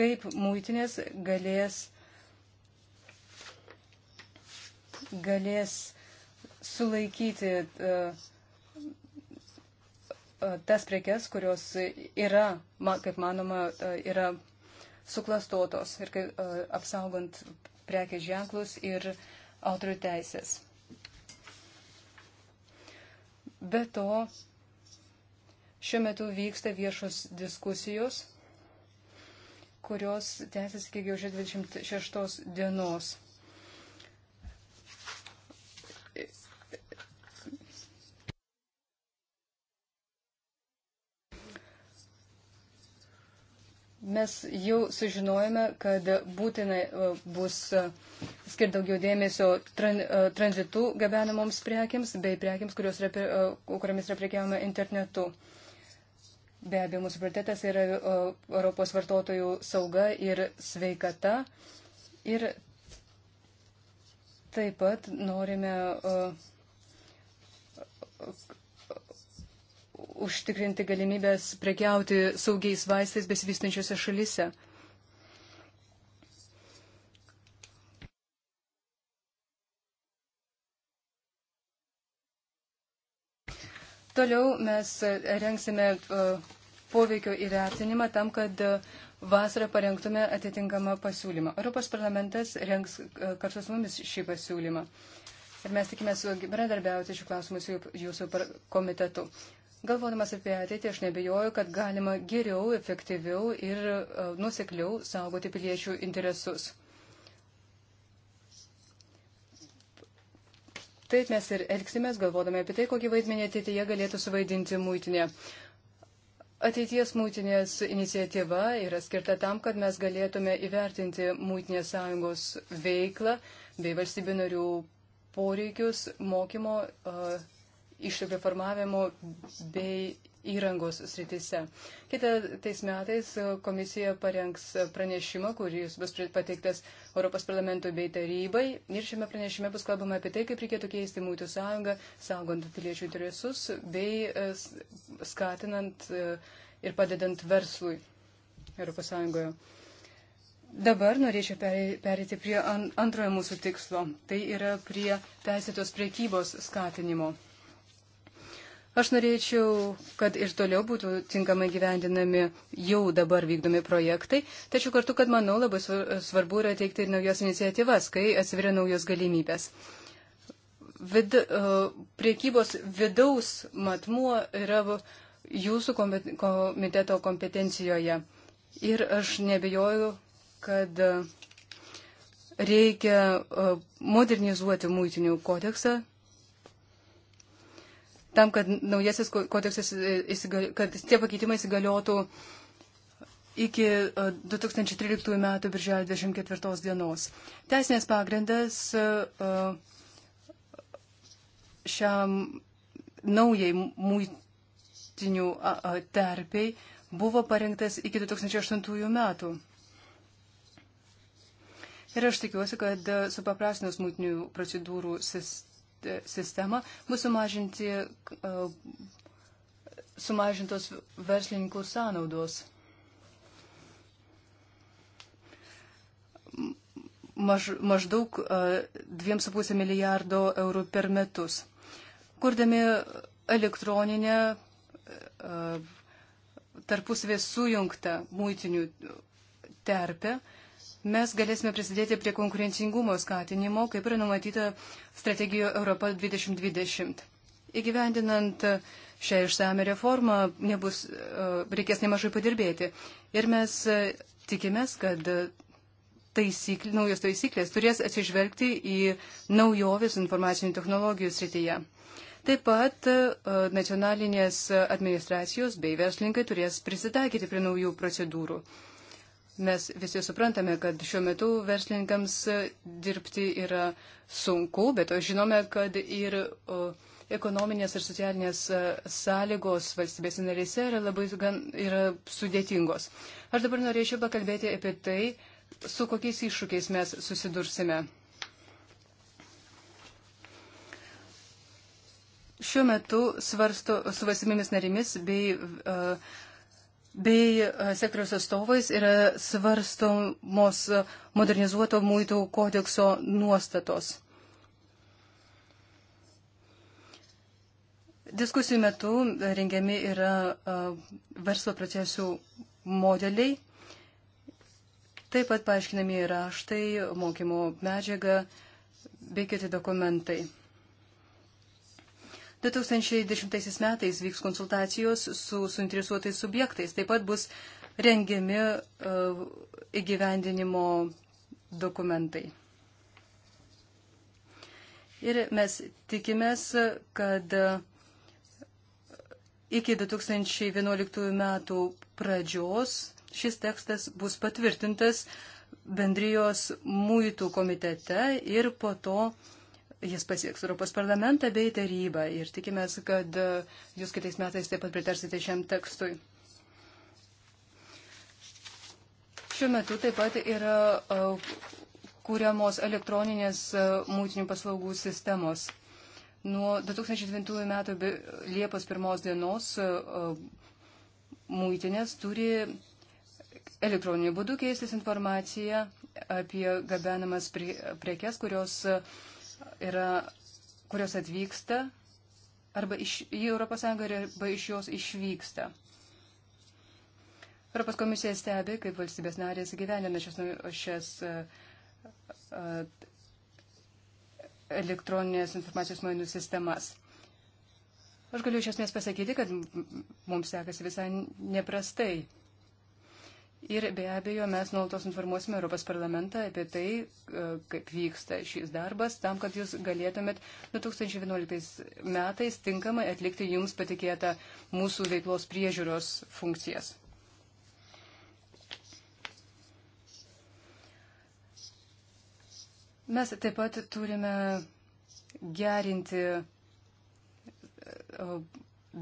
kaip muitinės galės galės sulaikyti e, e, tas prekes, kurios yra, kaip manoma, e, yra suklastotos ir apsaugant prekės ženklus ir autorių teisės. Be to, šiuo metu vyksta viešos diskusijos, kurios tęsiasi iki gegužės 26 dienos. mes jau sužinojame, kad būtinai e, bus e, skirti daugiau dėmesio tran, e, tranzitų gabenamoms prekiams bei prekiams, yra, kuriamis yra prekiavama internetu. Be abejo, mūsų prioritetas yra Europos vartotojų sauga ir sveikata. Ir taip pat norime užtikrinti galimybės prekiauti saugiais vaistais besivystančiose šalise. Toliau mes e, rengsime e, poveikio įvertinimą tam, kad e, vasarą parengtume atitinkamą pasiūlymą. Europos parlamentas rengs kartu su mumis šį pasiūlymą. Ir mes tikime bendradarbiauti šių klausimų su jūsų komitetu. Galvodamas apie ateitį, aš nebejoju, kad galima geriau, efektyviau ir e, nusekliau saugoti piliečių interesus. Taip mes ir elgsimės, galvodami apie tai, kokį vaidmenį ateityje galėtų suvaidinti mūtinė. Ateities mūtinės iniciatyva yra skirta tam, kad mes galėtume įvertinti mūtinės sąjungos veiklą bei valstybių narių poreikius mokymo uh, išteklių formavimo bei įrangos sritise. Kitais metais e, komisija parengs pranešimą, kuris bus pateiktas Europos parlamentui bei tarybai. Ir šiame pranešime bus kalbama apie tai, kaip reikėtų keisti mūtų sąjungą, saugant piliečių interesus bei e, skatinant e, ir padedant verslui Europos sąjungoje. Dabar norėčiau perėti prie antrojo mūsų tikslo. Tai yra prie teisėtos priekybos skatinimo. Aš norėčiau, kad ir toliau būtų tinkamai gyvendinami jau dabar vykdomi projektai, tačiau kartu, kad manau, labai svarbu yra teikti ir naujas iniciatyvas, kai atsiveria naujos galimybės. Vid, e, priekybos vidaus matmuo yra jūsų komiteto kompetencijoje. Ir aš nebejoju, kad reikia e, modernizuoti mūtinių kodeksą tam, kad naujasis kodeksas, e, kad tie pakeitimai įsigaliotų iki 2013 e, m. birželio 24 dienos. Teisinės pagrindas e, šiam naujai muitinių terpiai buvo parengtas iki 2008 metų. Ir aš tikiuosi, kad supaprastinus muitinių procedūrų sistemą sistemą bus sumažinti, e, sumažintos verslininkų sąnaudos. Maž, maždaug 2,5 e, milijardo eurų per metus. Kurdami elektroninę e, tarpusvės sujungtą muitinių terpę, mes galėsime prisidėti prie konkurencingumo skatinimo, kaip yra numatyta strategijoje Europa 2020. Įgyvendinant šią išsame reformą nebus, e, reikės nemažai padirbėti. Ir mes e, tikimės, kad taisykl, naujos taisyklės turės atsižvelgti į naujovės informacinių technologijų srityje. Taip pat e, nacionalinės administracijos bei verslininkai turės prisitaikyti prie naujų procedūrų. Mes visi suprantame, kad šiuo metu verslininkams dirbti yra sunku, bet to žinome, kad ir ekonominės ir socialinės e, sąlygos valstybės narėse yra labai gan, yra sudėtingos. Aš dabar norėčiau pakalbėti apie tai, su kokiais iššūkiais mes susidursime. Šiuo metu svarsto su valstybėmis narėmis bei uh, bei e, sektoriaus atstovais yra svarstomos modernizuoto muitų kodekso nuostatos. Diskusijų metu rengiami yra e, verslo procesų modeliai, taip pat paaiškinami raštai, mokymo medžiaga bei kiti dokumentai. 2010 metais vyks konsultacijos su suinteresuotais subjektais. Taip pat bus rengiami uh, įgyvendinimo dokumentai. Ir mes tikimės, kad iki 2011 metų pradžios šis tekstas bus patvirtintas bendrijos muitų komitete ir po to uh, jis pasieks Europos parlamentą bei tarybą ir tikimės, kad e, jūs kitais metais taip pat pritarsite šiam tekstui. Šiuo metu taip pat yra e, kūriamos elektroninės e, mūtinių paslaugų sistemos. Nuo 2009 metų Liepos pirmos dienos mūtinės turi elektroniniu būdu keistis informaciją apie gabenamas prekes, kurios uh, yra, kurios atvyksta arba iš, į ES arba iš jos išvyksta. Europos komisija stebi, kaip valstybės narės gyvenina šias, šias elektroninės informacijos mainų sistemas. Aš galiu iš esmės pasakyti, kad mums sekasi visai neprastai. Ir be abejo, mes nuolatos informuosime Europos parlamentą apie tai, e, kaip vyksta šis darbas, tam, kad jūs galėtumėt 2011 metais tinkamai atlikti jums patikėtą mūsų veiklos priežiūros funkcijas. Mes taip pat turime gerinti e,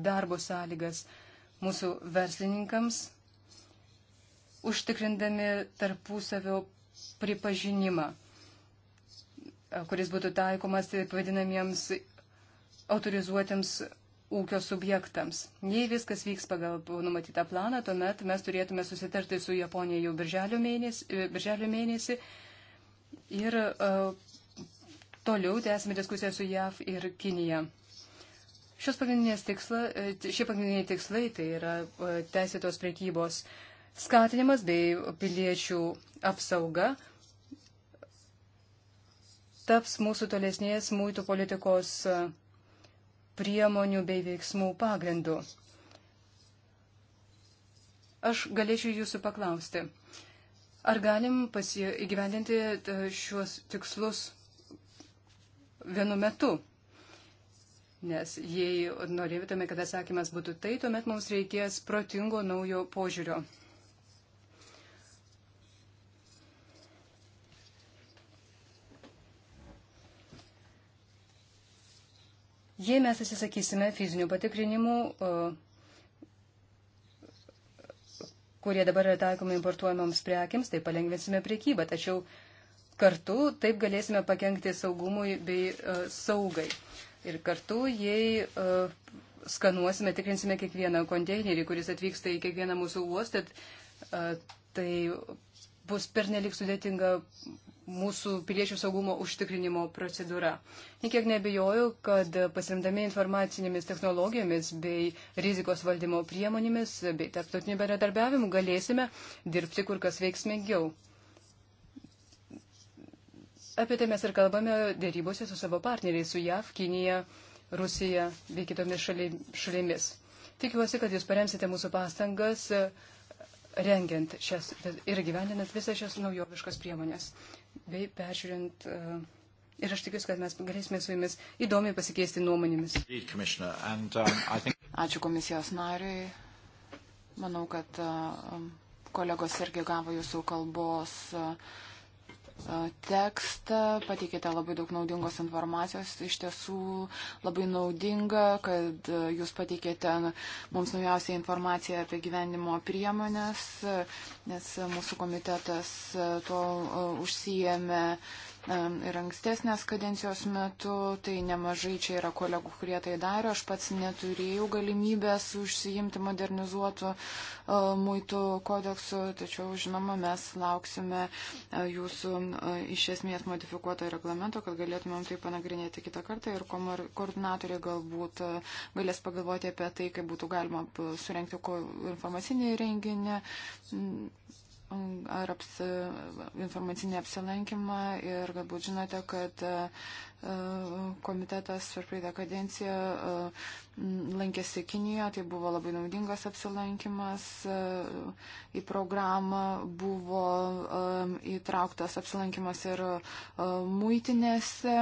darbo sąlygas mūsų verslininkams užtikrindami tarpusavio pripažinimą, kuris būtų taikomas vadinamiems autorizuotiems ūkio subjektams. Jei viskas vyks pagal numatytą planą, tuomet mes turėtume susitarti su Japonija jau birželio mėnesį, birželio mėnesį ir uh, toliau tęsime diskusiją su JAV ir Kinija. Šios pagrindinės tiksla, e, šie pagrindiniai tikslai tai yra e, teisėtos priekybos uh, skatinimas bei piliečių apsauga taps mūsų tolesnės mūtų politikos e, priemonių bei veiksmų pagrindu. Aš galėčiau jūsų paklausti, ar galim įgyvendinti e, šiuos tikslus vienu metu? Nes jei norėtume, kad atsakymas būtų tai, tuomet mums reikės protingo naujo požiūrio. Jei mes atsisakysime fizinių patikrinimų, kurie dabar yra taikomi importuojamoms prekiams, tai palengvinsime priekybą, tačiau kartu taip galėsime pakengti saugumui bei uh, saugai. Ir kartu, jei uh, skanuosime, tikrinsime kiekvieną konteinerį, kuris atvyksta į kiekvieną mūsų uostą, uh, tai bus pernelik sudėtinga mūsų piliečių saugumo užtikrinimo procedūra. Niekiek nebejoju, kad pasirimdami informacinėmis technologijomis bei rizikos valdymo priemonėmis bei tarptautiniu bendradarbiavimu galėsime dirbti kur kas veiksmingiau. Apie tai mes ir kalbame dėrybose su savo partneriais, su JAV, Kinija, Rusija bei kitomis šalimis. Tikiuosi, kad jūs paremsite mūsų pastangas rengiant šias ir gyvendinant visas šias naujoviškas priemonės bei peržiūrint. E, ir aš tikiuosi, kad mes galėsime su jumis įdomiai pasikeisti nuomonėmis. Um, Ačiū komisijos nariui. Manau, kad e, kolegos irgi gavo jūsų kalbos. Uh, tekstą, pateikėte labai daug naudingos informacijos, iš tiesų labai naudinga, kad jūs pateikėte mums naujausią informaciją apie gyvenimo priemonės, nes mūsų komitetas to užsijėmė ir ankstesnės kadencijos metu, tai nemažai čia yra kolegų, kurie tai daro. Aš pats neturėjau galimybės užsiimti modernizuotų e, muitų kodeksų, tačiau, žinoma, mes lauksime e, jūsų e, iš esmės modifikuoto reglamento, kad galėtumėm tai panagrinėti kitą kartą ir koordinatoriai galbūt galės pagalvoti apie tai, kaip būtų galima surenkti informacinį renginį ar aps, informacinį apsilankymą ir galbūt žinote, kad e, komitetas per praeitą kadenciją e, lankėsi Kinijoje, tai buvo labai naudingas apsilankimas, e, į programą buvo įtrauktas apsilankimas ir muitinėse.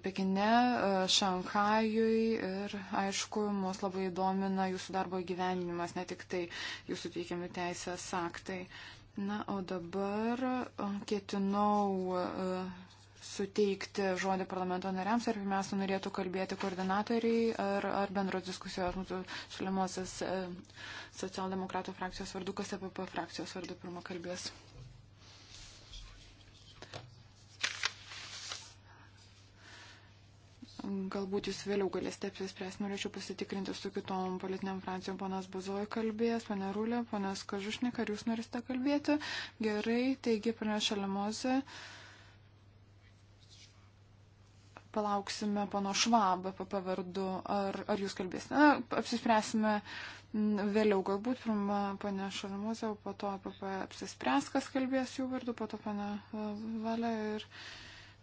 Pekine, Šankajui ir aišku, mus labai domina jūsų darbo gyvenimas, ne tik tai jūsų teikiami teisės aktai. Na, o dabar ketinau suteikti žodį parlamento nariams, ar pirmiausia norėtų kalbėti koordinatoriai ar, ar bendros diskusijos mūsų šalimosios socialdemokratų frakcijos vardu, kas apie frakcijos vardu pirmą kalbės. Galbūt jūs vėliau galėsite apsispręsti. Norėčiau pasitikrinti su kitom politiniam frakcijom. Ponas Bazoj kalbės, ponė Rulė, ponas Kažušnik, ar jūs norite kalbėti? Gerai, taigi, ponė Šalimozė. Palauksime pono Švabą pavardu, ar, ar jūs kalbėsite. Na, apsispręsime mm, vėliau, galbūt pirmą ponę Šalimozę, o po to apie apsispręs, kas kalbės jų vardu, po to ponę e, Valę ir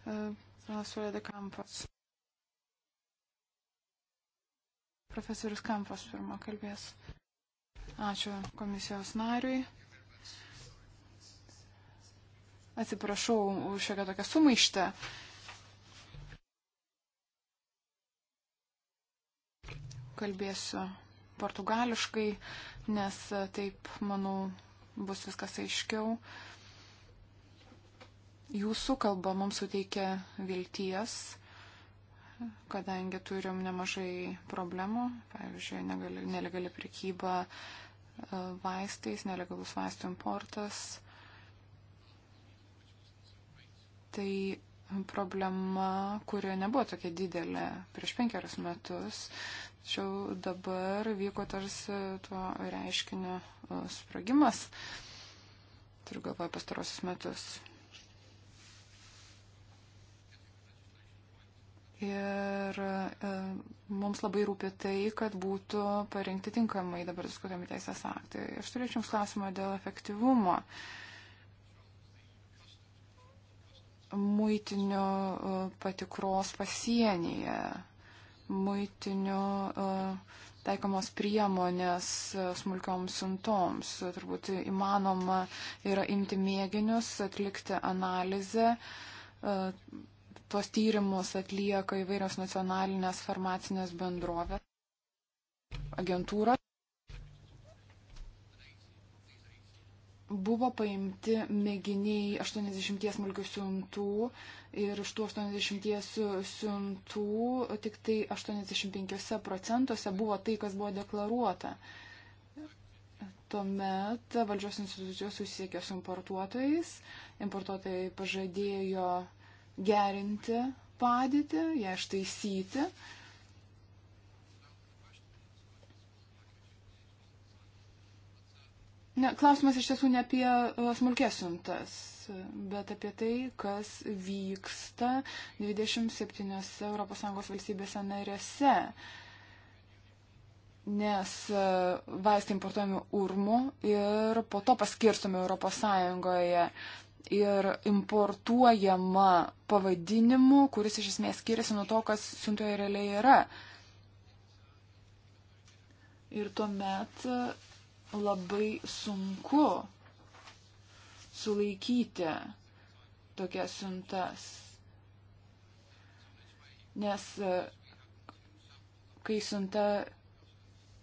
e, ponas Valė de Kampas. Profesorius Kampas pirmą kalbės. Ačiū komisijos nariui. Atsiprašau už šią tokią sumaištę. Kalbėsiu portugališkai, nes taip, manau, bus viskas aiškiau. Jūsų kalba mums suteikia vilties kadangi turim nemažai problemų, pavyzdžiui, negali, nelegali prekyba e, vaistais, nelegalus vaistų importas. Tai problema, kuri nebuvo tokia didelė prieš penkerius metus, tačiau dabar vyko tarsi tuo reiškinio e, sprogimas, turiu galvoje pastarosius metus. Ir e, mums labai rūpi tai, kad būtų parengti tinkamai dabar diskutami teisės aktai. Aš turėčiau jums klausimą dėl efektyvumo. Muitinio e, patikros pasienyje, muitinio e, taikomos priemonės smulkioms siuntoms. Turbūt įmanoma yra imti mėginius, atlikti analizę tuos tyrimus atlieka įvairios nacionalinės farmacinės bendrovės, agentūra. Buvo paimti mėginiai 80 smulkių siuntų ir iš tų 80 siuntų tik tai 85 procentuose buvo tai, kas buvo deklaruota. Tuomet valdžios institucijos susisiekė su importuotojais, importuotojai pažadėjo gerinti padėtį, ją ištaisyti. Ne, klausimas iš tiesų ne apie e, smulkės siuntas, bet apie tai, kas vyksta 27 ES valstybėse narėse. Nes e, vaistai importuojami urmu ir po to paskirstomi ES ir importuojama pavadinimu, kuris iš esmės skiriasi nuo to, kas siuntoje realiai yra. Ir tuomet labai sunku sulaikyti tokias siuntas. Nes e, kai siunta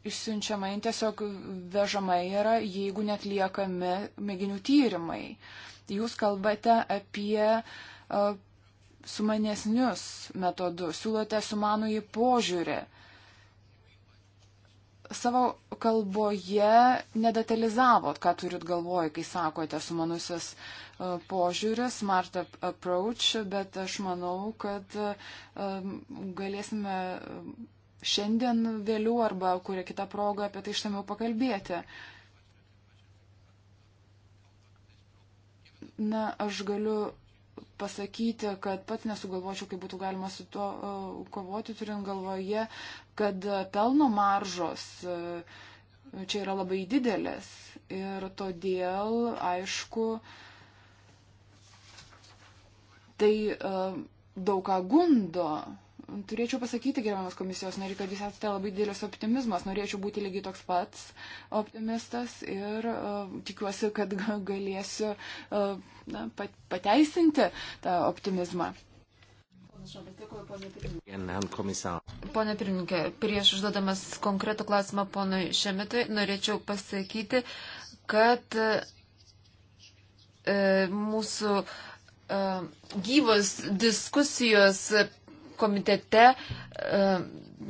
išsiunčiama, jin tiesiog vežama yra, jeigu net liekami mėginių tyrimai. Uh, Jūs kalbate apie sumanesnius metodus, siūlote sumanųjį požiūrį. Savo kalboje nedetalizavot, ką turit galvoj, kai sakote sumanusis požiūris, smart approach, bet aš manau, kad galėsime šiandien vėliau arba kuria kita proga apie tai išsameu pakalbėti. Uh, Na, aš galiu pasakyti, kad pats nesugalvočiau, kaip būtų galima su tuo kovoti, turint galvoje, kad pelno maržos e, čia yra labai didelės. Ir todėl, aišku, tai e, daug ką gundo Turėčiau pasakyti, gerbiamas komisijos nariai, kad jūs esate labai didelis optimizmas. Norėčiau būti lygiai toks pats optimistas ir uh, tikiuosi, kad galėsiu uh, na, pat, pateisinti tą optimizmą. Pone pirmininkė, prieš užduodamas konkretų klausimą ponui Šemetui, norėčiau pasakyti, kad e, mūsų e, gyvos diskusijos komitete e,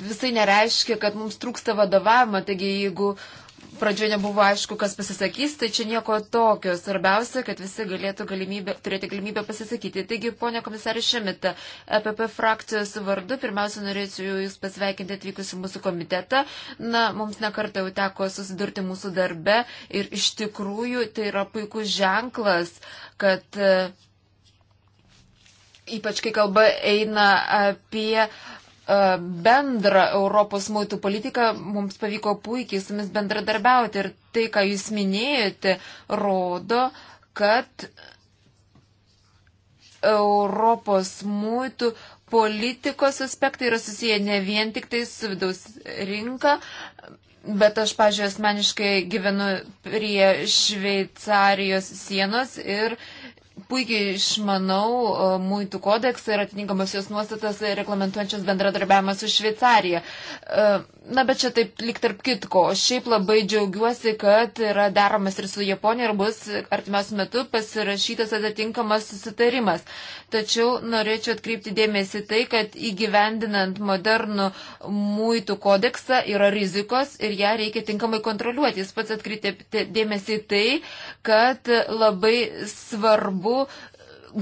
visai nereiškia, kad mums trūksta vadovavimo, taigi jeigu pradžioje nebuvo aišku, kas pasisakys, tai čia nieko tokio. Svarbiausia, kad visi galėtų galimybę, turėti galimybę pasisakyti. Taigi, ponia komisarė Šemita, EPP frakcijos vardu, pirmiausia, norėčiau Jūs pasveikinti atvykus į mūsų komitetą. Na, mums nekartą jau teko susidurti mūsų darbe ir iš tikrųjų tai yra puikus ženklas, kad uh, ypač kai kalba eina apie e, bendrą Europos muitų politiką, mums pavyko puikiai su jumis bendradarbiauti ir tai, ką jūs minėjote, rodo, kad Europos muitų politikos aspektai yra susiję ne vien tik tai su vidaus rinka, bet aš, pažiūrėjau, asmeniškai gyvenu prie Šveicarijos sienos ir puikiai išmanau e, muitų kodeksą ir atitinkamas jos nuostatas reglamentuojančias bendradarbiavimą su Šveicarija. Uh, Na, bet čia taip lik tarp kitko. Šiaip labai džiaugiuosi, kad yra daromas ir su Japonija ir bus artimiausiu metu pasirašytas atitinkamas susitarimas. Tačiau norėčiau atkreipti dėmesį tai, kad įgyvendinant modernų muitų kodeksą yra rizikos ir ją reikia tinkamai kontroliuoti. Jis pats atkreipė dėmesį tai, kad labai svarbu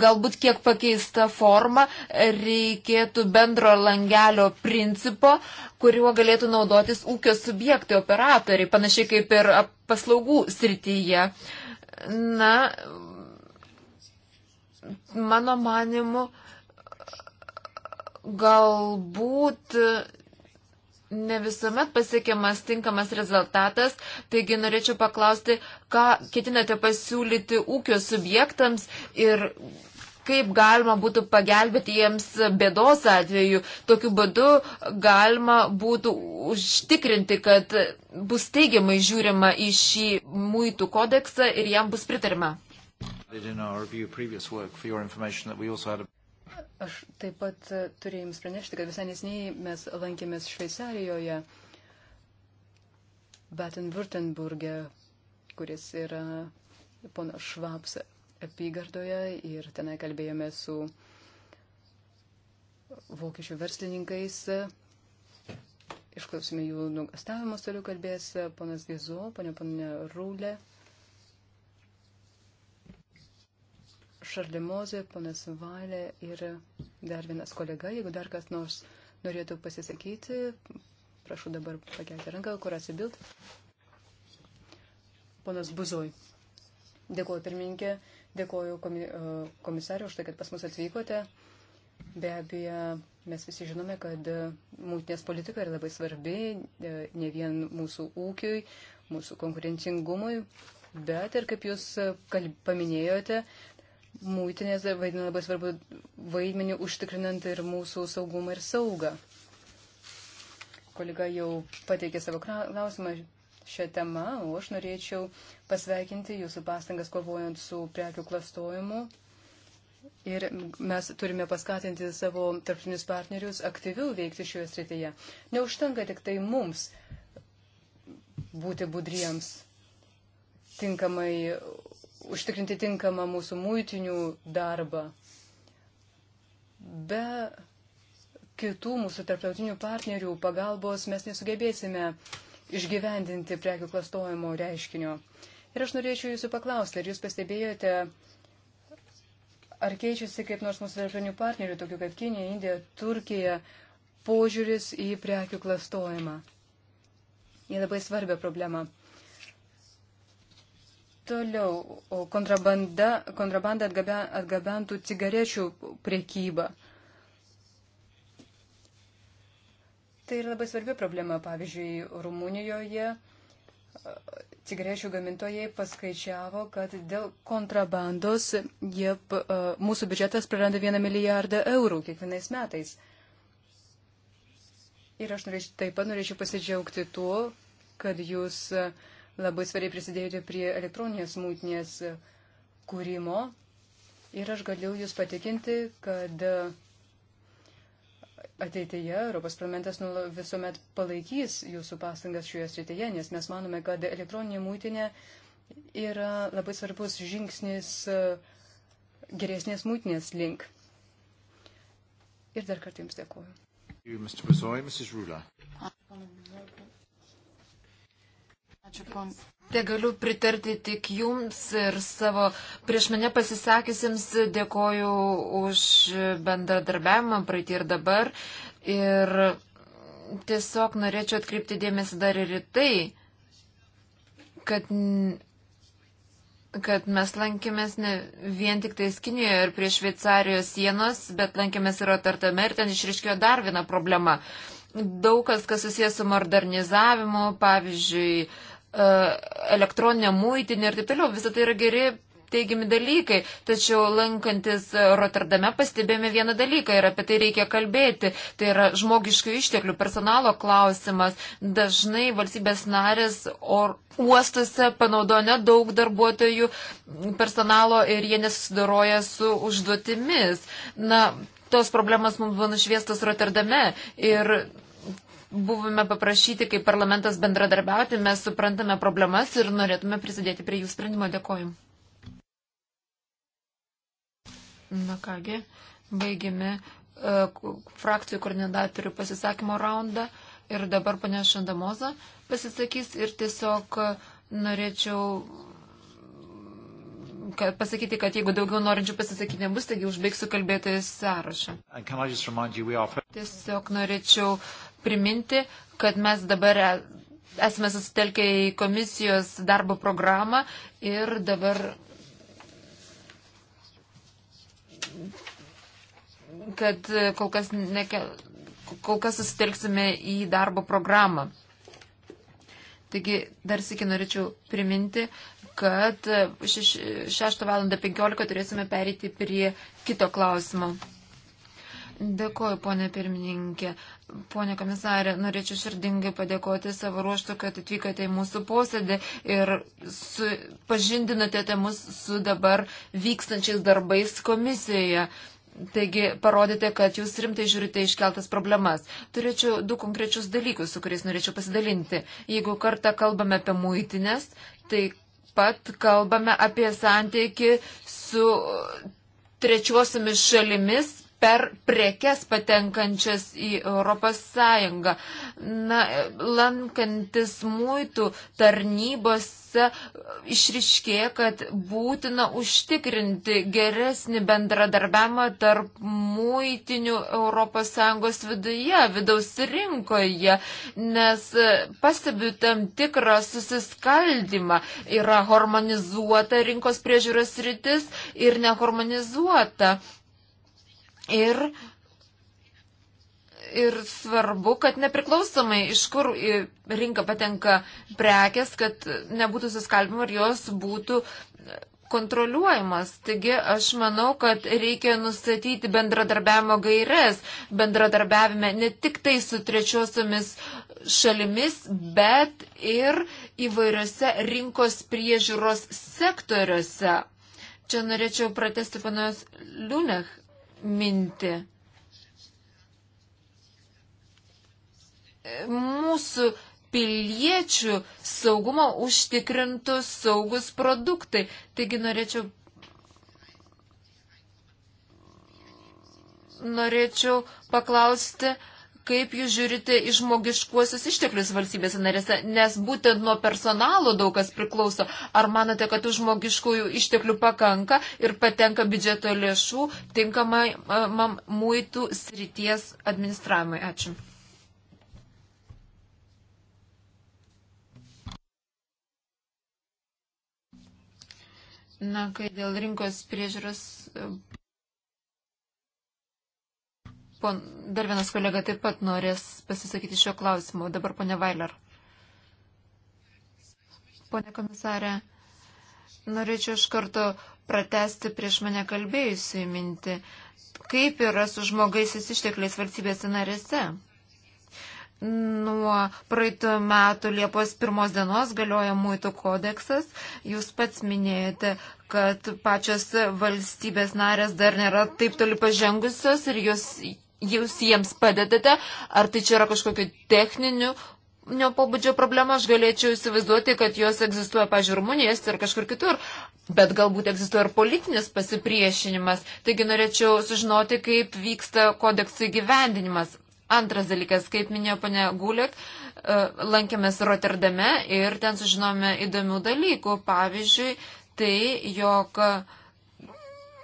galbūt kiek pakeista forma, reikėtų bendro langelio principo, kuriuo galėtų naudotis ūkio subjektai, operatoriai, panašiai kaip ir paslaugų srityje. Na, mano manimu, galbūt ne visuomet pasiekiamas tinkamas rezultatas, taigi norėčiau paklausti, ką ketinate pasiūlyti ūkio subjektams ir kaip galima būtų pagelbėti jiems bėdos atveju. Tokiu būdu galima būtų užtikrinti, kad bus teigiamai žiūrima į šį muitų kodeksą ir jam bus pritarima. Aš taip pat turėjau Jums pranešti, kad visai nesiniai mes lankėmės Šveicarijoje, Baden-Württemberge, kuris yra pono Švaps apygardoje ir tenai kalbėjome su vokiečių verslininkais. Išklausime jų nugastavimus, toliau kalbės ponas Gizu, ponė ponė Rūlė. Šarlimozė, ponas Valė ir dar vienas kolega. Jeigu dar kas nors norėtų pasisakyti, prašau dabar pakelti ranką, kur atsibilt. Ponas Buzoj. Dėkuoju pirmininkė, dėkuoju e, komisariu už tai, kad pas mus atvykote. Be abejo, mes visi žinome, kad mūtinės politika yra labai svarbi e, ne vien mūsų ūkiui, mūsų konkurencingumui, bet ir, kaip jūs paminėjote, Mūtinės vaidina labai svarbu vaidmenį užtikrinant ir mūsų saugumą ir saugą. Kolega jau pateikė savo klausimą šią temą, o aš norėčiau pasveikinti jūsų pastangas kovojant su prekių klastojimu. Ir mes turime paskatinti savo tarptautinius partnerius aktyviau veikti šioje srityje. Neužtenka tik tai mums būti budriems, tinkamai užtikrinti tinkamą mūsų muitinių darbą. Be kitų mūsų tarptautinių partnerių pagalbos mes nesugebėsime išgyvendinti prekių klastojimo reiškinio. Ir aš norėčiau jūsų paklausti, ar jūs pastebėjote, ar keičiasi kaip nors mūsų tarptautinių partnerių, tokių kaip Kinija, Indija, Turkija, požiūris į prekių klastojimą. Į labai svarbią problemą. Toliau, kontrabanda, kontrabanda atgabentų cigarečių priekyba. Tai yra labai svarbi problema. Pavyzdžiui, Rumunijoje e, cigarečių gamintojai paskaičiavo, kad dėl kontrabandos jie, e, mūsų biudžetas praranda vieną milijardą eurų kiekvienais metais. Ir aš norėčiau, taip pat norėčiau pasidžiaugti tuo, kad jūs uh, labai svariai prisidėjote prie elektroninės mūtinės kūrimo. Ir aš galiu Jūs patikinti, kad ateityje Europos parlamentas visuomet palaikys Jūsų pastangas šioje srityje, nes mes manome, kad elektroninė mūtinė yra labai svarbus žingsnis e, geresnės mūtinės link. Ir dar kartą Jums dėkuoju. Ačiū, pons. Tegaliu tai pritarti tik jums ir savo prieš mane pasisakysiems dėkoju už bendradarbiavimą praeitį ir dabar. Ir tiesiog norėčiau atkreipti dėmesį dar ir į tai, kad, kad mes lankėmės ne vien tik tais Kinijoje ir prie Šveicarijos sienos, bet lankėmės ir Rotterdame ir ten išriškėjo dar viena problema daug kas, kas susijęs su modernizavimu, pavyzdžiui, E, elektroninę muitinę ir taip toliau. Visą tai yra geri teigiami dalykai. Tačiau lankantis Rotterdame pastebėjome vieną dalyką ir apie tai reikia kalbėti. Tai yra žmogiškių išteklių, personalo klausimas. Dažnai valstybės narės or, uostuose panaudoja nedaug darbuotojų personalo ir jie nesusidoroja su užduotimis. Na, tos problemas mums buvo nušviestos Rotterdame ir buvome paprašyti, kaip parlamentas bendradarbiauti, mes suprantame problemas ir norėtume prisidėti prie jų sprendimo. Dėkoju. Na kągi, baigėme e, frakcijų koordinatorių pasisakymo raundą ir dabar ponia Šandamoza pasisakys ir tiesiog norėčiau kad pasakyti, kad jeigu daugiau norinčių pasisakyti nebus, taigi užbaigsiu kalbėtojų sąrašą. Tiesiog norėčiau priminti, kad mes dabar e, esame susitelkę į komisijos darbo programą ir dabar kad kol kas, neke, kol kas susitelksime į darbo programą. Taigi dar sėki norėčiau priminti, kad 6 val. 15 turėsime perėti prie kito klausimo. Dėkoju, ponė pirmininkė. Pone komisarė, norėčiau širdingai padėkoti savo ruoštų, kad atvykote į mūsų posėdį ir su, pažindinote mus su dabar vykstančiais darbais komisijoje. Taigi parodėte, kad jūs rimtai žiūrite iškeltas problemas. Turėčiau du konkrečius dalykus, su kuriais norėčiau pasidalinti. Jeigu kartą kalbame apie muitinės, tai pat kalbame apie santyki su trečiosiomis šalimis per prekes patenkančias į ES. Na, lankantis muitų tarnybose išriškė, kad būtina užtikrinti geresnį bendradarbiavimą tarp muitinių ES viduje, vidaus rinkoje, nes pastebiu tam tikrą susiskaldimą. Yra harmonizuota rinkos priežiūros rytis ir neharmonizuota ir, ir svarbu, kad nepriklausomai iš kur rinka patenka prekes, kad nebūtų suskalbimo ir jos būtų kontroliuojamas. Taigi aš manau, kad reikia nustatyti bendradarbiavimo gairias, bendradarbiavime ne tik tai su trečiosiomis šalimis, bet ir įvairiose rinkos priežiūros sektoriuose. Čia norėčiau pratesti panos Liūnech mintį. Mūsų piliečių saugumo užtikrintų saugus produktai. Taigi norėčiau, norėčiau paklausti, kaip jūs žiūrite į žmogiškuosius išteklius valstybėse narėse, nes būtent nuo personalo daug kas priklauso. Ar manote, kad tų žmogiškųjų išteklių pakanka ir patenka biudžeto lėšų tinkamai muitų srities administravimui? Ačiū. Na, kai dėl rinkos priežiūros Pon, dar vienas kolega taip pat norės pasisakyti šio klausimu. Dabar ponia Vailer. Pone komisarė, norėčiau iš karto pratesti prieš mane kalbėjusių įminti, kaip yra su žmogaisis ištekliais valstybėse narėse. Nuo praeitų metų Liepos pirmos dienos galioja muitų kodeksas. Jūs pats minėjote, kad pačios valstybės narės dar nėra taip toli pažengusios ir jos jūs jiems padedate, ar tai čia yra kažkokiu techniniu pobūdžio problema, aš galėčiau įsivaizduoti, kad jos egzistuoja, pažiūrėjau, Rumunijos ir kažkur kitur, bet galbūt egzistuoja ir politinis pasipriešinimas. Taigi norėčiau sužinoti, kaip vyksta kodeksų įgyvendinimas. Antras dalykas, kaip minėjo pane Gulek, e, lankėmės Rotterdame ir ten sužinome įdomių dalykų. Pavyzdžiui, tai, jog uh,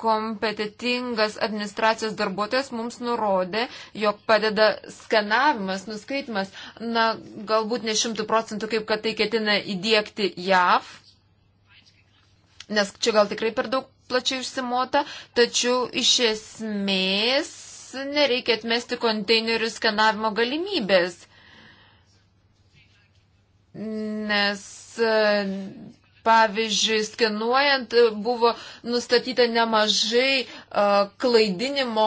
kompetitingas administracijos darbuotojas mums nurodė, jog padeda skanavimas, nuskaitimas, na, galbūt ne šimtų procentų, kaip kad tai ketina įdėkti JAV, nes čia gal tikrai per daug plačiai išsimota, tačiau iš esmės nereikia atmesti konteinerių skanavimo galimybės, nes Pavyzdžiui, skenuojant buvo nustatyta nemažai uh, klaidinimo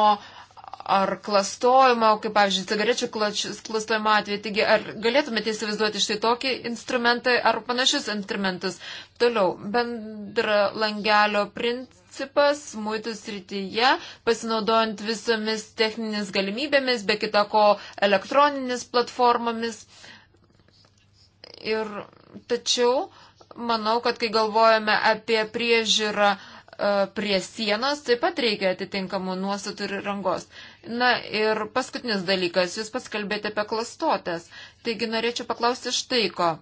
ar klastojimo, kaip pavyzdžiui, cigarečių klastojimo atveju. Taigi, ar galėtumėte įsivaizduoti štai tokį instrumentą ar panašius instrumentus? Toliau, bendra langelio principas muitus rytyje, pasinaudojant visomis techninės galimybėmis, be kitako elektroninės platformomis. Ir tačiau manau, kad kai galvojame apie priežiūrą e, prie sienos, taip pat reikia atitinkamų nuostatų ir rangos. Na ir paskutinis dalykas, jūs pats kalbėjote apie klastotės. Taigi norėčiau paklausti štai ko.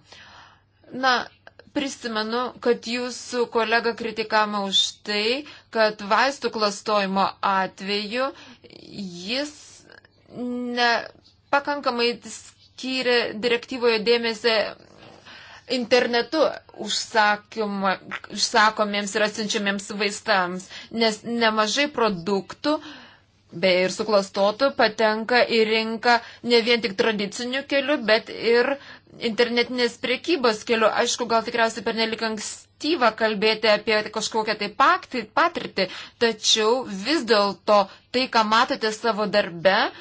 Na, prisimenu, kad jūsų kolega kritikama už tai, kad vaistų klastojimo atveju jis nepakankamai skyrė direktyvoje dėmesį internetu užsakomiems ir atsiunčiamiems vaistams, nes nemažai produktų beje ir suklastotų patenka į rinką ne vien tik tradiciniu keliu, bet ir internetinės priekybos keliu. Aišku, gal tikriausiai per nelik ankstyva kalbėti apie kažkokią tai paktį, patirtį, tačiau vis dėlto tai, ką matote savo darbe, uh,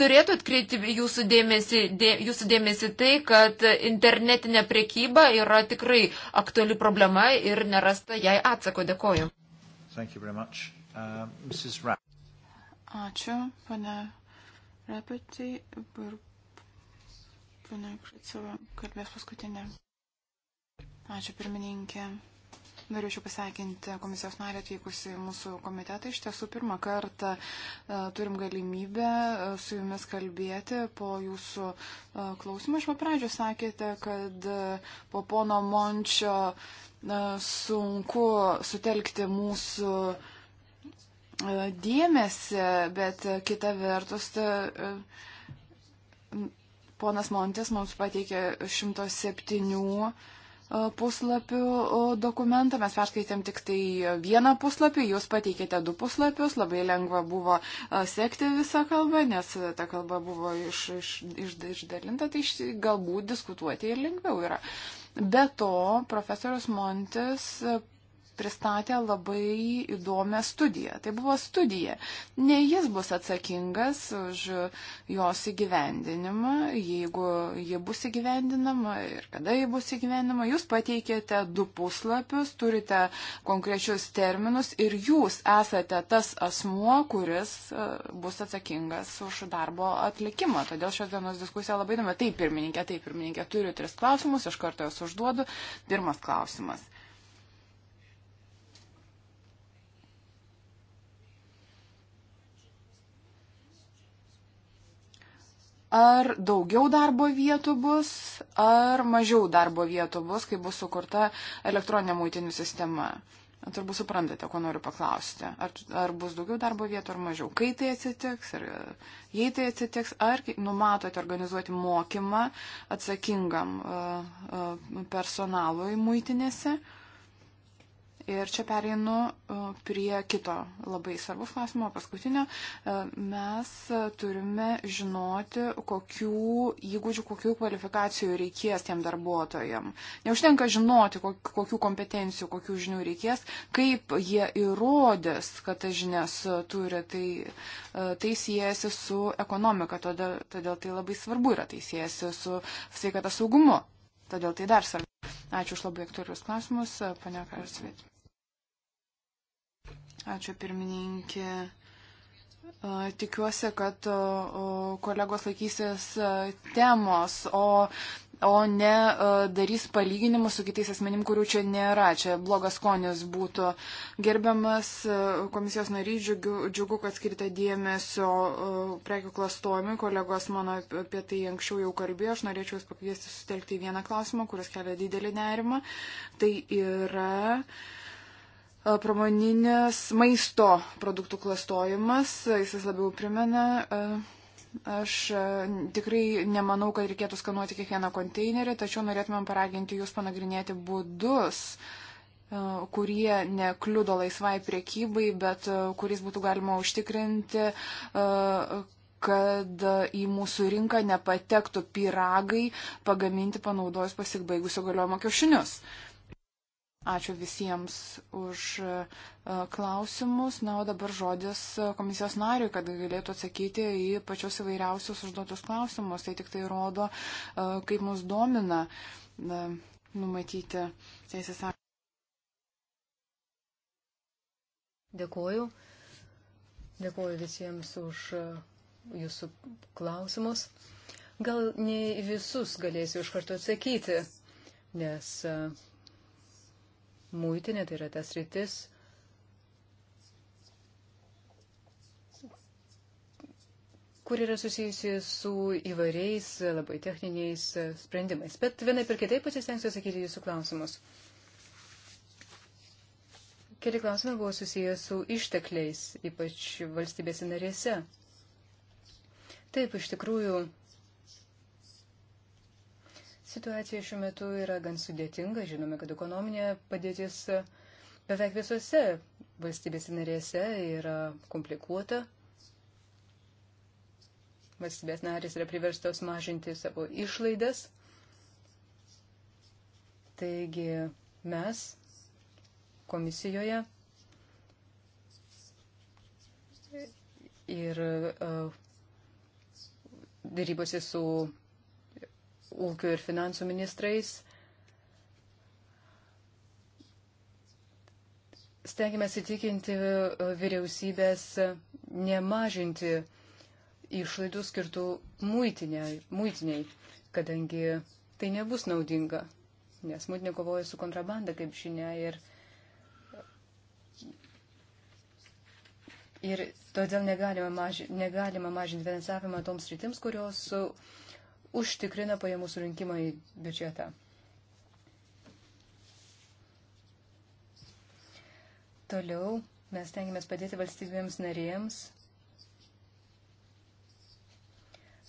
turėtų atkreipti jūsų dėmesį, dė, jūsų dėmesį tai, kad internetinė priekyba yra tikrai aktuali problema ir nerasta jai atsako. Dėkoju. Uh, Ačiū, pane Repetai ir pane Kricova, kalbės paskutinė. Ačiū, pirmininkė. Norėčiau pasveikinti komisijos narį atvykusi į mūsų komitetą. Iš tiesų, pirmą kartą e, turim galimybę e, su jumis kalbėti po jūsų e, klausimą. Iš papradžio sakėte, kad po pono Mončio sunku sutelkti mūsų dėmesį, bet kita vertus. Ta, Ponas Montis mums pateikė 107 E, puslapių e, dokumentą. Mes perskaitėm tik tai vieną puslapį, jūs pateikėte du puslapius, labai lengva buvo e, sekti visą kalbą, nes ta kalba buvo iš, iš, iš, išdalinta, tai iš, galbūt diskutuoti ir lengviau yra. Be to, profesorius Montis pristatė labai įdomią studiją. Tai buvo studija. Ne jis bus atsakingas už jos įgyvendinimą, jeigu ji bus įgyvendinama ir kada ji bus įgyvendinama. Jūs pateikėte du puslapius, turite konkrečius terminus ir jūs esate tas asmuo, kuris e, bus atsakingas už darbo atlikimą. Todėl šios dienos diskusija labai įdomi. Taip, pirmininkė, taip, pirmininkė, turiu tris klausimus, iš karto juos užduodu. Pirmas klausimas. ar daugiau darbo vietų bus, ar mažiau darbo vietų bus, kai bus sukurta elektroninė muitinių sistema. Turbūt suprantate, ko noriu paklausti. Ar, ar bus daugiau darbo vietų ar mažiau? Kai tai atsitiks, ar jei tai atsitiks, ar numatote organizuoti mokymą atsakingam uh, uh, personalui muitinėse? Uh, Ir čia pereinu e, prie kito labai svarbus klausimo, paskutinio. E, mes turime žinoti, kokių įgūdžių, kokių kvalifikacijų reikės tiem darbuotojam. Neužtenka žinoti, kokių kompetencijų, kokių žinių reikės, kaip jie įrodės, kad tas žinias turi. Tai, e, tai siejasi su ekonomika, todėl, todėl tai labai svarbu yra, tai siejasi su sveikata saugumu. Todėl tai dar svarbu. Ačiū už labai aktualius klausimus, pane Karsvit. Ačiū pirmininkė. Tikiuosi, kad kolegos laikysis temos, o, o ne darys palyginimus su kitais asmenim, kurių čia nėra. Čia blogas skonis būtų. Gerbiamas komisijos narys, džiugu, džiugu, kad skirta dėmesio prekių klastojimui. Kolegos mano apie tai anksčiau jau kalbėjo. Aš norėčiau Jūs pakviesti sutelkti vieną klausimą, kuris kelia didelį nerimą. Tai yra. Uh, pramoninės maisto produktų klastojimas, jis labiau primena. Aš tikrai nemanau, kad reikėtų skanuoti kiekvieną konteinerį, tačiau norėtumėm paraginti jūs panagrinėti būdus, kurie nekliudo laisvai priekybai, bet kuriais būtų galima užtikrinti, kad į mūsų rinką nepatektų piragai pagaminti panaudojus pasibaigusio galiojimo kiaušinius. Uh, Ačiū visiems už e, klausimus. Na, o dabar žodis e, komisijos nariui, kad galėtų atsakyti į pačios įvairiausius užduotus klausimus. Tai tik tai rodo, e, kaip mus domina numatyti teisės aktą. Dėkuoju. Dėkuoju visiems už jūsų klausimus. Gal ne visus galėsiu iš karto atsakyti, nes muitinė, tai yra tas rytis, kur yra susijusi su įvairiais labai techniniais sprendimais. Bet vienai per kitaip pasistengsiu atsakyti jūsų klausimus. Keli klausimai buvo susijęs su ištekliais, ypač valstybėse narėse. Taip, iš tikrųjų, Situacija šiuo metu yra gan sudėtinga. Žinome, kad ekonominė padėtis beveik visose valstybės narėse yra komplikuota. Valstybės narės yra priverstos mažinti savo išlaidas. Taigi mes komisijoje ir uh, darybose su ūkio ir finansų ministrais. Stengiamės įtikinti e, vyriausybės nemažinti išlaidų skirtų muitiniai, muitiniai, kadangi tai nebus naudinga, nes muitinė kovoja su kontrabanda, kaip žinia, ir, ir todėl negalima, maži, negalima mažinti finansavimą toms rytims, kurios su. Uh, užtikrina pajamų surinkimą į biudžetą. Toliau mes tengiamės padėti valstybėms narėms,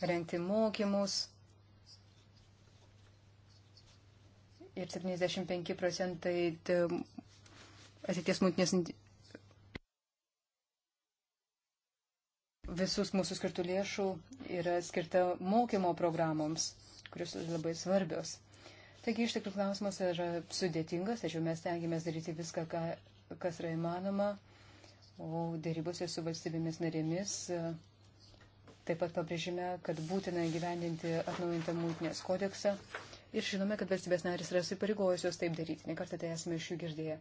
rengti mokymus. Ir 75 procentai ateities mūtinės visus mūsų skirtų lėšų yra skirta mokymo programoms, kurios yra labai svarbios. Taigi iš tikrųjų klausimas yra sudėtingas, tačiau mes tengiamės daryti viską, ką, kas yra įmanoma, o dėrybose su valstybėmis narėmis e, taip pat pabrėžime, kad būtina įgyvendinti atnaujintą mūtinės kodeksą ir žinome, kad valstybės narės yra supareigojusios taip daryti, nekartą tai esame iš jų girdėję.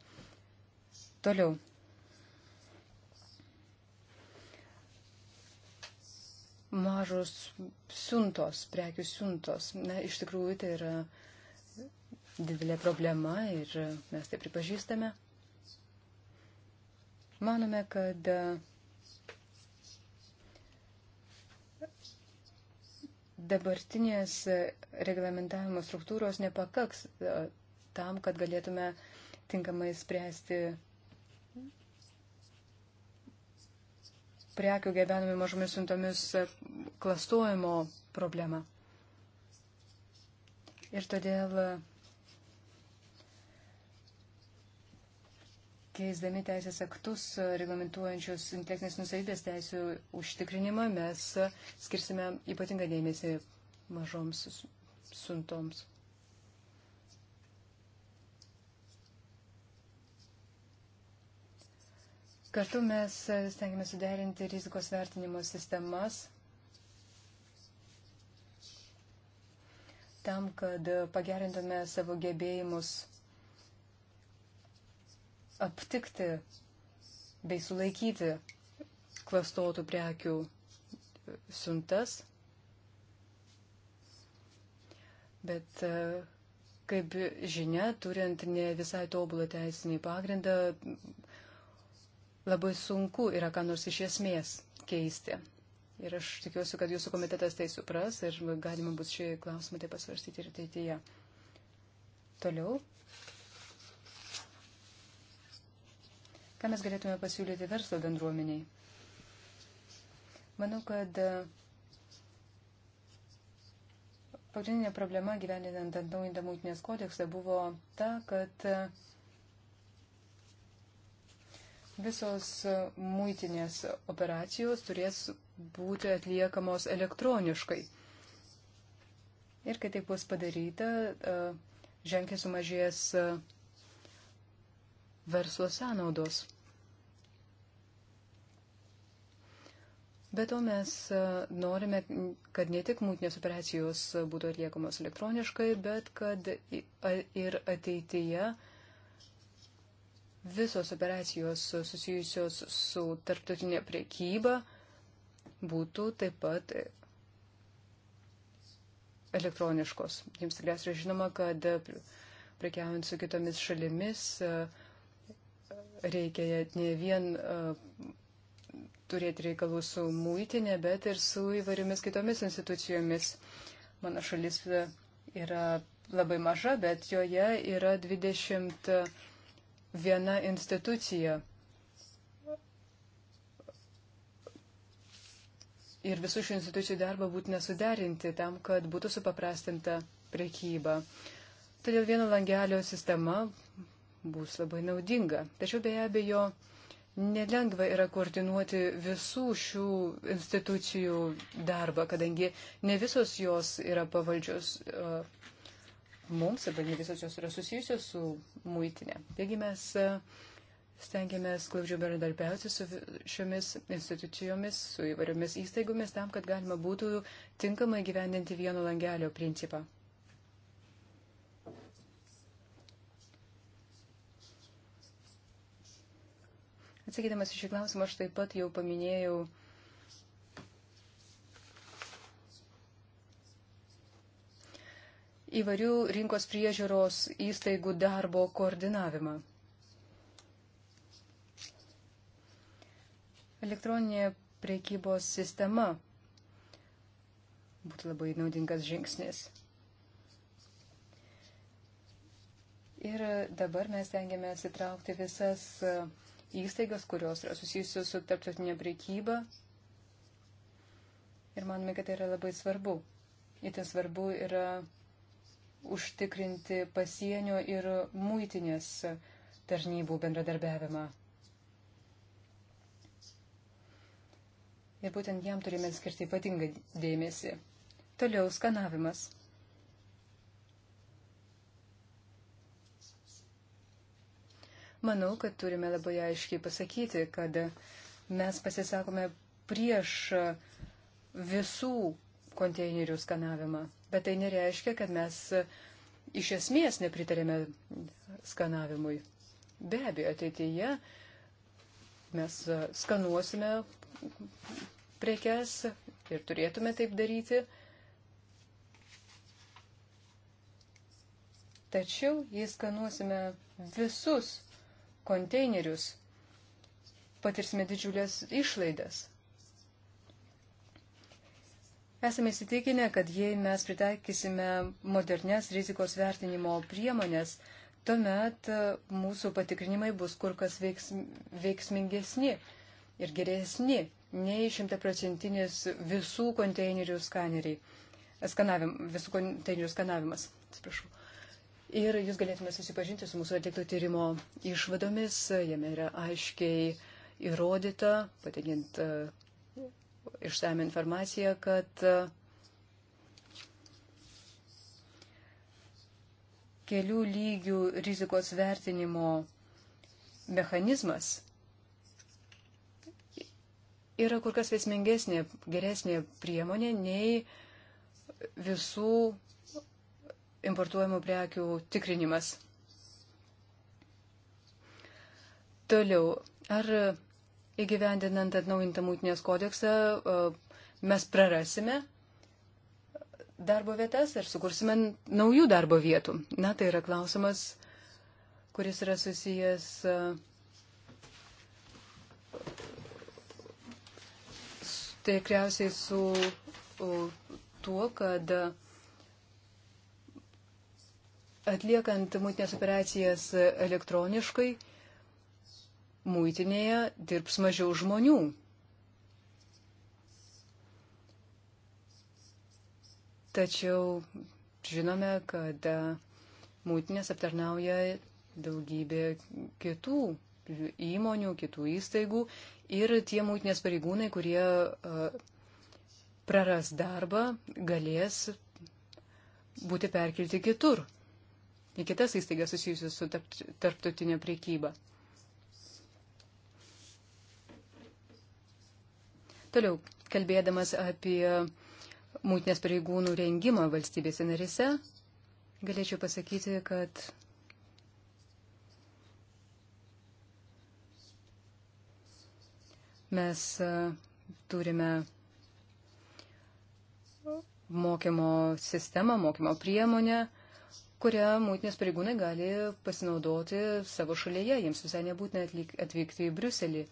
Toliau, mažos siuntos, prekių siuntos. Na, iš tikrųjų, tai yra didelė problema ir mes tai pripažįstame. Manome, kad dabartinės reglamentavimo struktūros nepakaks e, tam, kad galėtume tinkamai spręsti prekių gabenami mažomis siuntomis klastojimo problemą. Ir todėl keisdami teisės aktus reglamentuojančius intelektinės nusavybės teisų užtikrinimą, mes skirsime ypatingą dėmesį mažoms suntoms. Kartu mes stengiamės suderinti rizikos vertinimo sistemas tam, kad pagerintume savo gebėjimus aptikti bei sulaikyti klastotų prekių siuntas. Bet kaip žinia, turint ne visai tobulą teisinį pagrindą, labai sunku yra ką nors iš esmės keisti. Ir aš tikiuosi, kad jūsų komitetas tai supras ir galima bus šį klausimą taip pasvarstyti ir ateityje. Toliau. Ką mes galėtume pasiūlyti verslo bendruomeniai? Manau, kad e, pagrindinė problema gyveninant atnaujintą mūtinės kodeksą buvo ta, kad e, Visos e, muitinės operacijos turės būti atliekamos elektroniškai. Ir kai tai bus padaryta, e, ženkliai sumažės e, verslo sąnaudos. Be to mes norime, kad ne tik mūtinės operacijos būtų atliekamos elektroniškai, bet kad ir ateityje uh, visos operacijos susijusios su tarptautinė priekyba būtų taip pat elektroniškos. Jums tikriausiai žinoma, kad prekiaujant su kitomis šalimis reikia ne vien turėti reikalų su muitinė, bet ir su įvairiomis kitomis institucijomis. Mano šalis yra labai maža, bet joje yra 20 viena institucija. Ir visų šių institucijų darbą būtina suderinti tam, kad būtų supaprastinta prekyba. Todėl vieno langelio sistema bus labai naudinga. Tačiau be abejo, nelengva yra koordinuoti visų šių institucijų darbą, kadangi ne visos jos yra pavaldžios uh, mums, arba visos jos yra susijusios su muitinė. Taigi mes e, stengiamės glaudžiau bendradarbiauti su šiomis institucijomis, su įvairiomis įstaigomis, tam, kad galima būtų tinkamai gyvendinti vieno langelio principą. Atsakydamas iš šį klausimą, aš taip pat jau paminėjau įvarių rinkos priežiūros įstaigų darbo koordinavimą. Elektroninė priekybos sistema būtų labai naudingas žingsnis. Ir dabar mes tengiame atsitraukti visas e, įstaigas, kurios yra susijusios su tarptautinė priekyba. Ir manome, kad tai yra labai svarbu. Įtin svarbu yra užtikrinti pasienio ir muitinės tarnybų bendradarbiavimą. Ir būtent jam turime skirti ypatingą dėmesį. Toliau skanavimas. Manau, kad turime labai aiškiai pasakyti, kad mes pasisakome prieš visų konteinerių skanavimą bet tai nereiškia, kad mes iš esmės nepritarėme skanavimui. Be abejo, ateityje mes skanuosime prekes ir turėtume taip daryti. Tačiau jei skanuosime visus konteinerius, patirsime didžiulės išlaidas. Esame įsitikinę, kad jei mes pritaikysime modernias rizikos vertinimo priemonės, tuomet e, mūsų patikrinimai bus kur kas veiks, veiksmingesni ir geresni nei šimtaprocentinis visų konteinerių skaneriai. Skanavim, visų konteinerių skanavimas. Atsiprašau. Ir jūs galėtume susipažinti su mūsų atlikto tyrimo išvadomis. Jame yra aiškiai įrodyta, patikint uh, e, išsame informaciją, kad e, kelių lygių rizikos vertinimo mechanizmas yra kur kas veiksmingesnė, geresnė priemonė nei visų importuojamų prekių tikrinimas. Toliau, ar įgyvendinant atnaujintą mūtinės kodeksą, e, mes prarasime darbo vietas ir sukursime naujų darbo vietų. Na, tai yra klausimas, kuris yra susijęs e, tikriausiai su tuo, kad atliekant mutinės operacijas elektroniškai, muitinėje dirbs mažiau žmonių. Tačiau žinome, kad e, muitinės aptarnauja daugybė kitų įmonių, kitų įstaigų ir tie muitinės pareigūnai, kurie e, praras darbą, galės būti perkelti kitur, į kitas įstaigas susijusius su tarptautinė priekyba. Toliau, kalbėdamas apie mūtinės pareigūnų rengimą valstybėse narise, galėčiau pasakyti, kad mes e, turime mokymo sistemą, mokymo priemonę, kurią mūtinės pareigūnai gali pasinaudoti savo šalyje. Jiems visai nebūtina atvykti į Briuselį.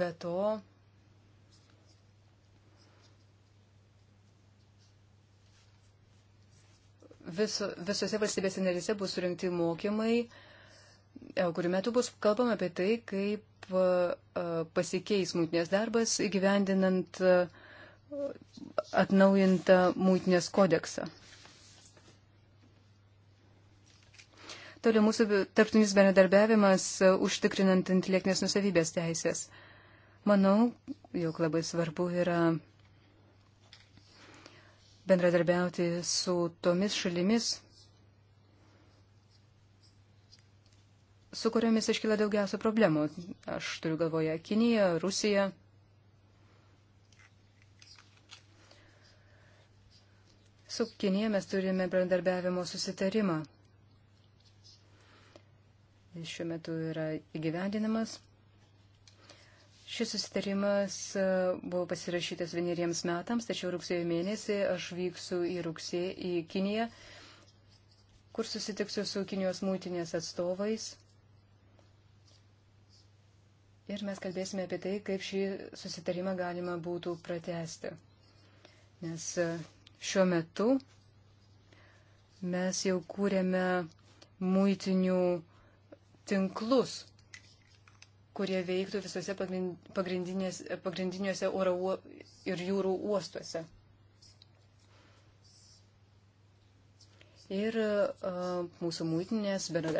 Be to, viso, visose valstybėse narise bus surinkti mokymai, e, kurių metu bus kalbama apie tai, kaip e, e, pasikeis mūtinės darbas įgyvendinant atnaujintą mūtinės kodeksą. Toliau mūsų tarptautinis bendradarbiavimas užtikrinant intelektinės nusavybės teisės. Manau, jog labai svarbu yra bendradarbiauti su tomis šalimis, su kuriomis iškyla daugiausia problemų. Aš turiu galvoje Kiniją, Rusiją. Su Kinija mes turime bendradarbiavimo susitarimą. Šiuo metu yra įgyvendinamas. Šis susitarimas e, buvo pasirašytas vieneriems metams, tačiau rugsėjo mėnesį aš vyksiu į, rugsė, į Kiniją, kur susitiksiu su Kinijos mūtinės atstovais. Ir mes kalbėsime apie tai, kaip šį susitarimą galima būtų pratesti. Nes e, šiuo metu mes jau kūrėme muitinių tinklus kurie veiktų visose pagrindiniuose oro ir jūrų uostuose. Ir uh, mūsų mūtinės bendradarbiavimas.